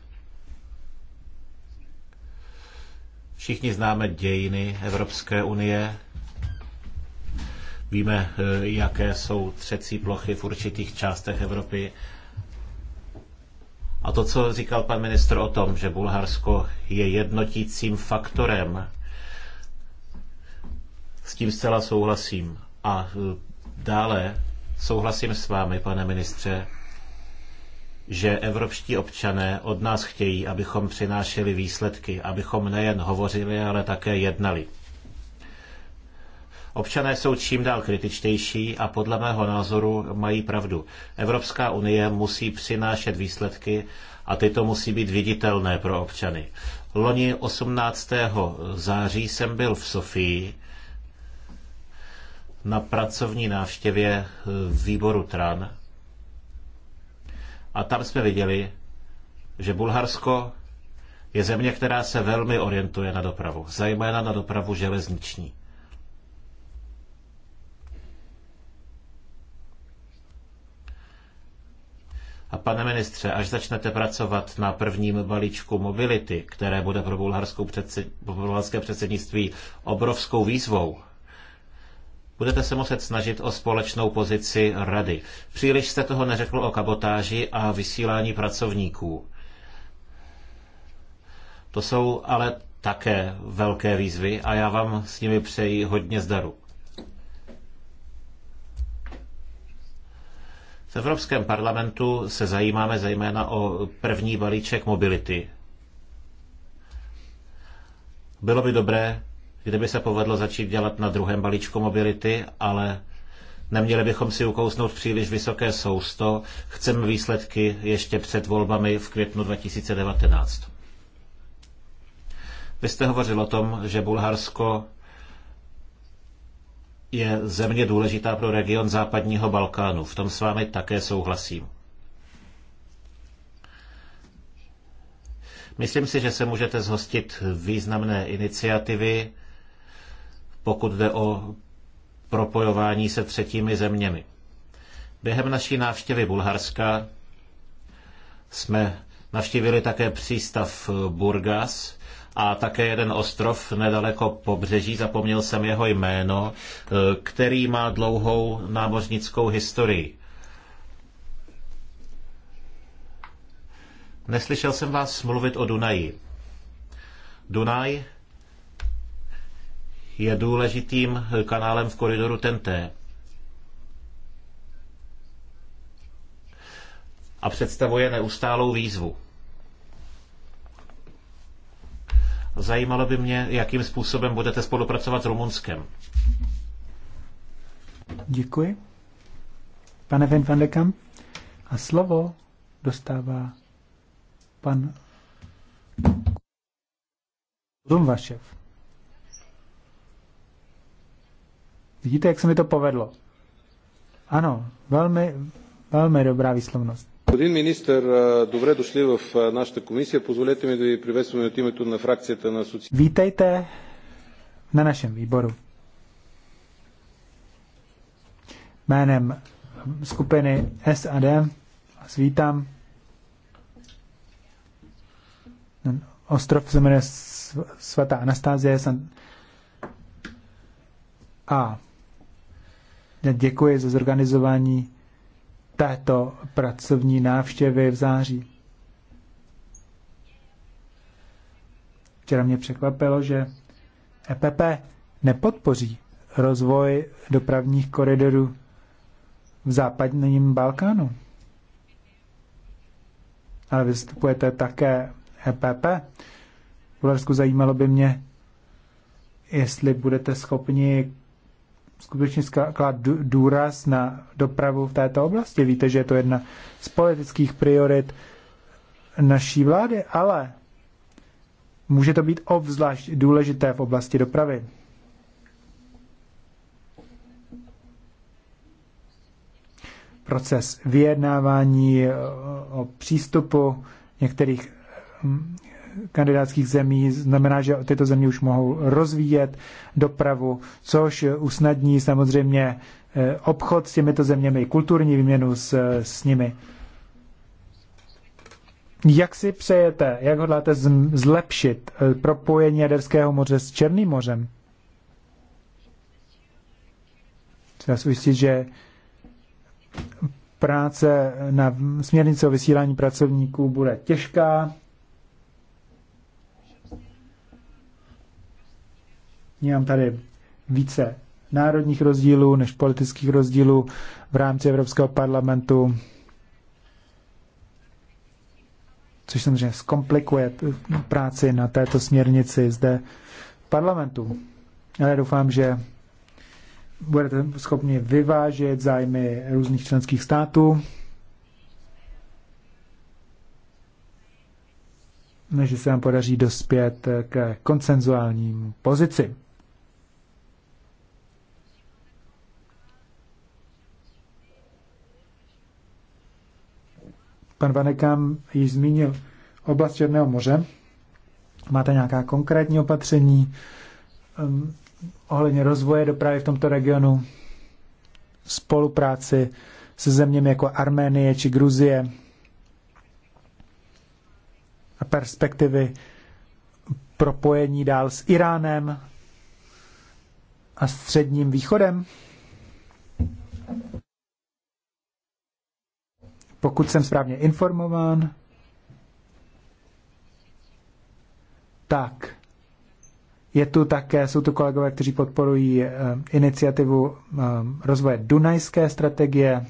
Všichni známe dějiny Evropské unie, Víme, eh, jaké jsou třecí plochy v určitých částech Evropy. A to, co říkal pan ministr o tom, že Bulharsko je jednotícím faktorem, s tím zcela souhlasím. A eh, dále souhlasím s vámi, pane ministře, že evropští občané od nás chtějí, abychom přinášeli výsledky, abychom nejen hovořili, ale také jednali. Občané jsou čím dál kritičtější a podle mého názoru mají pravdu. Evropská unie musí přinášet výsledky a tyto musí být viditelné pro občany. Loni 18. září jsem byl v Sofii na pracovní návštěvě eh, výboru TRAN a tam jsme viděli, že Bulharsko je země, která se velmi orientuje na dopravu, zejména na dopravu železniční. A pane ministře, až začnete pracovat na prvním balíčku mobility, které bude pro, předsed, pro bulharské předsednictví obrovskou výzvou, budete se muset snažit o společnou pozici rady. Příliš jste toho neřekl o kabotáži a vysílání pracovníků. To jsou ale také velké výzvy a já vám s nimi přeji hodně zdaru. Evropském parlamentu se zajímáme zejména o první balíček mobility. Bylo by dobré, kdyby se povedlo začít dělat na druhém balíčku mobility, ale Neměli bychom si ukousnout příliš vysoké sousto. Chceme výsledky ještě před volbami v květnu 2019. Vy jste hovořil o tom, že Bulharsko je země důležitá pro region západního Balkánu. V tom s vámi také souhlasím. Myslím si, že se můžete zhostit významné iniciativy, pokud jde o propojování se třetími zeměmi. Během naší návštěvy Bulharska jsme navštívili také přístav Burgas, a také jeden ostrov nedaleko pobřeží, zapomněl jsem jeho jméno, eh, který má dlouhou námořnickou historii. Neslyšel jsem vás mluvit o Dunaji. Dunaj je důležitým eh, kanálem v koridoru TNT. A představuje neustálou výzvu. Zajímalo by mě, jakým způsobem budete spolupracovat s Rumunskem. Děkuji. Pane Van van de Kamp, a slovo dostává pan Rumvašev. Vidíte, jak se mi to povedlo? Ano, velmi, velmi dobrá výslovnost. Господин министър, добре дошли в нашата комисия. Позволете ми да ви приветстваме от името на фракцията на соци... Vítejte na našem výboru. Jménem skupiny SAD vás vítám. Ten ostrov se jmenuje Svatá Anastázie a děkuji za zorganizování této pracovní návštěvy v září. Včera mě překvapilo, že EPP nepodpoří rozvoj dopravních koridorů v západním Balkánu. Ale vystupujete také EPP. V Bulharsku zajímalo by mě, jestli budete schopni skutečně klad důraz na dopravu v této oblasti. Víte, že je to jedna z politických priorit naší vlády, ale může to být obzvlášť důležité v oblasti dopravy. Proces vyjednávání eh, o přístupu některých kandidátských zemí znamená, že tyto země už mohou rozvíjet dopravu, což usnadní samozřejmě eh, obchod s těmito zeměmi, kulturní výměnu s, s nimi. Jak si přejete, jak hodláte zlepšit eh, propojení Jaderského moře s Černým mořem? Chci vás ujistit, že práce na směrnici o vysílání pracovníků bude těžká, Mám tady více národních rozdílů než politických rozdílů v rámci Evropského parlamentu, což samozřejmě zkomplikuje práci na této směrnici zde v parlamentu. Ale doufám, že budete schopni vyvážit zájmy různých členských států. než no, se nám podaří dospět k konsenzuálním pozici. Pan Vanekam ji zmínil oblast Černého moře. Máte nějaká konkrétní opatření um, ohledně rozvoje dopravy v tomto regionu, spolupráci se zeměmi jako Arménie či Gruzie a perspektivy propojení dál s Iránem a středním východem? Pokud jsem správně informován, tak je tu také, jsou tu kolegové, kteří podporují eh, iniciativu eh, rozvoje Dunajské strategie.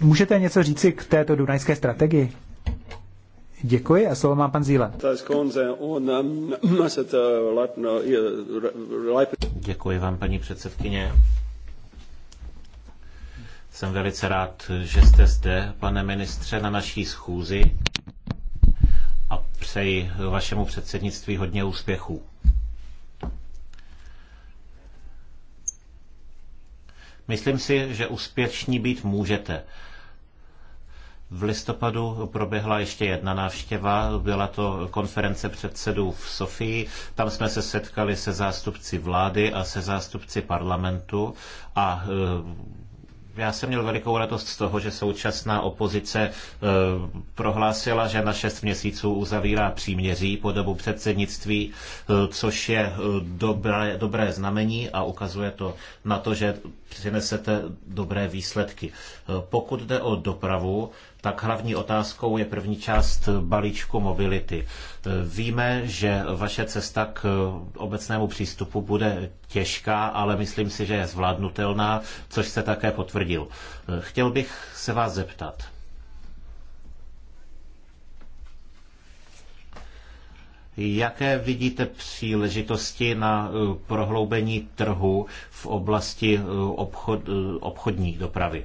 Můžete něco říci k této Dunajské strategii? Děkuji a slovo má pan Zíle. Děkuji vám, paní předsedkyně. Jsem velice rád, že jste zde, pane ministře, na naší schůzi a přeji vašemu předsednictví hodně úspěchů. Myslím si, že úspěšní být můžete. V listopadu proběhla ještě jedna návštěva, byla to konference předsedů v Sofii. Tam jsme se setkali se zástupci vlády a se zástupci parlamentu a e, já jsem měl velikou radost z toho, že současná opozice eh, prohlásila, že na šest měsíců uzavírá příměří po dobu předsednictví, eh, což je eh, dobré, dobré znamení a ukazuje to na to, že přinesete dobré výsledky. Pokud jde o dopravu, tak hlavní otázkou je první část balíčku mobility. Víme, že vaše cesta k obecnému přístupu bude těžká, ale myslím si, že je zvládnutelná, což se také potvrdil. Chtěl bych se vás zeptat. Jaké vidíte příležitosti na eh, prohloubení trhu v oblasti eh, obchod, eh, obchodní dopravy?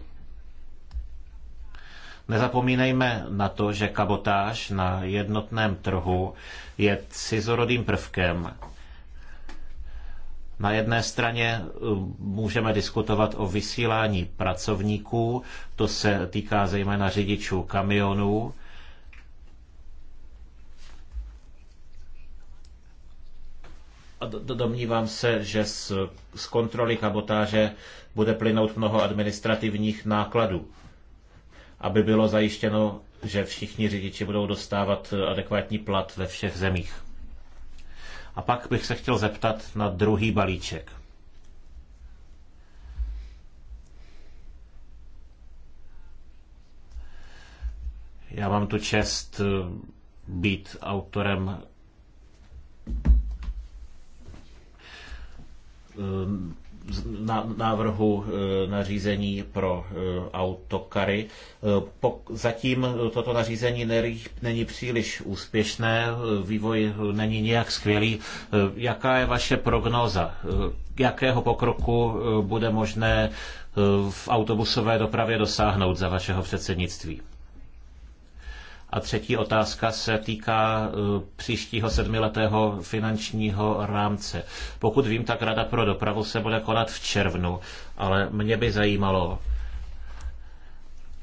Nezapomínejme na to, že kabotáž na jednotném trhu je cizorodým prvkem. Na jedné straně eh, můžeme diskutovat o vysílání pracovníků, to se týká zejména řidičů kamionů, domnívám se, že z, z kontroly kabotáže bude plynout mnoho administrativních nákladů aby bylo zajištěno, že všichni řidiči budou dostávat eh, adekvátní plat ve všech zemích. A pak bych se chtěl zeptat na druhý balíček. Já mám tu čest eh, být autorem eh, návrhu e, nařízení pro e, autokary. E, zatím toto nařízení není příliš úspěšné, vývoj není nijak skvělý. Jaká je vaše prognóza? Jakého pokroku bude možné v autobusové dopravě dosáhnout za vašeho předsednictví? A třetí otázka se týká eh, příštího sedmiletého finančního rámce. Pokud vím, tak Rada pro dopravu se bude konat v červnu, ale mě by zajímalo,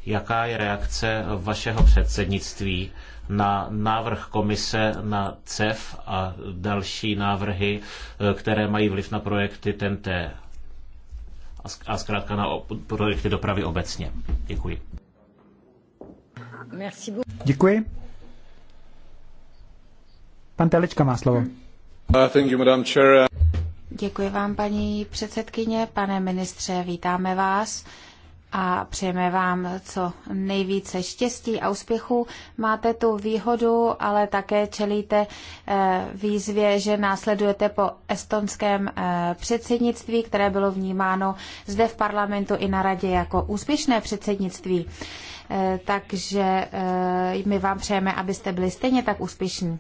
jaká je reakce vašeho předsednictví na návrh komise na CEF a další návrhy, eh, které mají vliv na projekty TNT a zkrátka na projekty dopravy obecně. Děkuji. Děkuji. Pan Telička má slovo. Uh, Děkuji vám, paní předsedkyně, pane ministře, vítáme vás a přejeme vám co nejvíce štěstí a úspěchů. Máte tu výhodu, ale také čelíte eh, výzvě, že následujete po estonském eh, předsednictví, které bylo vnímáno zde v parlamentu i na radě jako úspěšné předsednictví. Eh, takže my vám přejeme, abyste byli stejně tak úspěšní.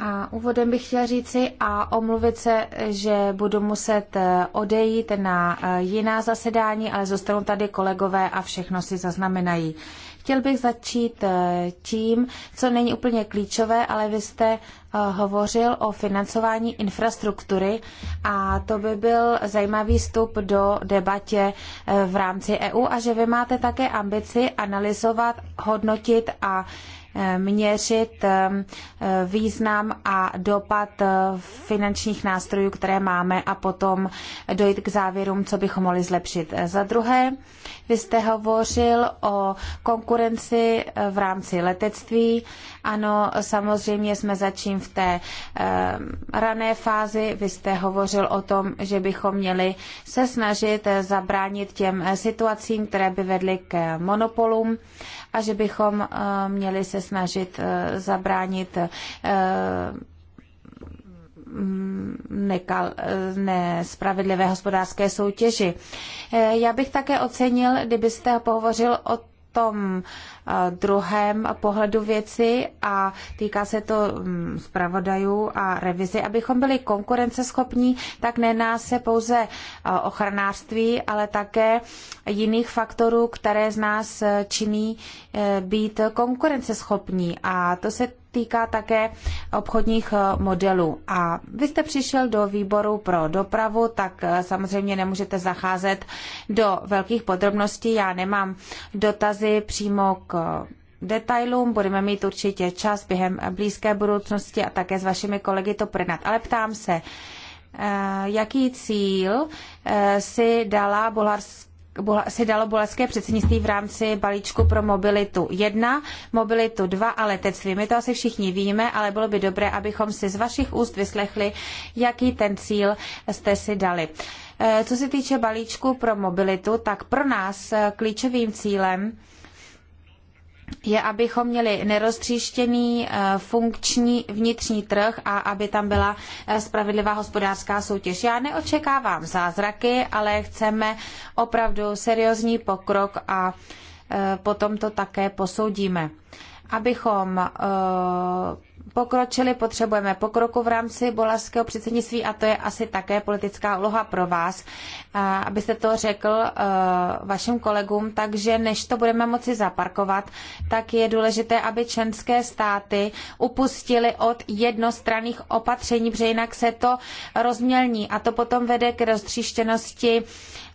A úvodem bych chtěla říci a omluvit se, že budu muset eh, odejít na eh, jiná zasedání, ale zůstanou tady kolegové a všechno si zaznamenají. Chtěl bych začít eh, tím, co není úplně klíčové, ale vy jste hovořil o financování infrastruktury a to by byl zajímavý vstup do debatě v rámci EU a že vy máte také ambici analyzovat, hodnotit a měřit eh, význam a dopad eh, finančních nástrojů, které máme a potom dojít k závěrům, co bychom mohli zlepšit. Eh, za druhé, vy jste hovořil o konkurenci v rámci letectví. Ano, samozřejmě jsme začím v té rané fázi. Vy jste hovořil o tom, že bychom měli se snažit zabránit těm situacím, které by vedly k monopolům a že bychom eh, měli se snažit eh, zabránit eh, mm, nekal, nespravedlivé hospodářské soutěži. Já bych také ocenil, kdybyste pohovořil o tom druhém pohledu věci a týká se to mm, zpravodajů a revizi. Abychom byli konkurenceschopní, tak nená se pouze e, ochranářství, ale také jiných faktorů, které z nás e, činí e, být konkurenceschopní. A to se týká také obchodních modelů. A vy jste přišel do výboru pro dopravu, tak samozřejmě nemůžete zacházet do velkých podrobností. Já nemám dotazy přímo k detailům. Budeme mít určitě čas během blízké budoucnosti a také s vašimi kolegy to projednat. Ale ptám se, eh, jaký cíl eh, si dala bulharská si dalo bolestské předsednictví v rámci balíčku pro mobilitu 1, mobilitu 2 a letectví. My to asi všichni víme, ale bylo by dobré, abychom si z vašich úst vyslechli, jaký ten cíl jste si dali. Eh, co se týče balíčku pro mobilitu, tak pro nás klíčovým cílem je, abychom měli neroztříštěný eh, funkční vnitřní trh a aby tam byla eh, spravedlivá hospodářská soutěž. Já neočekávám zázraky, ale chceme opravdu seriózní pokrok a eh, potom to také posoudíme. Abychom pokročili, potřebujeme pokroku v rámci bolavského předsednictví a to je asi také politická úloha pro vás, abyste to řekl e, vašim kolegům, takže než to budeme moci zaparkovat, tak je důležité, aby členské státy upustily od jednostranných opatření, protože jinak se to rozmělní a to potom vede k roztříštěnosti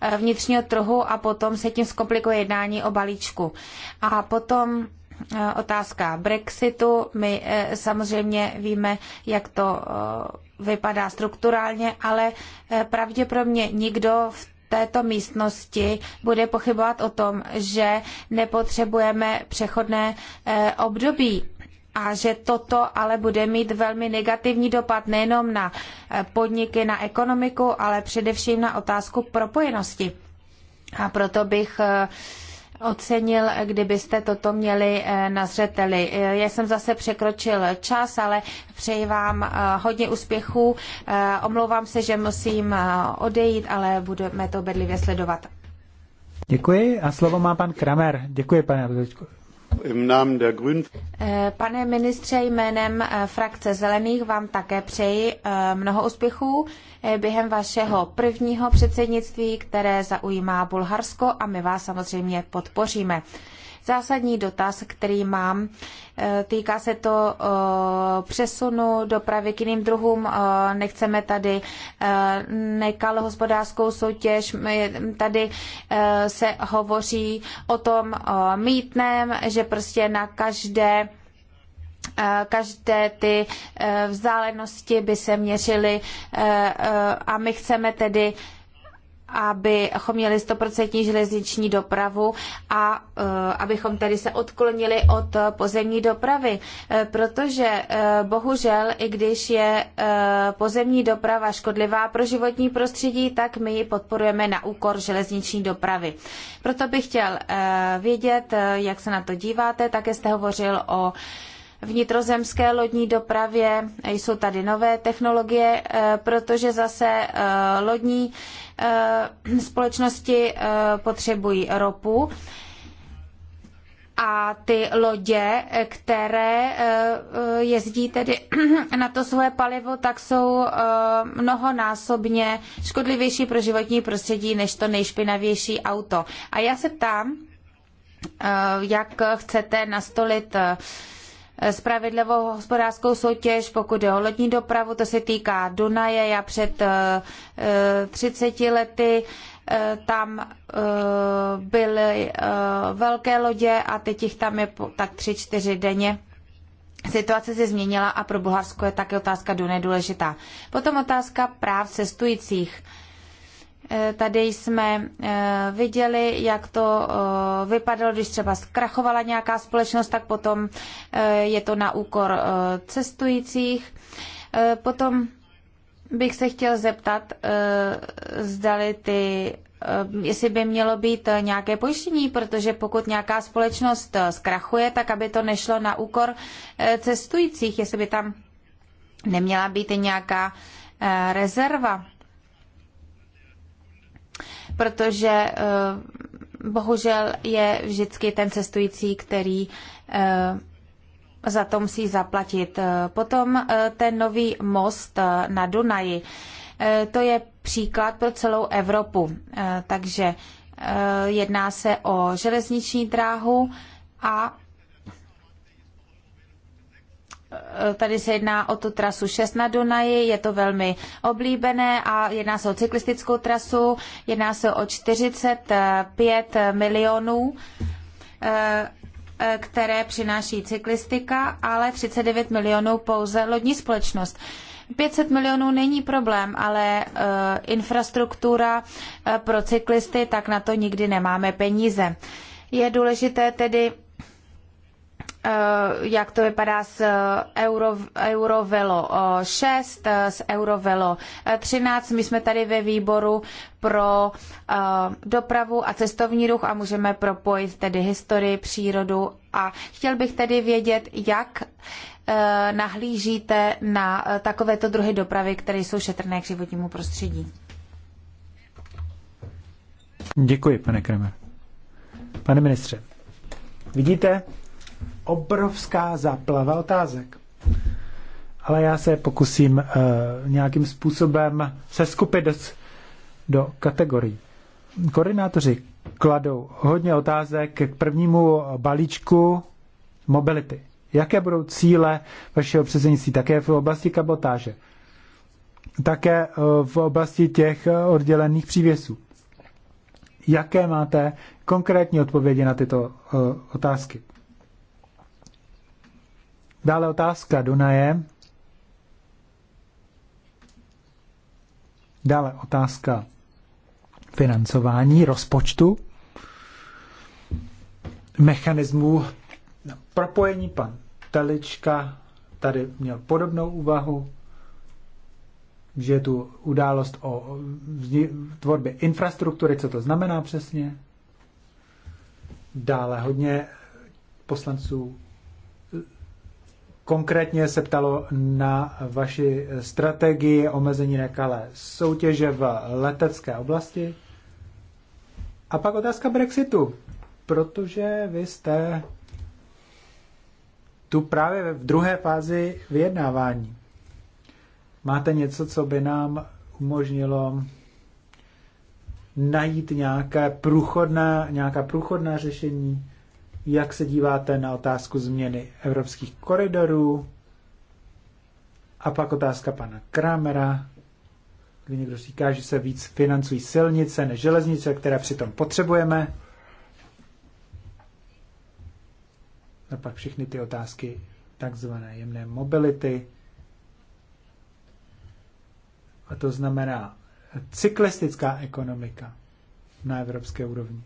e, vnitřního trhu a potom se tím zkomplikuje jednání o balíčku. A potom Eh, otázka Brexitu. My eh, samozřejmě víme, jak to eh, vypadá strukturálně, ale pravděpodobně nikdo v této místnosti bude pochybovat o tom, že nepotřebujeme přechodné období a že toto ale bude mít velmi negativní dopad nejenom na podniky, na ekonomiku, ale především na otázku propojenosti. A proto bych ocenil, kdybyste toto měli eh, na zřeteli. Eh, já jsem zase překročil čas, ale přeji vám eh, hodně úspěchů. Omlouvám se, že musím odejít, ale budeme to bedlivě sledovat. Děkuji a slovo má pan Kramer. Děkuji, pane Eh, pane ministře, jménem eh, frakce Zelených vám také přeji eh, mnoho úspěchů během vašeho prvního předsednictví, které zaujímá Bulharsko a my vás samozřejmě podpoříme zásadní dotaz, který mám. E, týká se to e, přesunu dopravy k jiným druhům. E, nechceme tady nekal hospodářskou soutěž. Tady se hovoří o tom mítném, že prostě na každé každé ty vzdálenosti by se měřily a my chceme tedy abychom měli stoprocentní železniční dopravu a e, abychom tedy se odklonili od pozemní dopravy, e, protože e, bohužel, i když je pozemní doprava škodlivá pro životní prostředí, tak my ji podporujeme na úkor železniční dopravy. Proto bych chtěl vědět, jak se na to díváte, také jste hovořil o vnitrozemské lodní dopravě. Jsou tady nové technologie, eh, protože zase eh, lodní eh, společnosti potřebují ropu. A ty lodě, které jezdí tedy na to svoje palivo, tak jsou mnohonásobně škodlivější pro životní prostředí než to nejšpinavější auto. A já se ptám, jak chcete nastolit Eh, spravedlivou hospodářskou soutěž, pokud jde o lodní dopravu, to se týká Dunaje. Já před 30 eh, eh, lety tam byly velké lodě a teď jich tam je tak tři čtyři denně. Situace se změnila a pro Bulharsko je také otázka Dunaje důležitá. Potom otázka práv cestujících. Eh, tady jsme eh, viděli, jak to eh, vypadalo, když třeba zkrachovala nějaká společnost, tak potom je to na úkor cestujících. Potom bych se chtěl zeptat, zdali ty jestli by mělo být nějaké pojištění, protože pokud nějaká společnost zkrachuje, tak aby to nešlo na úkor cestujících, jestli by tam neměla být nějaká rezerva protože eh, bohužel je vždycky ten cestující, který eh, za to musí zaplatit. Eh, potom ten nový most na Dunaji. To je příklad pro celou Evropu. Takže jedná se o železniční dráhu a Eh, tady se jedná o tu trasu 6 na Dunaji, je to velmi oblíbené a jedná se o cyklistickou trasu, jedná se o 45 milionů eh, které přináší cyklistika, ale 39 milionů pouze lodní společnost. 500 milionů není problém, ale eh, infrastruktura pro cyklisty, tak na to nikdy nemáme peníze. Je důležité tedy Eh, jak to vypadá s eh, Euro, Eurovelo 6, eh, s Eurovelo 13. My jsme tady ve výboru pro dopravu a cestovní ruch a můžeme propojit tedy historii, přírodu a chtěl bych tedy vědět, jak nahlížíte na takovéto druhy dopravy, které jsou šetrné k životnímu prostředí. Děkuji, pane Kremer. Pane ministře, vidíte, obrovská záplava otázek. Ale já se pokusím uh, nějakým způsobem seskupit do, do kategorií. Koordinátoři kladou hodně otázek k prvnímu balíčku mobility. Jaké budou cíle vašeho předsednictví také v oblasti kabotáže? Také eh, v oblasti těch eh, oddělených přívěsů. Jaké máte konkrétní odpovědi na tyto otázky? Dále otázka Dunaje. Dále otázka financování, rozpočtu, mechanismů propojení. Pan Telička tady měl podobnou úvahu, že je tu událost o tvorbě infrastruktury, co to znamená přesně. Dále hodně poslanců Konkrétně se ptalo na vaši strategii omezení nekalé soutěže v letecké oblasti. A pak otázka Brexitu, protože vy jste tu právě v druhé fázi vyjednávání. Máte něco, co by nám umožnilo najít nějaké průchodná, nějaká průchodná řešení jak se díváte na otázku změny evropských koridorů. A pak otázka pana Kramera, kdy někdo říká, že se víc financují silnice než železnice, které přitom potřebujeme. A pak všechny ty otázky takzvané jemné mobility. A to znamená cyklistická ekonomika na evropské úrovni.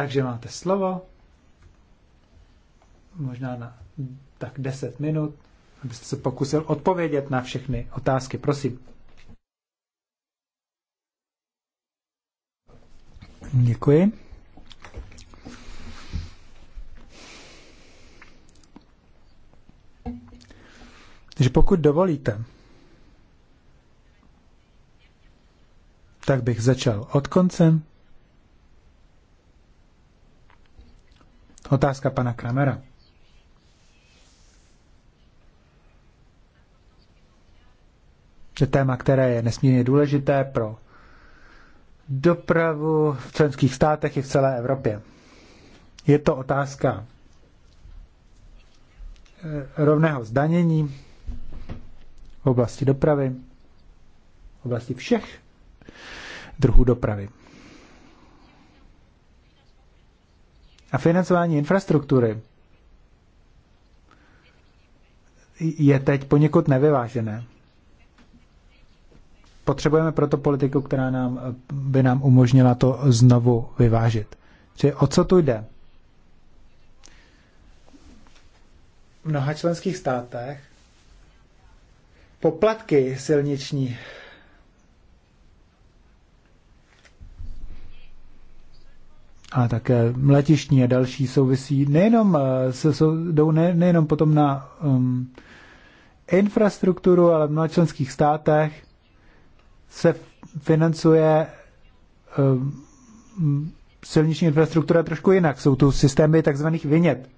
Takže máte slovo, možná na tak 10 minut, abyste se pokusil odpovědět na všechny otázky. Prosím. Děkuji. Takže pokud dovolíte, tak bych začal od konce. Otázka pana Kramera. Že téma, které je nesmírně důležité pro dopravu v členských státech i v celé Evropě. Je to otázka eh, rovného zdanění v oblasti dopravy, v oblasti všech druhů dopravy. a financování infrastruktury je teď poněkud nevyvážené. Potřebujeme proto politiku, která nám, by nám umožnila to znovu vyvážit. Čili o co tu jde? V mnoha členských státech poplatky silniční a také letištní a další souvisí nejenom, eh, se, jsou, jdou ne, nejenom potom na um, infrastrukturu, ale v členských státech se financuje um, silniční infrastruktura trošku jinak. Jsou tu systémy takzvaných vinět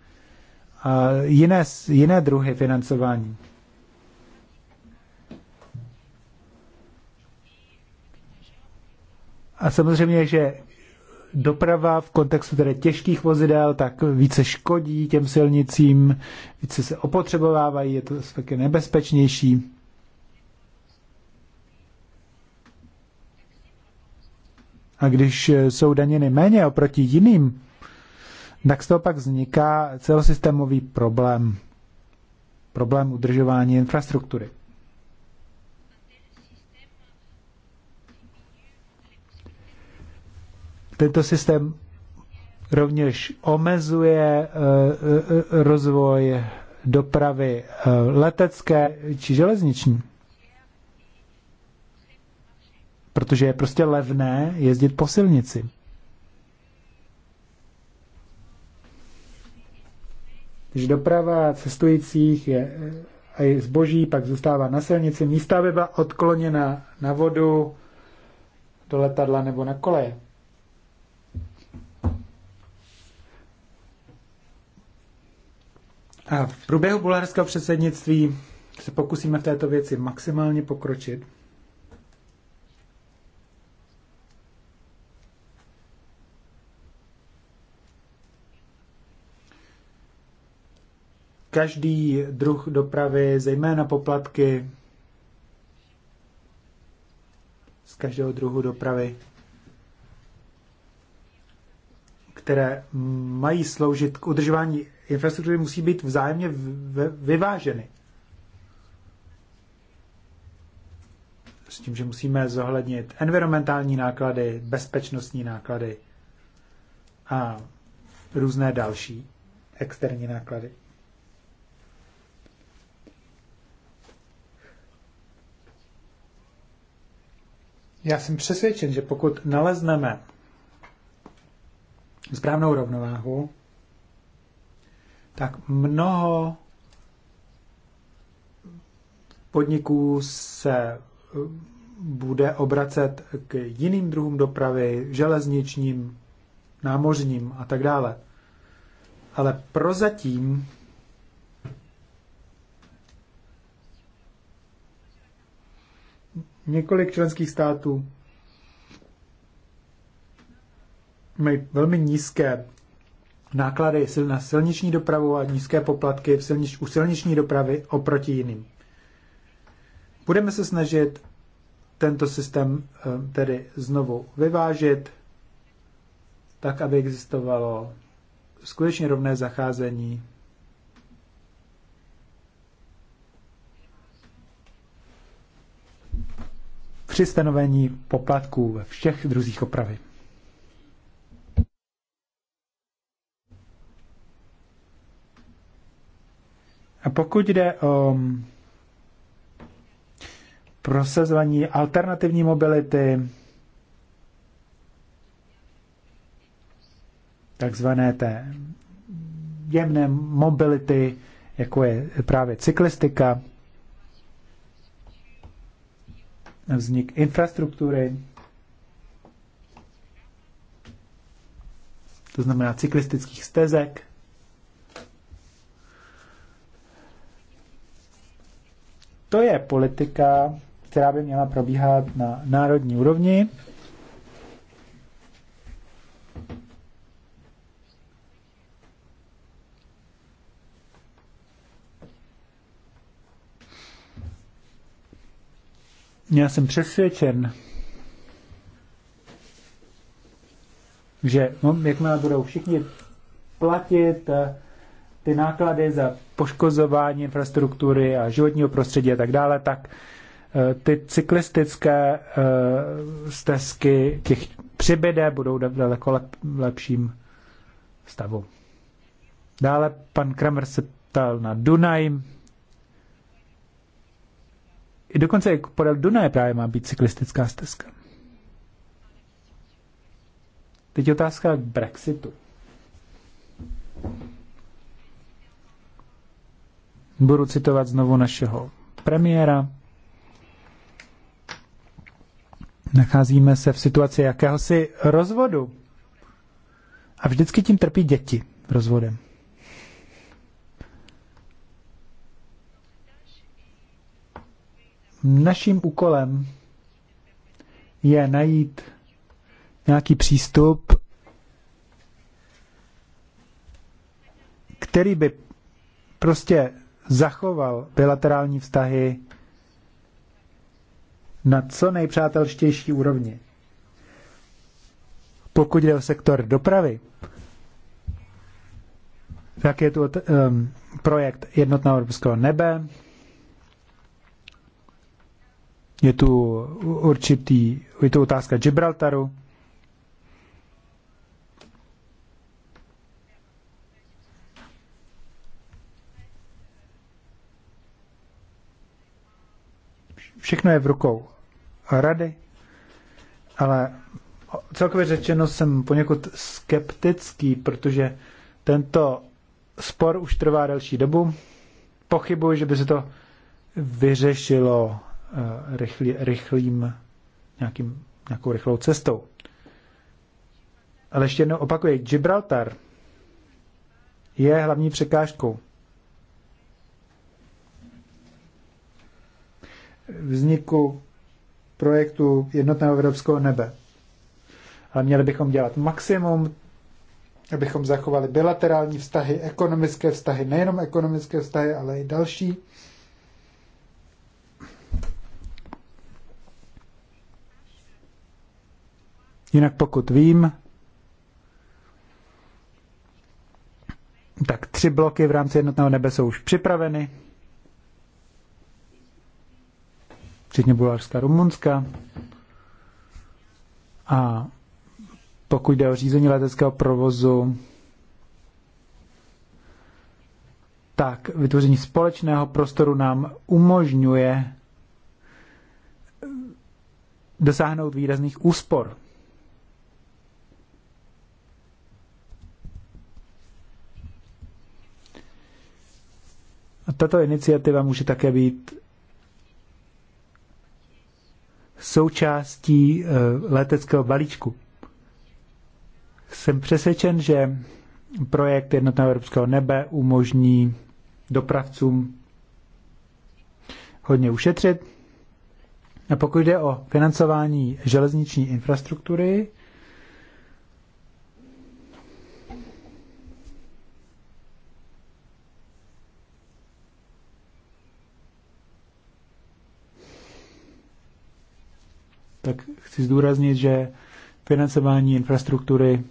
a jiné, jiné druhy financování. A samozřejmě, že doprava v kontextu tedy těžkých vozidel, tak více škodí těm silnicím, více se opotřebovávají, je to také nebezpečnější. A když eh, jsou daněny méně oproti jiným, tak z toho pak vzniká celosystémový problém. Problém udržování infrastruktury. Tento systém rovněž omezuje eh, eh, eh, rozvoj dopravy letecké či železniční. Protože je prostě levné jezdit po silnici. Když doprava cestujících je, a je zboží pak zůstává na silnici. Místa by byla odkloněna na vodu, do letadla nebo na koleje. V průběhu bulharského předsednictví se pokusíme v této věci maximálně pokročit. Každý druh dopravy, zejména poplatky z každého druhu dopravy, které mají sloužit k udržování infrastruktury musí být vzájemně vyváženy. S tím, že musíme zohlednit environmentální náklady, bezpečnostní náklady a různé další externí náklady. Já jsem přesvědčen, že pokud nalezneme správnou rovnováhu tak mnoho podniků se eh, bude obracet k jiným druhům dopravy, železničním, námořním a tak dále. Ale prozatím několik členských států mají velmi nízké náklady na silniční dopravu a nízké poplatky v silnič, u silniční dopravy oproti jiným. Budeme se snažit tento systém eh, tedy znovu vyvážit, tak, aby existovalo skutečně rovné zacházení při stanovení poplatků ve všech druzích opravy. A pokud jde o prosazování alternativní mobility, takzvané té jemné mobility, jako je právě cyklistika, vznik infrastruktury, to znamená cyklistických stezek, To je politika, která by měla probíhat na národní úrovni. Já jsem přesvědčen, že no, jakmile budou všichni platit eh, ty náklady za poškozování infrastruktury a životního prostředí a tak dále, tak eh, ty cyklistické eh, stezky těch přibyde budou daleko lepším stavu. Dále pan Kramer se ptal na Dunaj. I dokonce podél Dunaje právě má být cyklistická stezka. Teď otázka k Brexitu. Budu citovat znovu našeho premiéra. Nacházíme se v situaci jakéhosi rozvodu. A vždycky tím trpí děti rozvodem. Naším úkolem je najít nějaký přístup, který by prostě zachoval bilaterální vztahy na co nejpřátelštější úrovni. Pokud jde o sektor dopravy, tak je tu um, projekt Jednotného evropského nebe, je tu určitý, je tu otázka Gibraltaru, všechno je v rukou rady, ale celkově řečeno jsem poněkud skeptický, protože tento spor už trvá delší dobu. Pochybuji, že by se to vyřešilo eh, rychlý, rychlým nějakým, nějakou rychlou cestou. Ale ještě jednou opakuji, Gibraltar je hlavní překážkou. vzniku projektu jednotného evropského nebe. Ale měli bychom dělat maximum, abychom zachovali bilaterální vztahy, ekonomické vztahy, nejenom ekonomické vztahy, ale i další. Jinak pokud vím, tak tři bloky v rámci jednotného nebe jsou už připraveny. včetně Bulharska, Rumunska. A pokud jde o řízení leteckého provozu, tak vytvoření společného prostoru nám umožňuje dosáhnout výrazných úspor. A tato iniciativa může také být součástí eh, leteckého balíčku. Jsem přesvědčen, že projekt jednotného evropského nebe umožní dopravcům hodně ušetřit. A pokud jde o financování železniční infrastruktury, Chci zdůraznit, že financování infrastruktury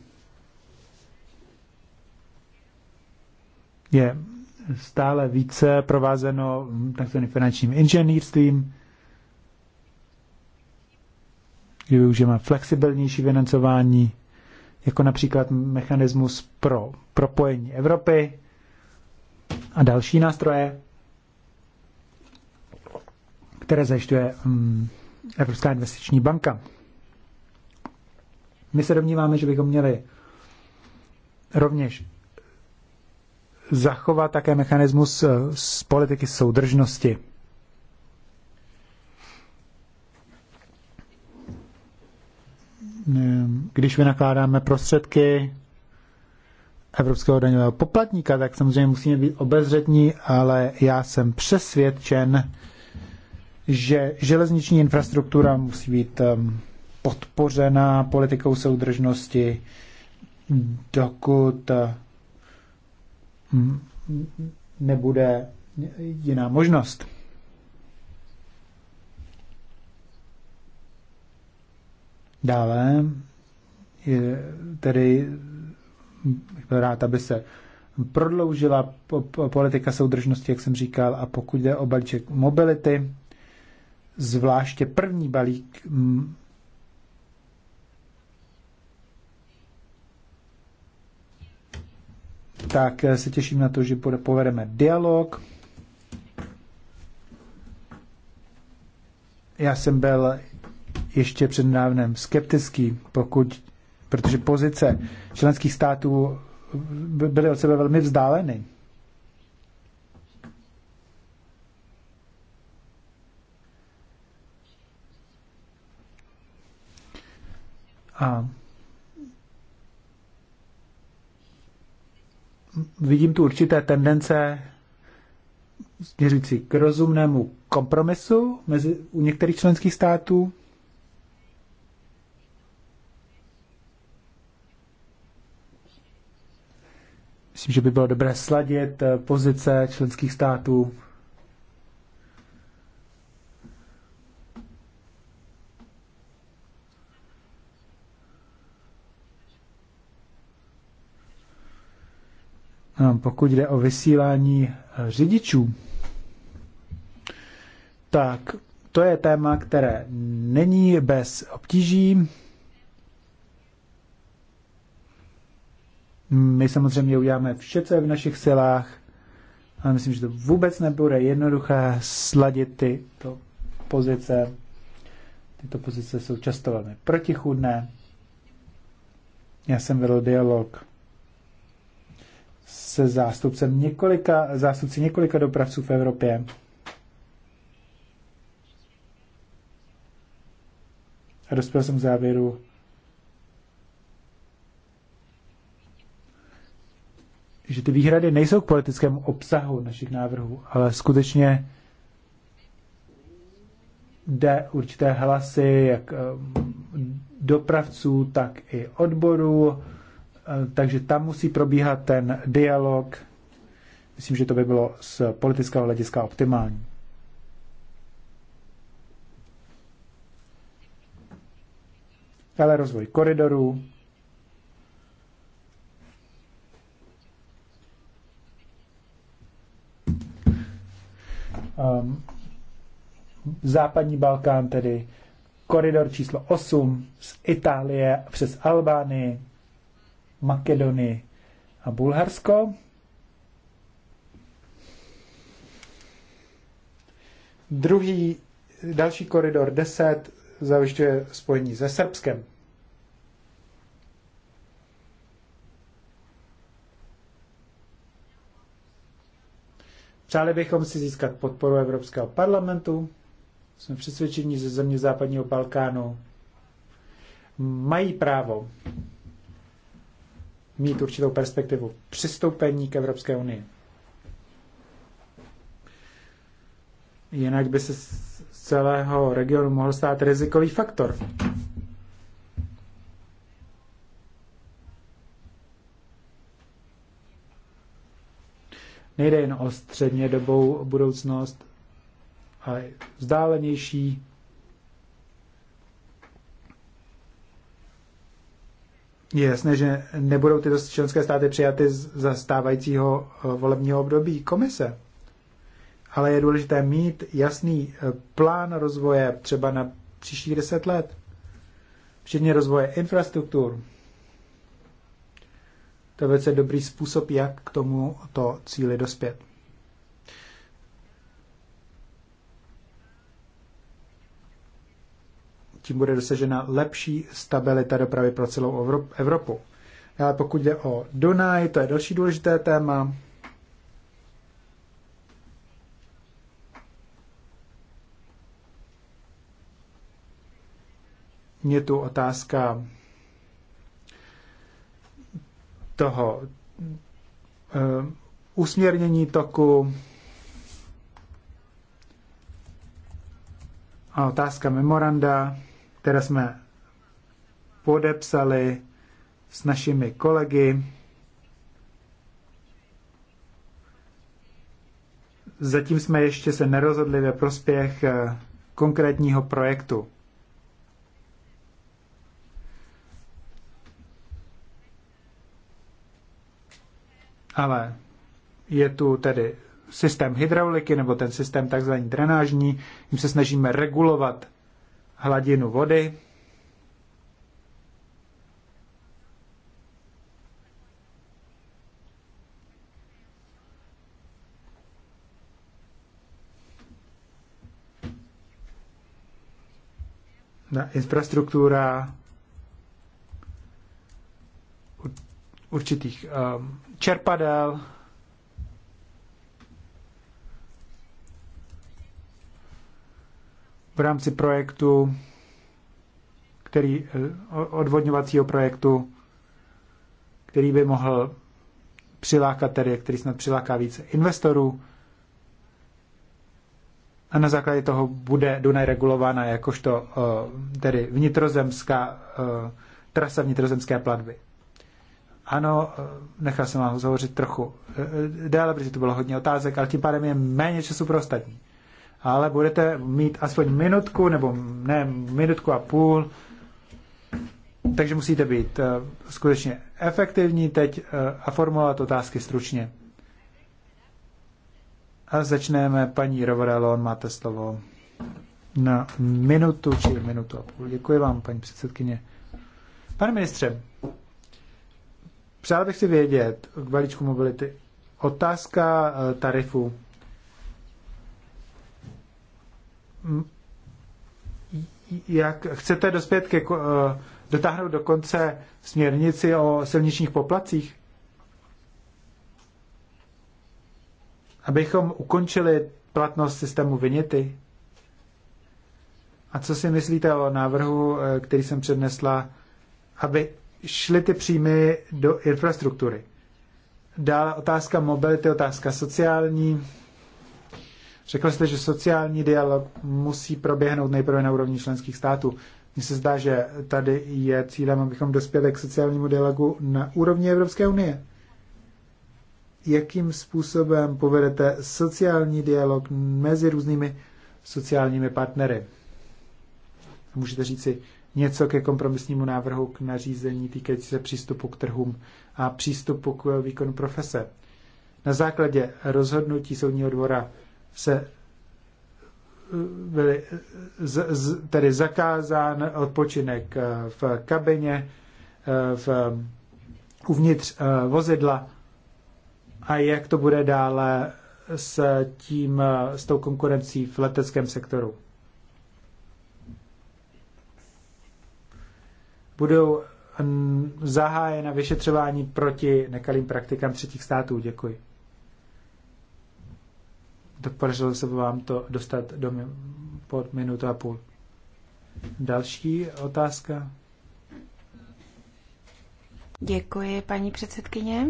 je stále více provázeno takzvaným finančním inženýrstvím, kdy využijeme flexibilnější financování, jako například mechanismus pro propojení Evropy a další nástroje, které zajišťuje mm, Evropská investiční banka. My se domníváme, že bychom měli rovněž zachovat také mechanismus eh, z politiky soudržnosti. Eh, když vynakládáme prostředky evropského daňového poplatníka, tak samozřejmě musíme být obezřetní, ale já jsem přesvědčen, že železniční infrastruktura musí být um, podpořena politikou soudržnosti, dokud uh, nebude jiná možnost. Dále je tedy byl rád, aby se prodloužila politika soudržnosti, jak jsem říkal, a pokud jde o balíček mobility, zvláště první balík mm, tak eh, se těším na to, že povedeme dialog. Já jsem byl ještě před nedávnem skeptický, pokud, protože pozice členských států byly od sebe velmi vzdáleny. A vidím tu určité tendence směřující k rozumnému kompromisu mezi, u některých členských států. Myslím, že by bylo dobré sladit eh, pozice členských států No, pokud jde o vysílání eh, řidičů, tak to je téma, které není bez obtíží. My samozřejmě uděláme vše, co je v našich silách, ale myslím, že to vůbec nebude jednoduché sladit tyto pozice. Tyto pozice jsou často velmi protichůdné. Já jsem vedl dialog se zástupcem několika, zástupci několika dopravců v Evropě. A dospěl jsem k závěru, že ty výhrady nejsou k politickému obsahu našich návrhů, ale skutečně jde určité hlasy jak eh, dopravců, tak i odborů, Eh, takže tam musí probíhat ten dialog. Myslím, že to by bylo z politického hlediska optimální. Ale rozvoj koridorů, um, západní Balkán, tedy koridor číslo 8 z Itálie přes Albánii, Makedonii a Bulharsko. Druhý, další koridor 10 zajišťuje spojení se Srbskem. Přáli bychom si získat podporu Evropského parlamentu. Jsme přesvědčeni, ze země západního Balkánu mají právo mít určitou perspektivu přistoupení k Evropské unii. Jinak by se z celého regionu mohl stát rizikový faktor. Nejde jen o středně budoucnost, ale vzdálenější je jasné, že nebudou tyto členské státy přijaty z stávajícího eh, volebního období komise. Ale je důležité mít jasný eh, plán rozvoje třeba na příštích deset let, včetně rozvoje infrastruktur. To je velice dobrý způsob, jak k tomuto cíli dospět. tím bude dosažena lepší stabilita dopravy pro celou Evropu. Ale pokud jde o Dunaj, to je další důležité téma. Mě tu otázka toho uh, usměrnění toku a otázka memoranda které jsme podepsali s našimi kolegy. Zatím jsme ještě se nerozhodli ve prospěch eh, konkrétního projektu. Ale je tu tedy systém hydrauliky nebo ten systém takzvaný drenážní, jim se snažíme regulovat hladinu vody. na infrastruktura určitých um, čerpadel, v rámci projektu, který, eh, odvodňovacího projektu, který by mohl přilákat tedy, který snad přiláká více investorů. A na základě toho bude Dunaj regulována jakožto eh, tedy vnitrozemská eh, trasa vnitrozemské platby. Ano, nechal jsem vám hovořit trochu déle, protože to bylo hodně otázek, ale tím pádem je méně času pro ostatní ale budete mít aspoň minutku, nebo ne, minutku a půl, takže musíte být eh, skutečně efektivní teď eh, a formulovat otázky stručně. A začneme, paní Rovarelon, máte slovo na minutu či minutu a půl. Děkuji vám, paní předsedkyně. Pane ministře, přál bych si vědět k balíčku mobility. Otázka eh, tarifu Mm. jak chcete dospět ke, eh, dotáhnout do konce směrnici o silničních poplacích? Abychom ukončili platnost systému vinity? A co si myslíte o návrhu, eh, který jsem přednesla, aby šly ty příjmy do infrastruktury? Dále otázka mobility, otázka sociální Řekl jste, že sociální dialog musí proběhnout nejprve na úrovni členských států. Mně se zdá, že tady je cílem, abychom dospěli k sociálnímu dialogu na úrovni Evropské unie. Jakým způsobem povedete sociální dialog mezi různými sociálními partnery? Můžete říci něco ke kompromisnímu návrhu k nařízení týkající se přístupu k trhům a přístupu k výkonu profese. Na základě rozhodnutí soudního dvora se byly z, z, tedy zakázán odpočinek eh, v kabině, eh, v, uvnitř eh, vozidla a jak to bude dále s tím, s tou konkurencí v leteckém sektoru. Budou zahájena vyšetřování proti nekalým praktikám třetích států. Děkuji tak podařilo se vám to dostat do pod minutu a půl. Další otázka? Děkuji, paní předsedkyně.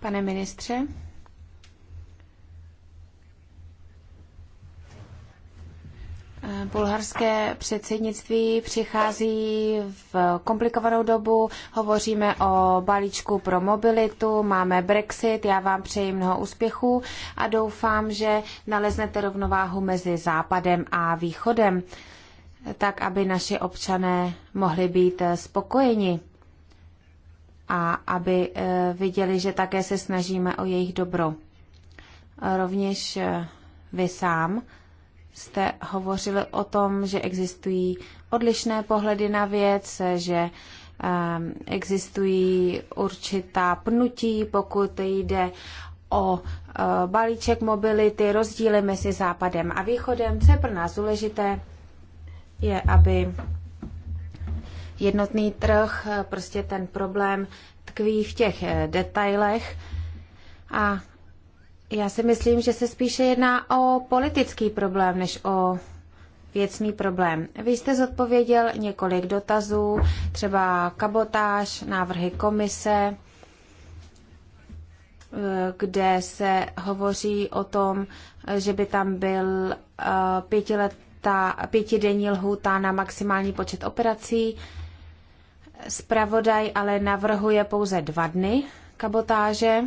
Pane ministře, Eh, bulharské předsednictví přichází v komplikovanou dobu. Hovoříme o balíčku pro mobilitu, máme Brexit. Já vám přeji mnoho úspěchů a doufám, že naleznete rovnováhu mezi Západem a Východem, tak aby naši občané mohli být eh, spokojeni a aby eh, viděli, že také se snažíme o jejich dobro. Rovněž vy sám jste hovořil o tom, že existují odlišné pohledy na věc, že ehm, existují určitá pnutí, pokud jde o e, balíček mobility, rozdíly mezi západem a východem. Co je pro nás důležité, je, aby jednotný trh, e, prostě ten problém tkví v těch e, detailech a já si myslím, že se spíše jedná o politický problém, než o věcný problém. Vy jste zodpověděl několik dotazů, třeba kabotáž, návrhy komise, eh, kde se hovoří o tom, že by tam byl eh, pětiletá, pětidenní lhůta na maximální počet operací. Spravodaj ale navrhuje pouze dva dny kabotáže.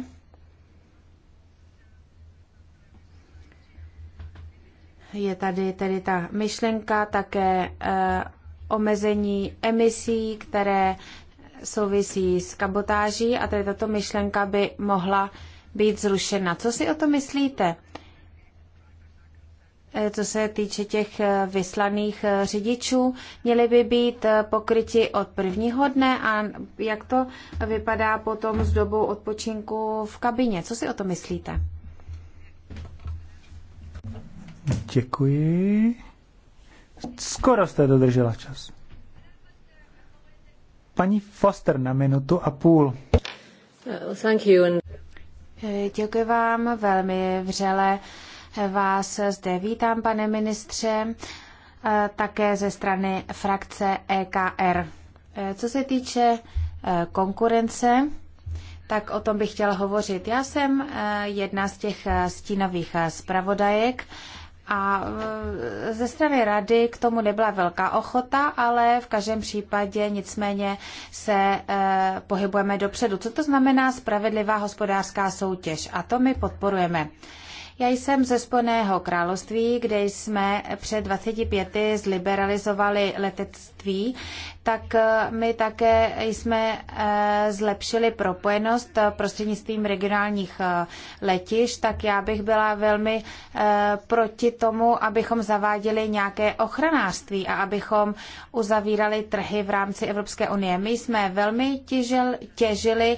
je tady tedy ta myšlenka také eh, omezení emisí, které souvisí s kabotáží a tady tato myšlenka by mohla být zrušena. Co si o to myslíte? Eh, co se týče těch eh, vyslaných řidičů, měli by být pokryti od prvního dne a jak to vypadá potom s dobou odpočinku v kabině? Co si o to myslíte? Děkuji. Skoro jste dodržela čas. Paní Foster na minutu a půl. Thank you. Eh, děkuji vám velmi vřele. Eh, vás zde vítám, pane ministře, eh, také ze strany frakce EKR. Co se týče konkurence, tak o tom bych chtěla hovořit. Já jsem jedna z těch stínových zpravodajek a e, ze strany rady k tomu nebyla velká ochota, ale v každém případě nicméně se e, pohybujeme dopředu. Co to znamená spravedlivá hospodářská soutěž? A to my podporujeme. Já jsem ze Spojeného království, kde jsme před 25 zliberalizovali letectví tak eh, my také jsme eh, zlepšili propojenost eh, prostřednictvím regionálních letiš, tak já bych byla velmi proti tomu, abychom zaváděli nějaké ochranářství a abychom uzavírali trhy v rámci Evropské unie. My jsme velmi těžil, těžili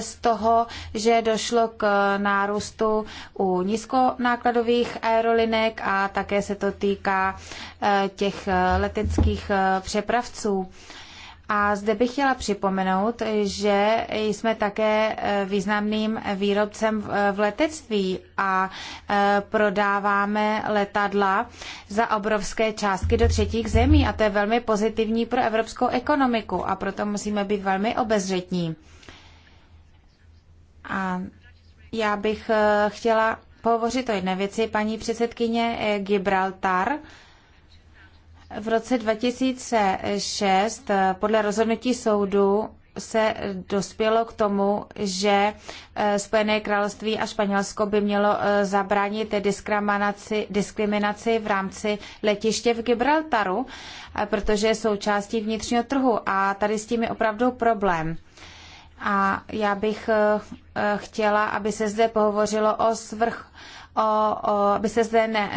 z toho, že došlo k nárůstu u nízkonákladových aerolinek a také se to týká těch leteckých přepravců. A zde bych chtěla připomenout, že jsme také e, významným výrobcem v e, letectví a e, prodáváme letadla za obrovské částky do třetích zemí a to je velmi pozitivní pro evropskou ekonomiku a proto musíme být velmi obezřetní. A já bych chtěla pohovořit o jedné věci, paní předsedkyně Gibraltar v roce 2006 eh, podle rozhodnutí soudu se dospělo k tomu, že eh, Spojené království a Španělsko by mělo eh, zabránit diskriminaci, diskriminaci v rámci letiště v Gibraltaru, protože je součástí vnitřního trhu a tady s tím je opravdu problém. A já bych chtěla, aby se zde pohovořilo o svrch o, o, aby se zde ne,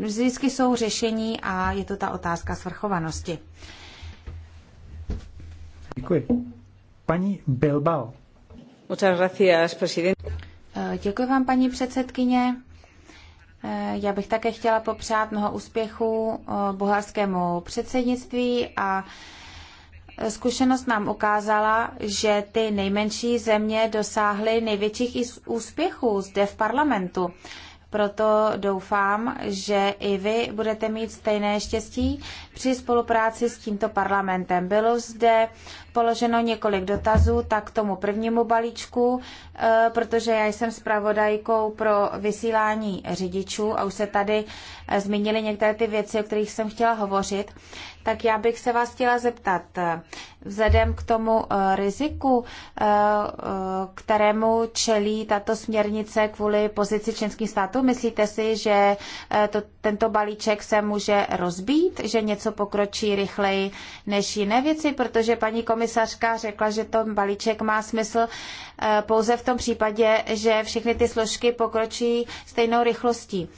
vždycky eh, jsou řešení a je to ta otázka svrchovanosti. Děkuji. Paní Bilbao. Muchas gracias, presidente. Eh, děkuji vám, paní předsedkyně. Eh, já bych také chtěla popřát mnoho úspěchů bulharskému předsednictví a Zkušenost nám ukázala, že ty nejmenší země dosáhly největších úspěchů zde v parlamentu. Proto doufám, že i vy budete mít stejné štěstí při spolupráci s tímto parlamentem. Bylo zde položeno několik dotazů, tak k tomu prvnímu balíčku, e, protože já jsem zpravodajkou pro vysílání řidičů a už se tady e, zmínily některé ty věci, o kterých jsem chtěla hovořit tak já bych se vás chtěla zeptat, vzhledem k tomu eh, riziku, eh, eh, kterému čelí tato směrnice kvůli pozici členských států, myslíte si, že to, tento balíček se může rozbít, že něco pokročí rychleji než jiné věci, protože paní komisařka řekla, že ten balíček má smysl pouze v tom případě, že všechny ty složky pokročí stejnou rychlostí.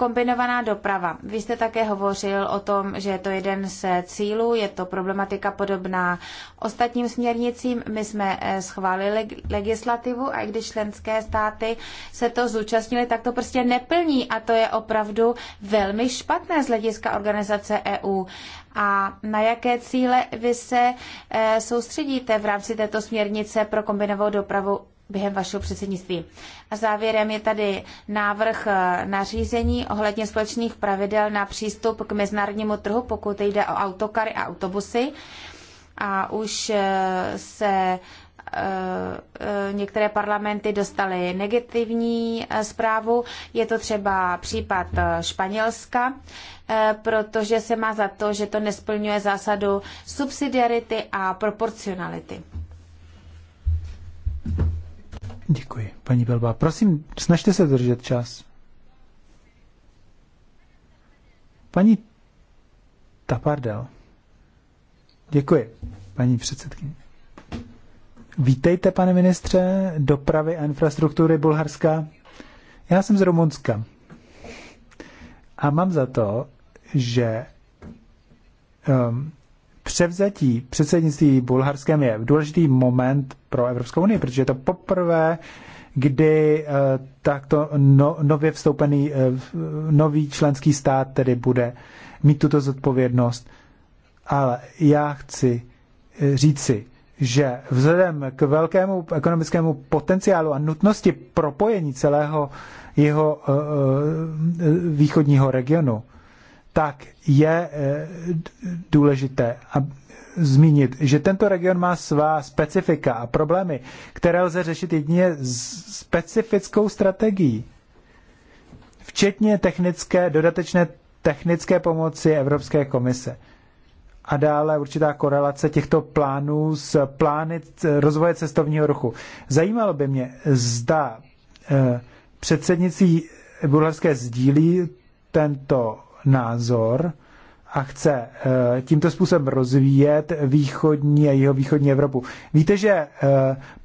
Kombinovaná doprava. Vy jste také hovořil o tom, že je to jeden z cílů, je to problematika podobná ostatním směrnicím. My jsme eh, schválili legislativu a i když členské státy se to zúčastnili, tak to prostě neplní a to je opravdu velmi špatné z hlediska organizace EU. A na jaké cíle vy se eh, soustředíte v rámci této směrnice pro kombinovanou dopravu během vašeho předsednictví. A závěrem je tady návrh eh, nařízení ohledně společných pravidel na přístup k mezinárodnímu trhu, pokud jde o autokary a autobusy. A už eh, se eh, některé parlamenty dostaly negativní zprávu. Je to třeba případ Španělska, protože se má za to, že to nesplňuje zásadu subsidiarity a proporcionality. Děkuji, paní Belba. Prosím, snažte se držet čas. Paní Tapardel. Děkuji, paní předsedkyně. Vítejte, pane ministře dopravy a infrastruktury Bulharska. Já jsem z Rumunska. A mám za to, že um, převzetí předsednictví Bulharskem je důležitý moment pro Evropskou unii, protože je to poprvé, kdy eh, takto no, nově vstoupený eh, nový členský stát tedy bude mít tuto zodpovědnost. Ale já chci eh, říci, že vzhledem k velkému ekonomickému potenciálu a nutnosti propojení celého jeho východního regionu, tak je důležité, zmínit, že tento region má svá specifika a problémy, které lze řešit jedině specifickou strategií, včetně technické, dodatečné technické pomoci Evropské komise. A dále určitá korelace těchto plánů s plány rozvoje cestovního ruchu. Zajímalo by mě, zda eh, předsednicí bulharské sdílí tento názor a chce eh, tímto způsobem rozvíjet východní a jeho východní Evropu. Víte, že eh,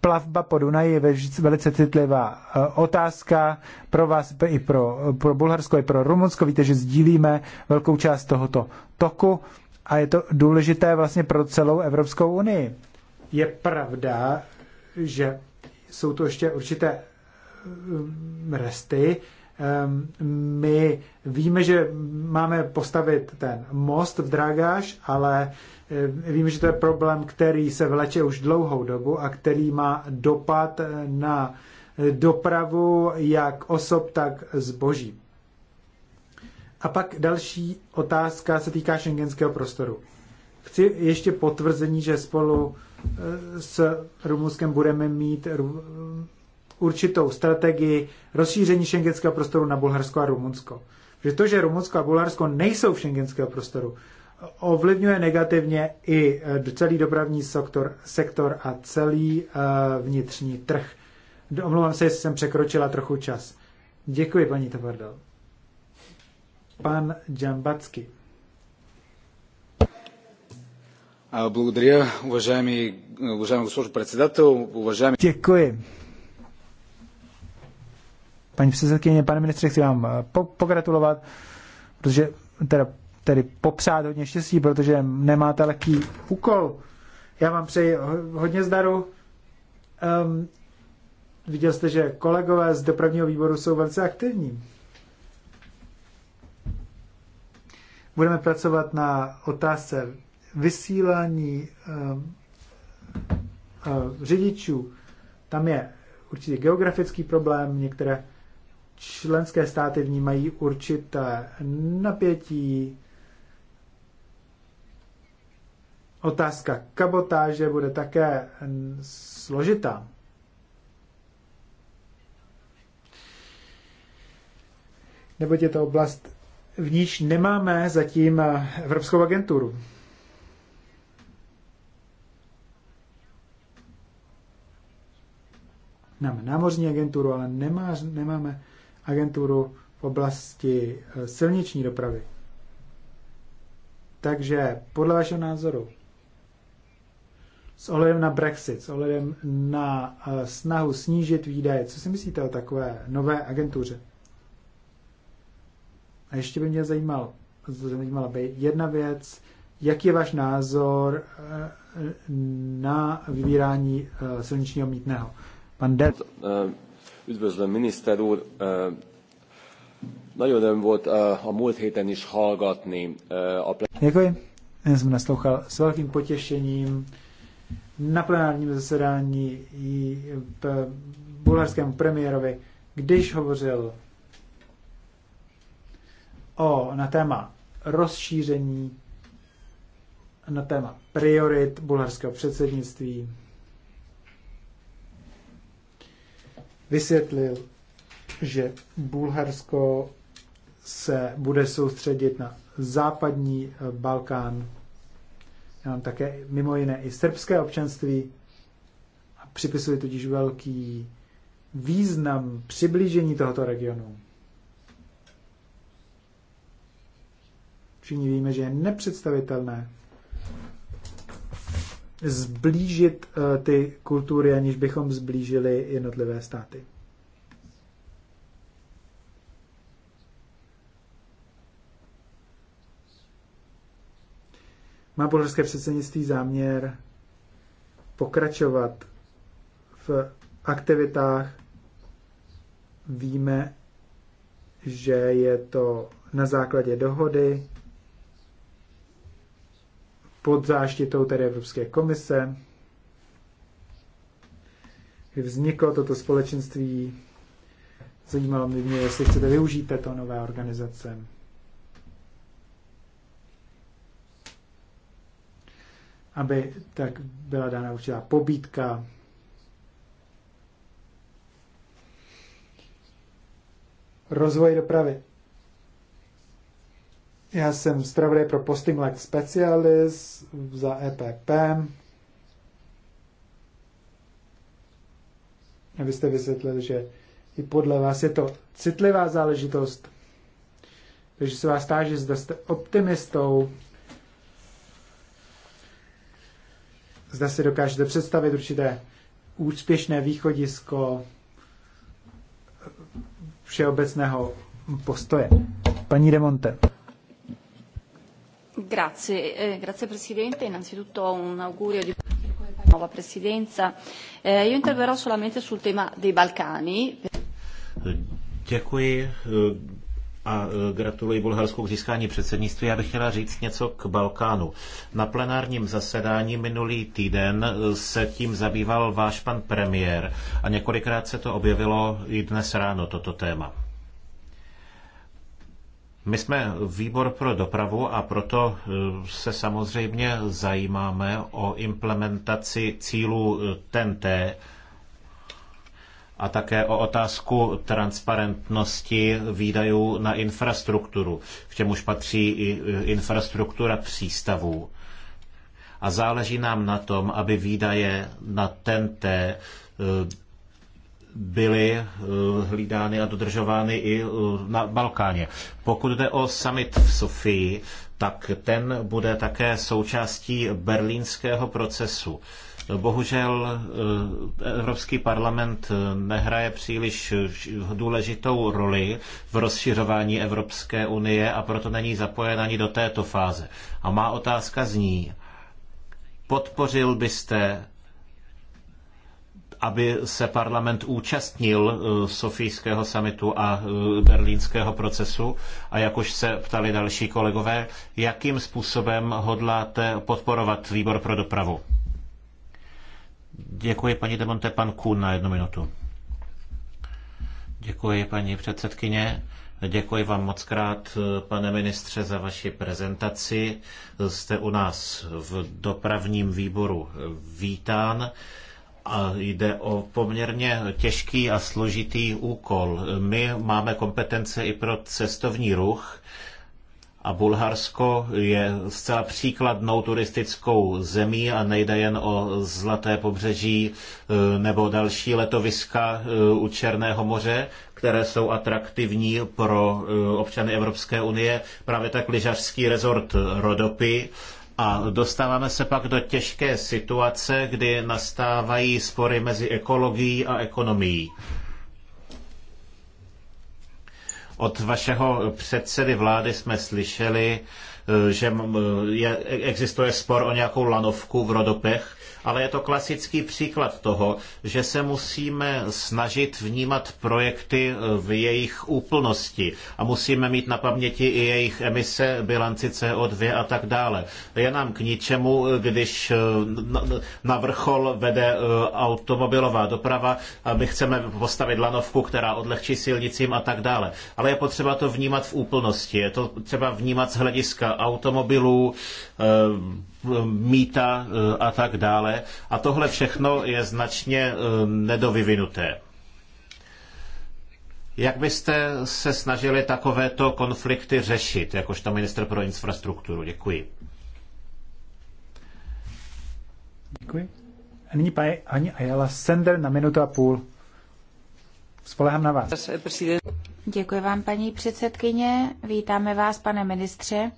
plavba po Dunaji je velice citlivá eh, otázka pro vás, i pro, pro Bulharsko, i pro Rumunsko. Víte, že sdílíme velkou část tohoto toku a je to důležité vlastně pro celou Evropskou unii. Je pravda, že jsou to ještě určité resty Ehm, my víme, že máme postavit ten most v Dragáš, ale eh, víme, že to je problém, který se vleče už dlouhou dobu a který má dopad eh, na eh, dopravu jak osob, tak zboží. A pak další otázka se týká šengenského prostoru. Chci ještě potvrzení, že spolu s Rumunskem budeme mít určitou strategii rozšíření šengenského prostoru na Bulharsko a Rumunsko. Že to, že Rumunsko a Bulharsko nejsou v šengenského prostoru, ovlivňuje negativně i eh, celý dopravní sektor, sektor a celý uh, vnitřní trh. Omlouvám se, jestli jsem překročila trochu čas. Děkuji, paní Tovardal. Pan Džambacky. Благодаря, uvažujeme уважаеми госпожо председател, уважаеми... Děkuji. Paní předsedkyně, pane ministře, chci vám eh, po- pogratulovat, protože teda, tedy popřát hodně štěstí, protože nemáte lehký úkol. Já vám přeji hodně zdaru. Um, viděl jste, že kolegové z dopravního výboru jsou velice aktivní. Budeme pracovat na otázce vysílání um, řidičů. Tam je určitě geografický problém, některé členské státy vnímají určité napětí. Otázka kabotáže bude také složitá. Neboť je to oblast, v níž nemáme zatím Evropskou agenturu. Máme námořní agenturu, ale nemá, nemáme agenturu v oblasti eh, silniční dopravy. Takže podle vašeho názoru, s ohledem na Brexit, s ohledem na eh, snahu snížit výdaje, co si myslíte o takové nové agentuře? A ještě by mě zajímal, zajímala by jedna věc, jaký je váš názor eh, na vybírání silničního mítného? Pan De... Üdvözlöm, miniszter úr! Nagyon ön volt a múlt héten is hallgatni a... Děkuji. Já jsem naslouchal s velkým potěšením na plenárním zasedání v bulharskému premiérovi, když hovořil o, na téma rozšíření, na téma priorit bulharského předsednictví, vysvětlil, že Bulharsko se bude soustředit na západní eh, Balkán. Já mám také mimo jiné i srbské občanství a připisuje totiž velký význam přiblížení tohoto regionu. Všichni víme, že je nepředstavitelné, zblížit eh, ty kultury, aniž bychom zblížili jednotlivé státy. Má polské předsednictví záměr pokračovat v aktivitách. Víme, že je to na základě dohody pod záštitou tedy Evropské komise, kdy vzniklo toto společenství. Zajímalo by mě, jestli chcete využít této nové organizace. aby tak byla dána určitá pobítka. rozvoj dopravy. Já jsem zpravodaj pro Posting Like Specialis za EPP. A vy jste vysvětlili, že i podle vás je to citlivá záležitost. Takže se vás táže, zda jste optimistou, zda si dokážete představit určité úspěšné východisko všeobecného postoje. Paní Demonte. Grazie, eh, grazie Presidente. Innanzitutto un augurio di nuova Presidenza. Eh, io interverrò solamente sul tema dei Balcani. Děkuji eh, a eh, gratuluji Bulharsku k získání předsednictví. Já bych chtěla říct něco k Balkánu. Na plenárním zasedání minulý týden eh, se tím zabýval váš pan premiér a několikrát se to objevilo i dnes ráno, toto téma. My jsme výbor pro dopravu a proto e, se samozřejmě zajímáme o implementaci cílů TNT e, a také o otázku transparentnosti výdajů na infrastrukturu, k čemuž patří i e, infrastruktura přístavů. A záleží nám na tom, aby výdaje na TNT byly eh, hlídány a dodržovány i eh, na Balkáně. Pokud jde o summit v Sofii, tak ten bude také součástí berlínského procesu. Bohužel eh, Evropský parlament nehraje příliš důležitou roli v rozšiřování Evropské unie a proto není zapojen ani do této fáze. A má otázka zní, podpořil byste aby se parlament účastnil eh, Sofijského samitu a eh, berlínského procesu. A jak už se ptali další kolegové, jakým způsobem hodláte podporovat výbor pro dopravu? Děkuji paní Demonte, pan Kuhn na jednu minutu. Děkuji paní předsedkyně. Děkuji vám moc krát, eh, pane ministře, za vaši prezentaci. Jste u nás v dopravním výboru vítán. A jde o poměrně těžký a složitý úkol. My máme kompetence i pro cestovní ruch a Bulharsko je zcela příkladnou turistickou zemí a nejde jen o Zlaté pobřeží e, nebo další letoviska e, u Černého moře, které jsou atraktivní pro e, občany Evropské unie. Právě tak lyžařský rezort Rodopy a dostáváme se pak do těžké situace, kdy nastávají spory mezi ekologií a ekonomií. Od vašeho předsedy vlády jsme slyšeli, eh, že existuje spor o nějakou lanovku v Rodopech ale je to klasický příklad toho, že se musíme snažit vnímat projekty eh, v jejich úplnosti a musíme mít na paměti i jejich emise, bilanci CO2 a tak dále. Je nám k ničemu, eh, když eh, na vrchol vede automobilová doprava a my chceme postavit lanovku, která odlehčí silnicím a tak dále. Ale je potřeba to vnímat v úplnosti. Je to třeba vnímat z hlediska automobilů, mýta eh, a tak dále. A tohle všechno je značně eh, nedovyvinuté. Jak byste se snažili takovéto konflikty řešit, jakožto minister pro infrastrukturu? Děkuji. Děkuji. A nyní paní Ayala Sender na minutu a půl. Spolehám na vás. Děkuji vám, paní předsedkyně. Vítáme vás, pane ministře.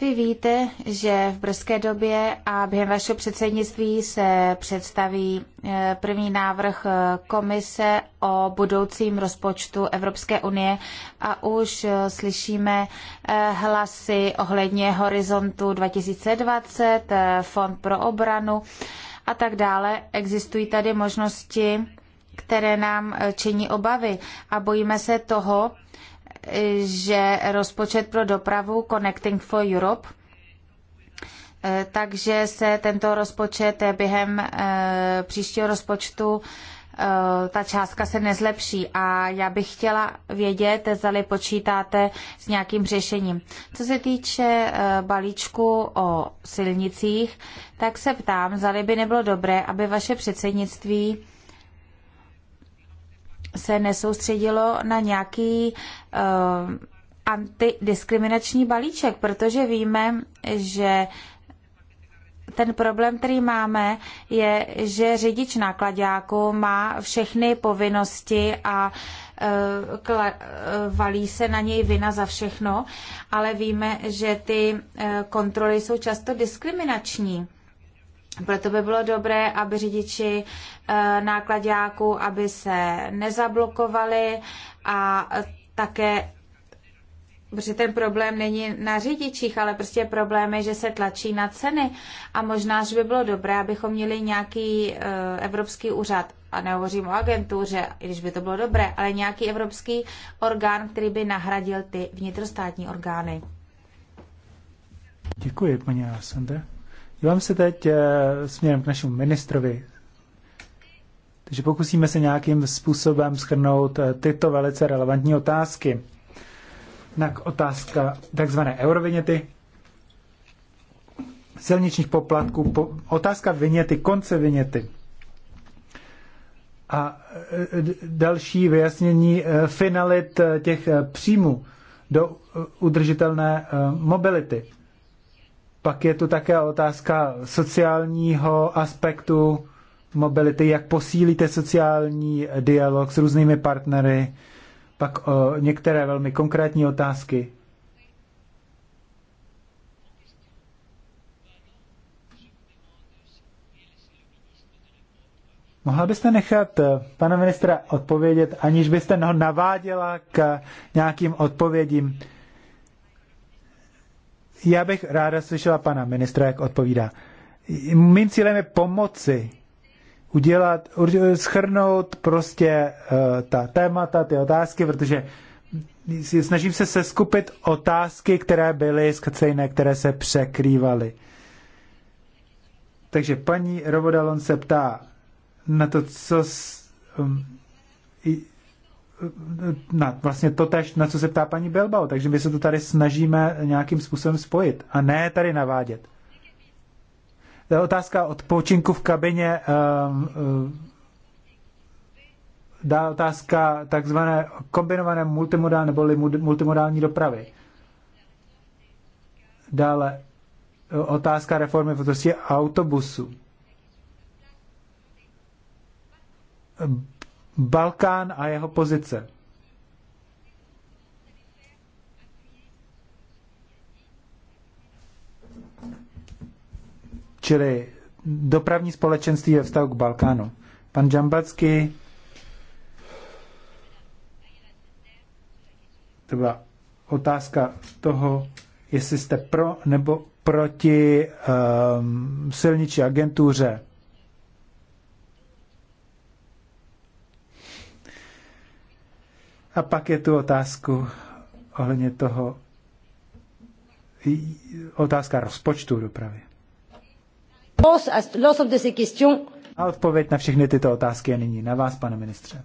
Vy víte, že v brzké době a během vašeho předsednictví se představí eh, první návrh eh, komise o budoucím rozpočtu Evropské unie a už eh, slyšíme hlasy ohledně horizontu 2020, Fond pro obranu a tak dále. Existují tady možnosti, které nám činí obavy a bojíme se toho, že rozpočet pro dopravu Connecting for Europe eh, takže se tento rozpočet eh, během eh, příštího rozpočtu ta částka se nezlepší a já bych chtěla vědět, zda-li počítáte s nějakým řešením. Co se týče balíčku o silnicích, tak se ptám, zda-li by nebylo dobré, aby vaše předsednictví se nesoustředilo na nějaký uh, antidiskriminační balíček, protože víme, že ten problém, který máme, je, že řidič nákladňáku má všechny povinnosti a eh, eh, valí se na něj vina za všechno, ale víme, že ty kontroly jsou často diskriminační. Proto by bylo dobré, aby řidiči eh, nákladňáků, aby se nezablokovali a eh, také protože ten problém není na řidičích, ale prostě problém je, že se tlačí na ceny a možná, že by bylo dobré, abychom měli nějaký eh, evropský úřad, a nehovořím o agentuře, i když by to bylo dobré, ale nějaký evropský orgán, který by nahradil ty vnitrostátní orgány. Děkuji, paní Asende. Dívám se teď eh, směrem k našemu ministrovi. Takže pokusíme se nějakým způsobem schrnout eh, tyto velice relevantní otázky. Tak otázka takzvané eurovinety, silničních poplatků, po, otázka vinety, konce vinety a eh, další vyjasnění finalit těch příjmů do udržitelné mobility. Pak je tu také otázka sociálního aspektu mobility, jak posílíte sociální dialog s různými partnery, pak o některé velmi konkrétní otázky. Mohla byste nechat eh, pana ministra odpovědět, aniž byste ho no- naváděla k nějakým odpovědím? Já bych ráda slyšela pana ministra, jak odpovídá. Mým cílem je pomoci udělat, schrnout prostě eh, ta témata, ty otázky, protože snažím se seskupit otázky, které byly stejné, které se překrývaly. Takže paní Rovodalon se ptá na to, co s, um, na vlastně to tež, na co se ptá paní Bilbao, takže my se to tady snažíme nějakým způsobem spojit a ne tady navádět. To je otázka odpočinku v kabině, ehm, ehm, dá otázka takzvané kombinované multimodální neboli multimodální dopravy. Dále otázka reformy v autobusu. Balkán a jeho pozice. Čili dopravní společenství ve vztahu k Balkánu. Pan Džambacky to byla otázka toho, jestli jste pro nebo proti um, silniční agentuře A pak je tu otázku ohledně toho, otázka rozpočtu dopravy. A odpověď na všechny tyto otázky je nyní na vás, pane ministře.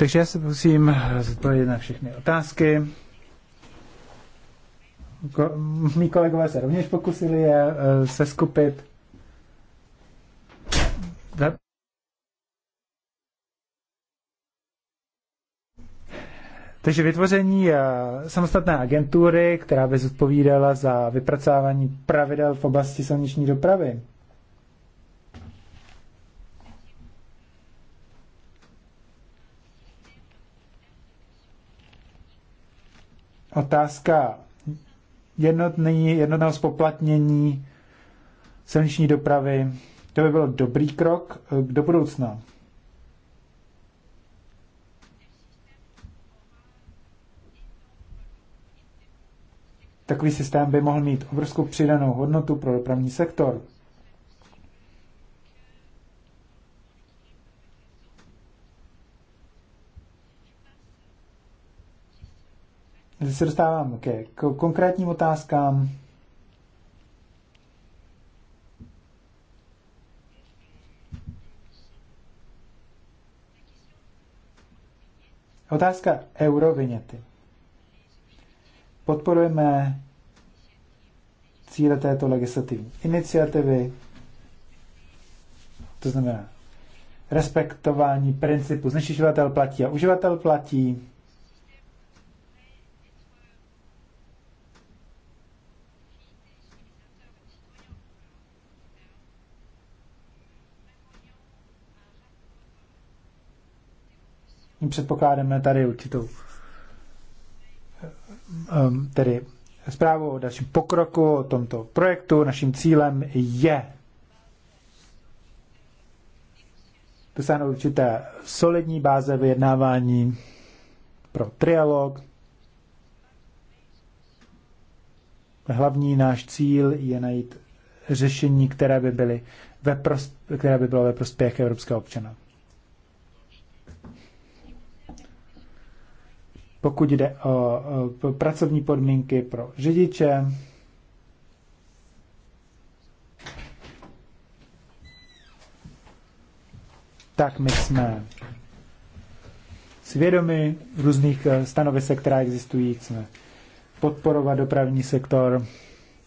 Takže já se musím eh, zodpovědět na všechny otázky. Ko, mí kolegové se rovněž pokusili je uh, seskupit. Takže vytvoření eh, samostatné agentury, která by zodpovídala za vypracávání pravidel v oblasti silniční dopravy. otázka jednotný, jednotného spoplatnění silniční dopravy, to by byl dobrý krok eh, do budoucna. Takový systém by mohl mít obrovskou přidanou hodnotu pro dopravní sektor. Teď se dostávám ke konkrétním otázkám. Otázka eurovinety. Podporujeme cíle této legislativní iniciativy, to znamená respektování principu znečišťovatel platí a uživatel platí, předpokládáme tady určitou ehm, tedy zprávu o dalším pokroku, o tomto projektu. Naším cílem je dosáhnout určité solidní báze vyjednávání pro trialog. Hlavní náš cíl je najít řešení, které by, byly ve prosp- které by bylo ve prospěch evropského občana. pokud jde o pracovní podmínky pro řidiče, tak my jsme svědomi různých eh, stanovisek, která existují. Chceme podporovat dopravní sektor,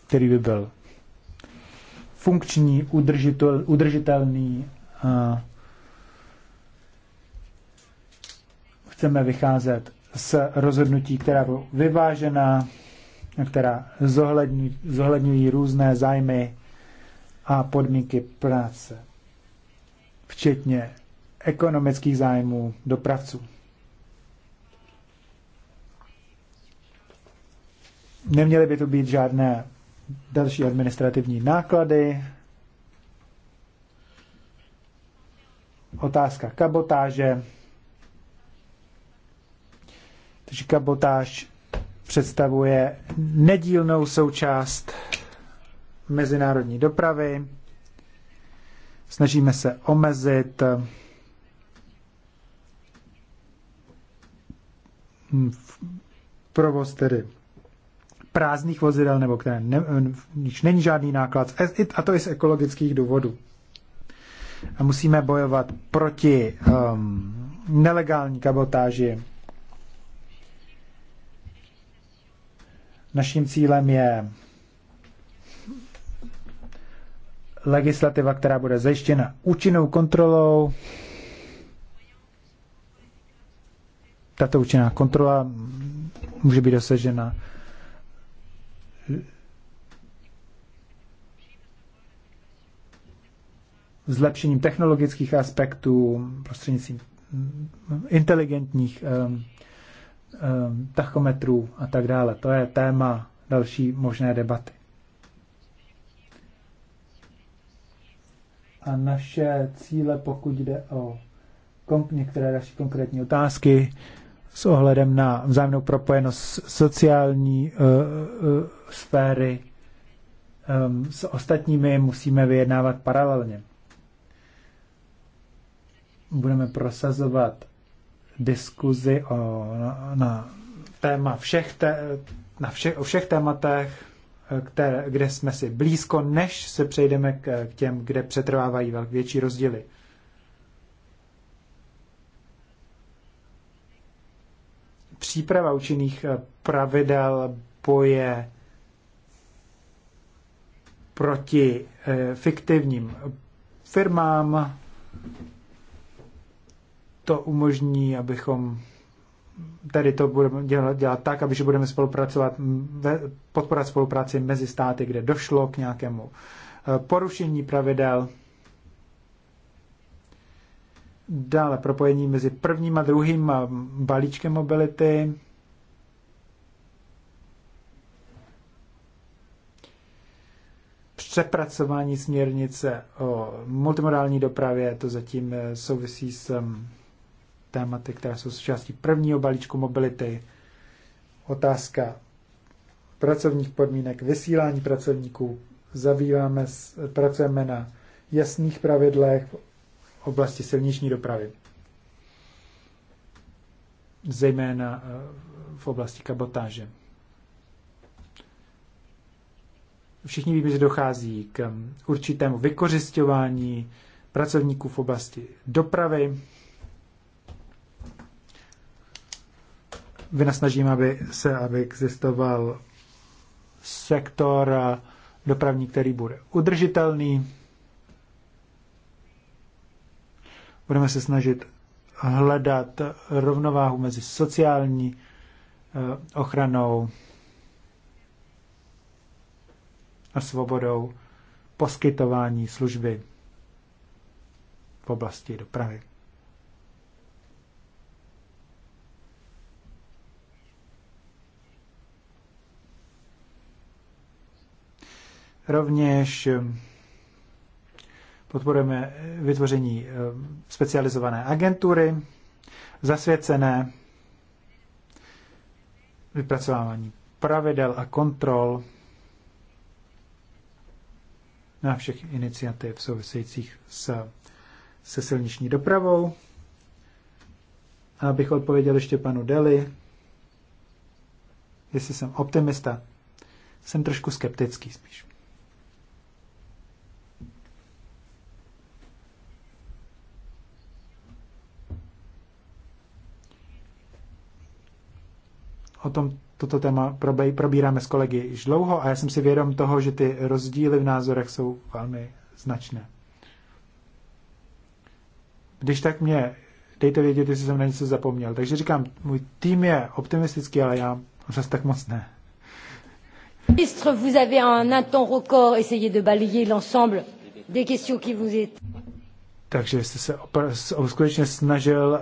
který by byl funkční, udržitelný. Eh, chceme vycházet s rozhodnutí, která byla vyvážená, která zohledňují, zohledňují různé zájmy a podmínky práce, včetně ekonomických zájmů dopravců. Neměly by to být žádné další administrativní náklady. Otázka kabotáže. Takže kabotáž představuje nedílnou součást mezinárodní dopravy. Snažíme se omezit mm, provoz tedy prázdných vozidel, nebo které ne, nič, není žádný náklad, a to i z ekologických důvodů. A musíme bojovat proti um, nelegální kabotáži, Naším cílem je legislativa, která bude zajištěna účinnou kontrolou. Tato účinná kontrola může být dosažena zlepšením technologických aspektů, prostřednictvím inteligentních ehm, Ehm, tachometrů a tak dále. To je téma další možné debaty. A naše cíle, pokud jde o některé další konkrétní otázky, s ohledem na vzájemnou propojenost sociální uh, uh, sféry um, s ostatními musíme vyjednávat paralelně. Budeme prosazovat diskuzi o, na, na téma všech te, na vše, o všech tématech, které, kde jsme si blízko, než se přejdeme k, k těm, kde přetrvávají velk, větší rozdíly. Příprava učiných eh, pravidel boje proti eh, fiktivním firmám, to umožní, abychom tady to budeme dělat, dělat tak, aby že budeme spolupracovat, podporovat spolupráci mezi státy, kde došlo k nějakému eh, porušení pravidel. Dále propojení mezi prvním a druhým eh, balíčkem mobility. Přepracování směrnice o multimodální dopravě, to zatím eh, souvisí s mm, tématy, která jsou součástí prvního balíčku mobility, otázka pracovních podmínek, vysílání pracovníků, zabýváme, pracujeme na jasných pravidlech v oblasti silniční dopravy. Zejména eh, v oblasti kabotáže. Všichni víme, že dochází k mm, určitému vykořišťování pracovníků v oblasti dopravy. vynasnažím, aby se aby existoval sektor eh, dopravní, který bude udržitelný. Budeme se snažit hledat rovnováhu mezi sociální eh, ochranou a svobodou poskytování služby v oblasti dopravy. Rovněž eh, podporujeme vytvoření eh, specializované agentury, zasvěcené vypracování pravidel a kontrol na všech iniciativ souvisejících s, se silniční dopravou. A abych odpověděl ještě panu Deli, jestli jsem optimista, jsem trošku skeptický spíš. o tom toto téma probíráme s kolegy již dlouho a já jsem si vědom toho, že ty rozdíly v názorech jsou velmi značné. Když tak mě dejte vědět, jestli jsem na něco zapomněl. Takže říkám, můj tým je optimistický, ale já zase tak moc ne. Ministre, vous avez en un temps record essayé de balayer l'ensemble des questions qui vous étaient. Takže jste se opr- skutečně snažil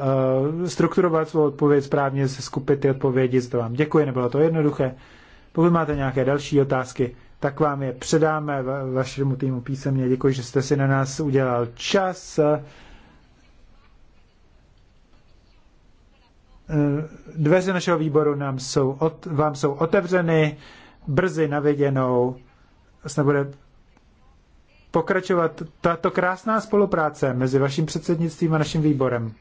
uh, strukturovat svou odpověď správně, se skupit ty odpovědi, za to vám děkuji, nebylo to jednoduché. Pokud máte nějaké další otázky, tak vám je předáme va- vašemu týmu písemně. Děkuji, že jste si na nás udělal čas. Eh, dveře našeho výboru nám jsou vám jsou otevřeny, brzy naviděnou. Snad bude pokračovat tato krásná spolupráce mezi vaším předsednictvím a naším výborem.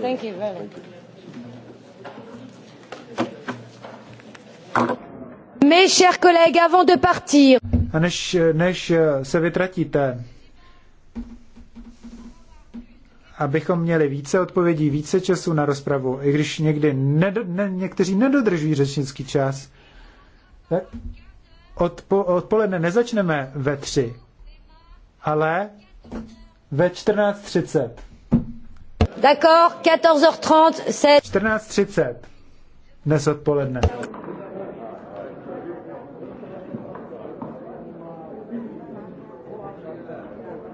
Thank you very much. Mes chers collègues, avant de partir. A než, než se vytratíte, abychom měli více odpovědí, více času na rozpravu, i když někdy ned, ne, někteří nedodržují řečnický čas, tak odpo, odpoledne nezačneme ve 3, ale ve 14.30. D'accord, 14:30, h 30 7... 14.30 dnes odpoledne.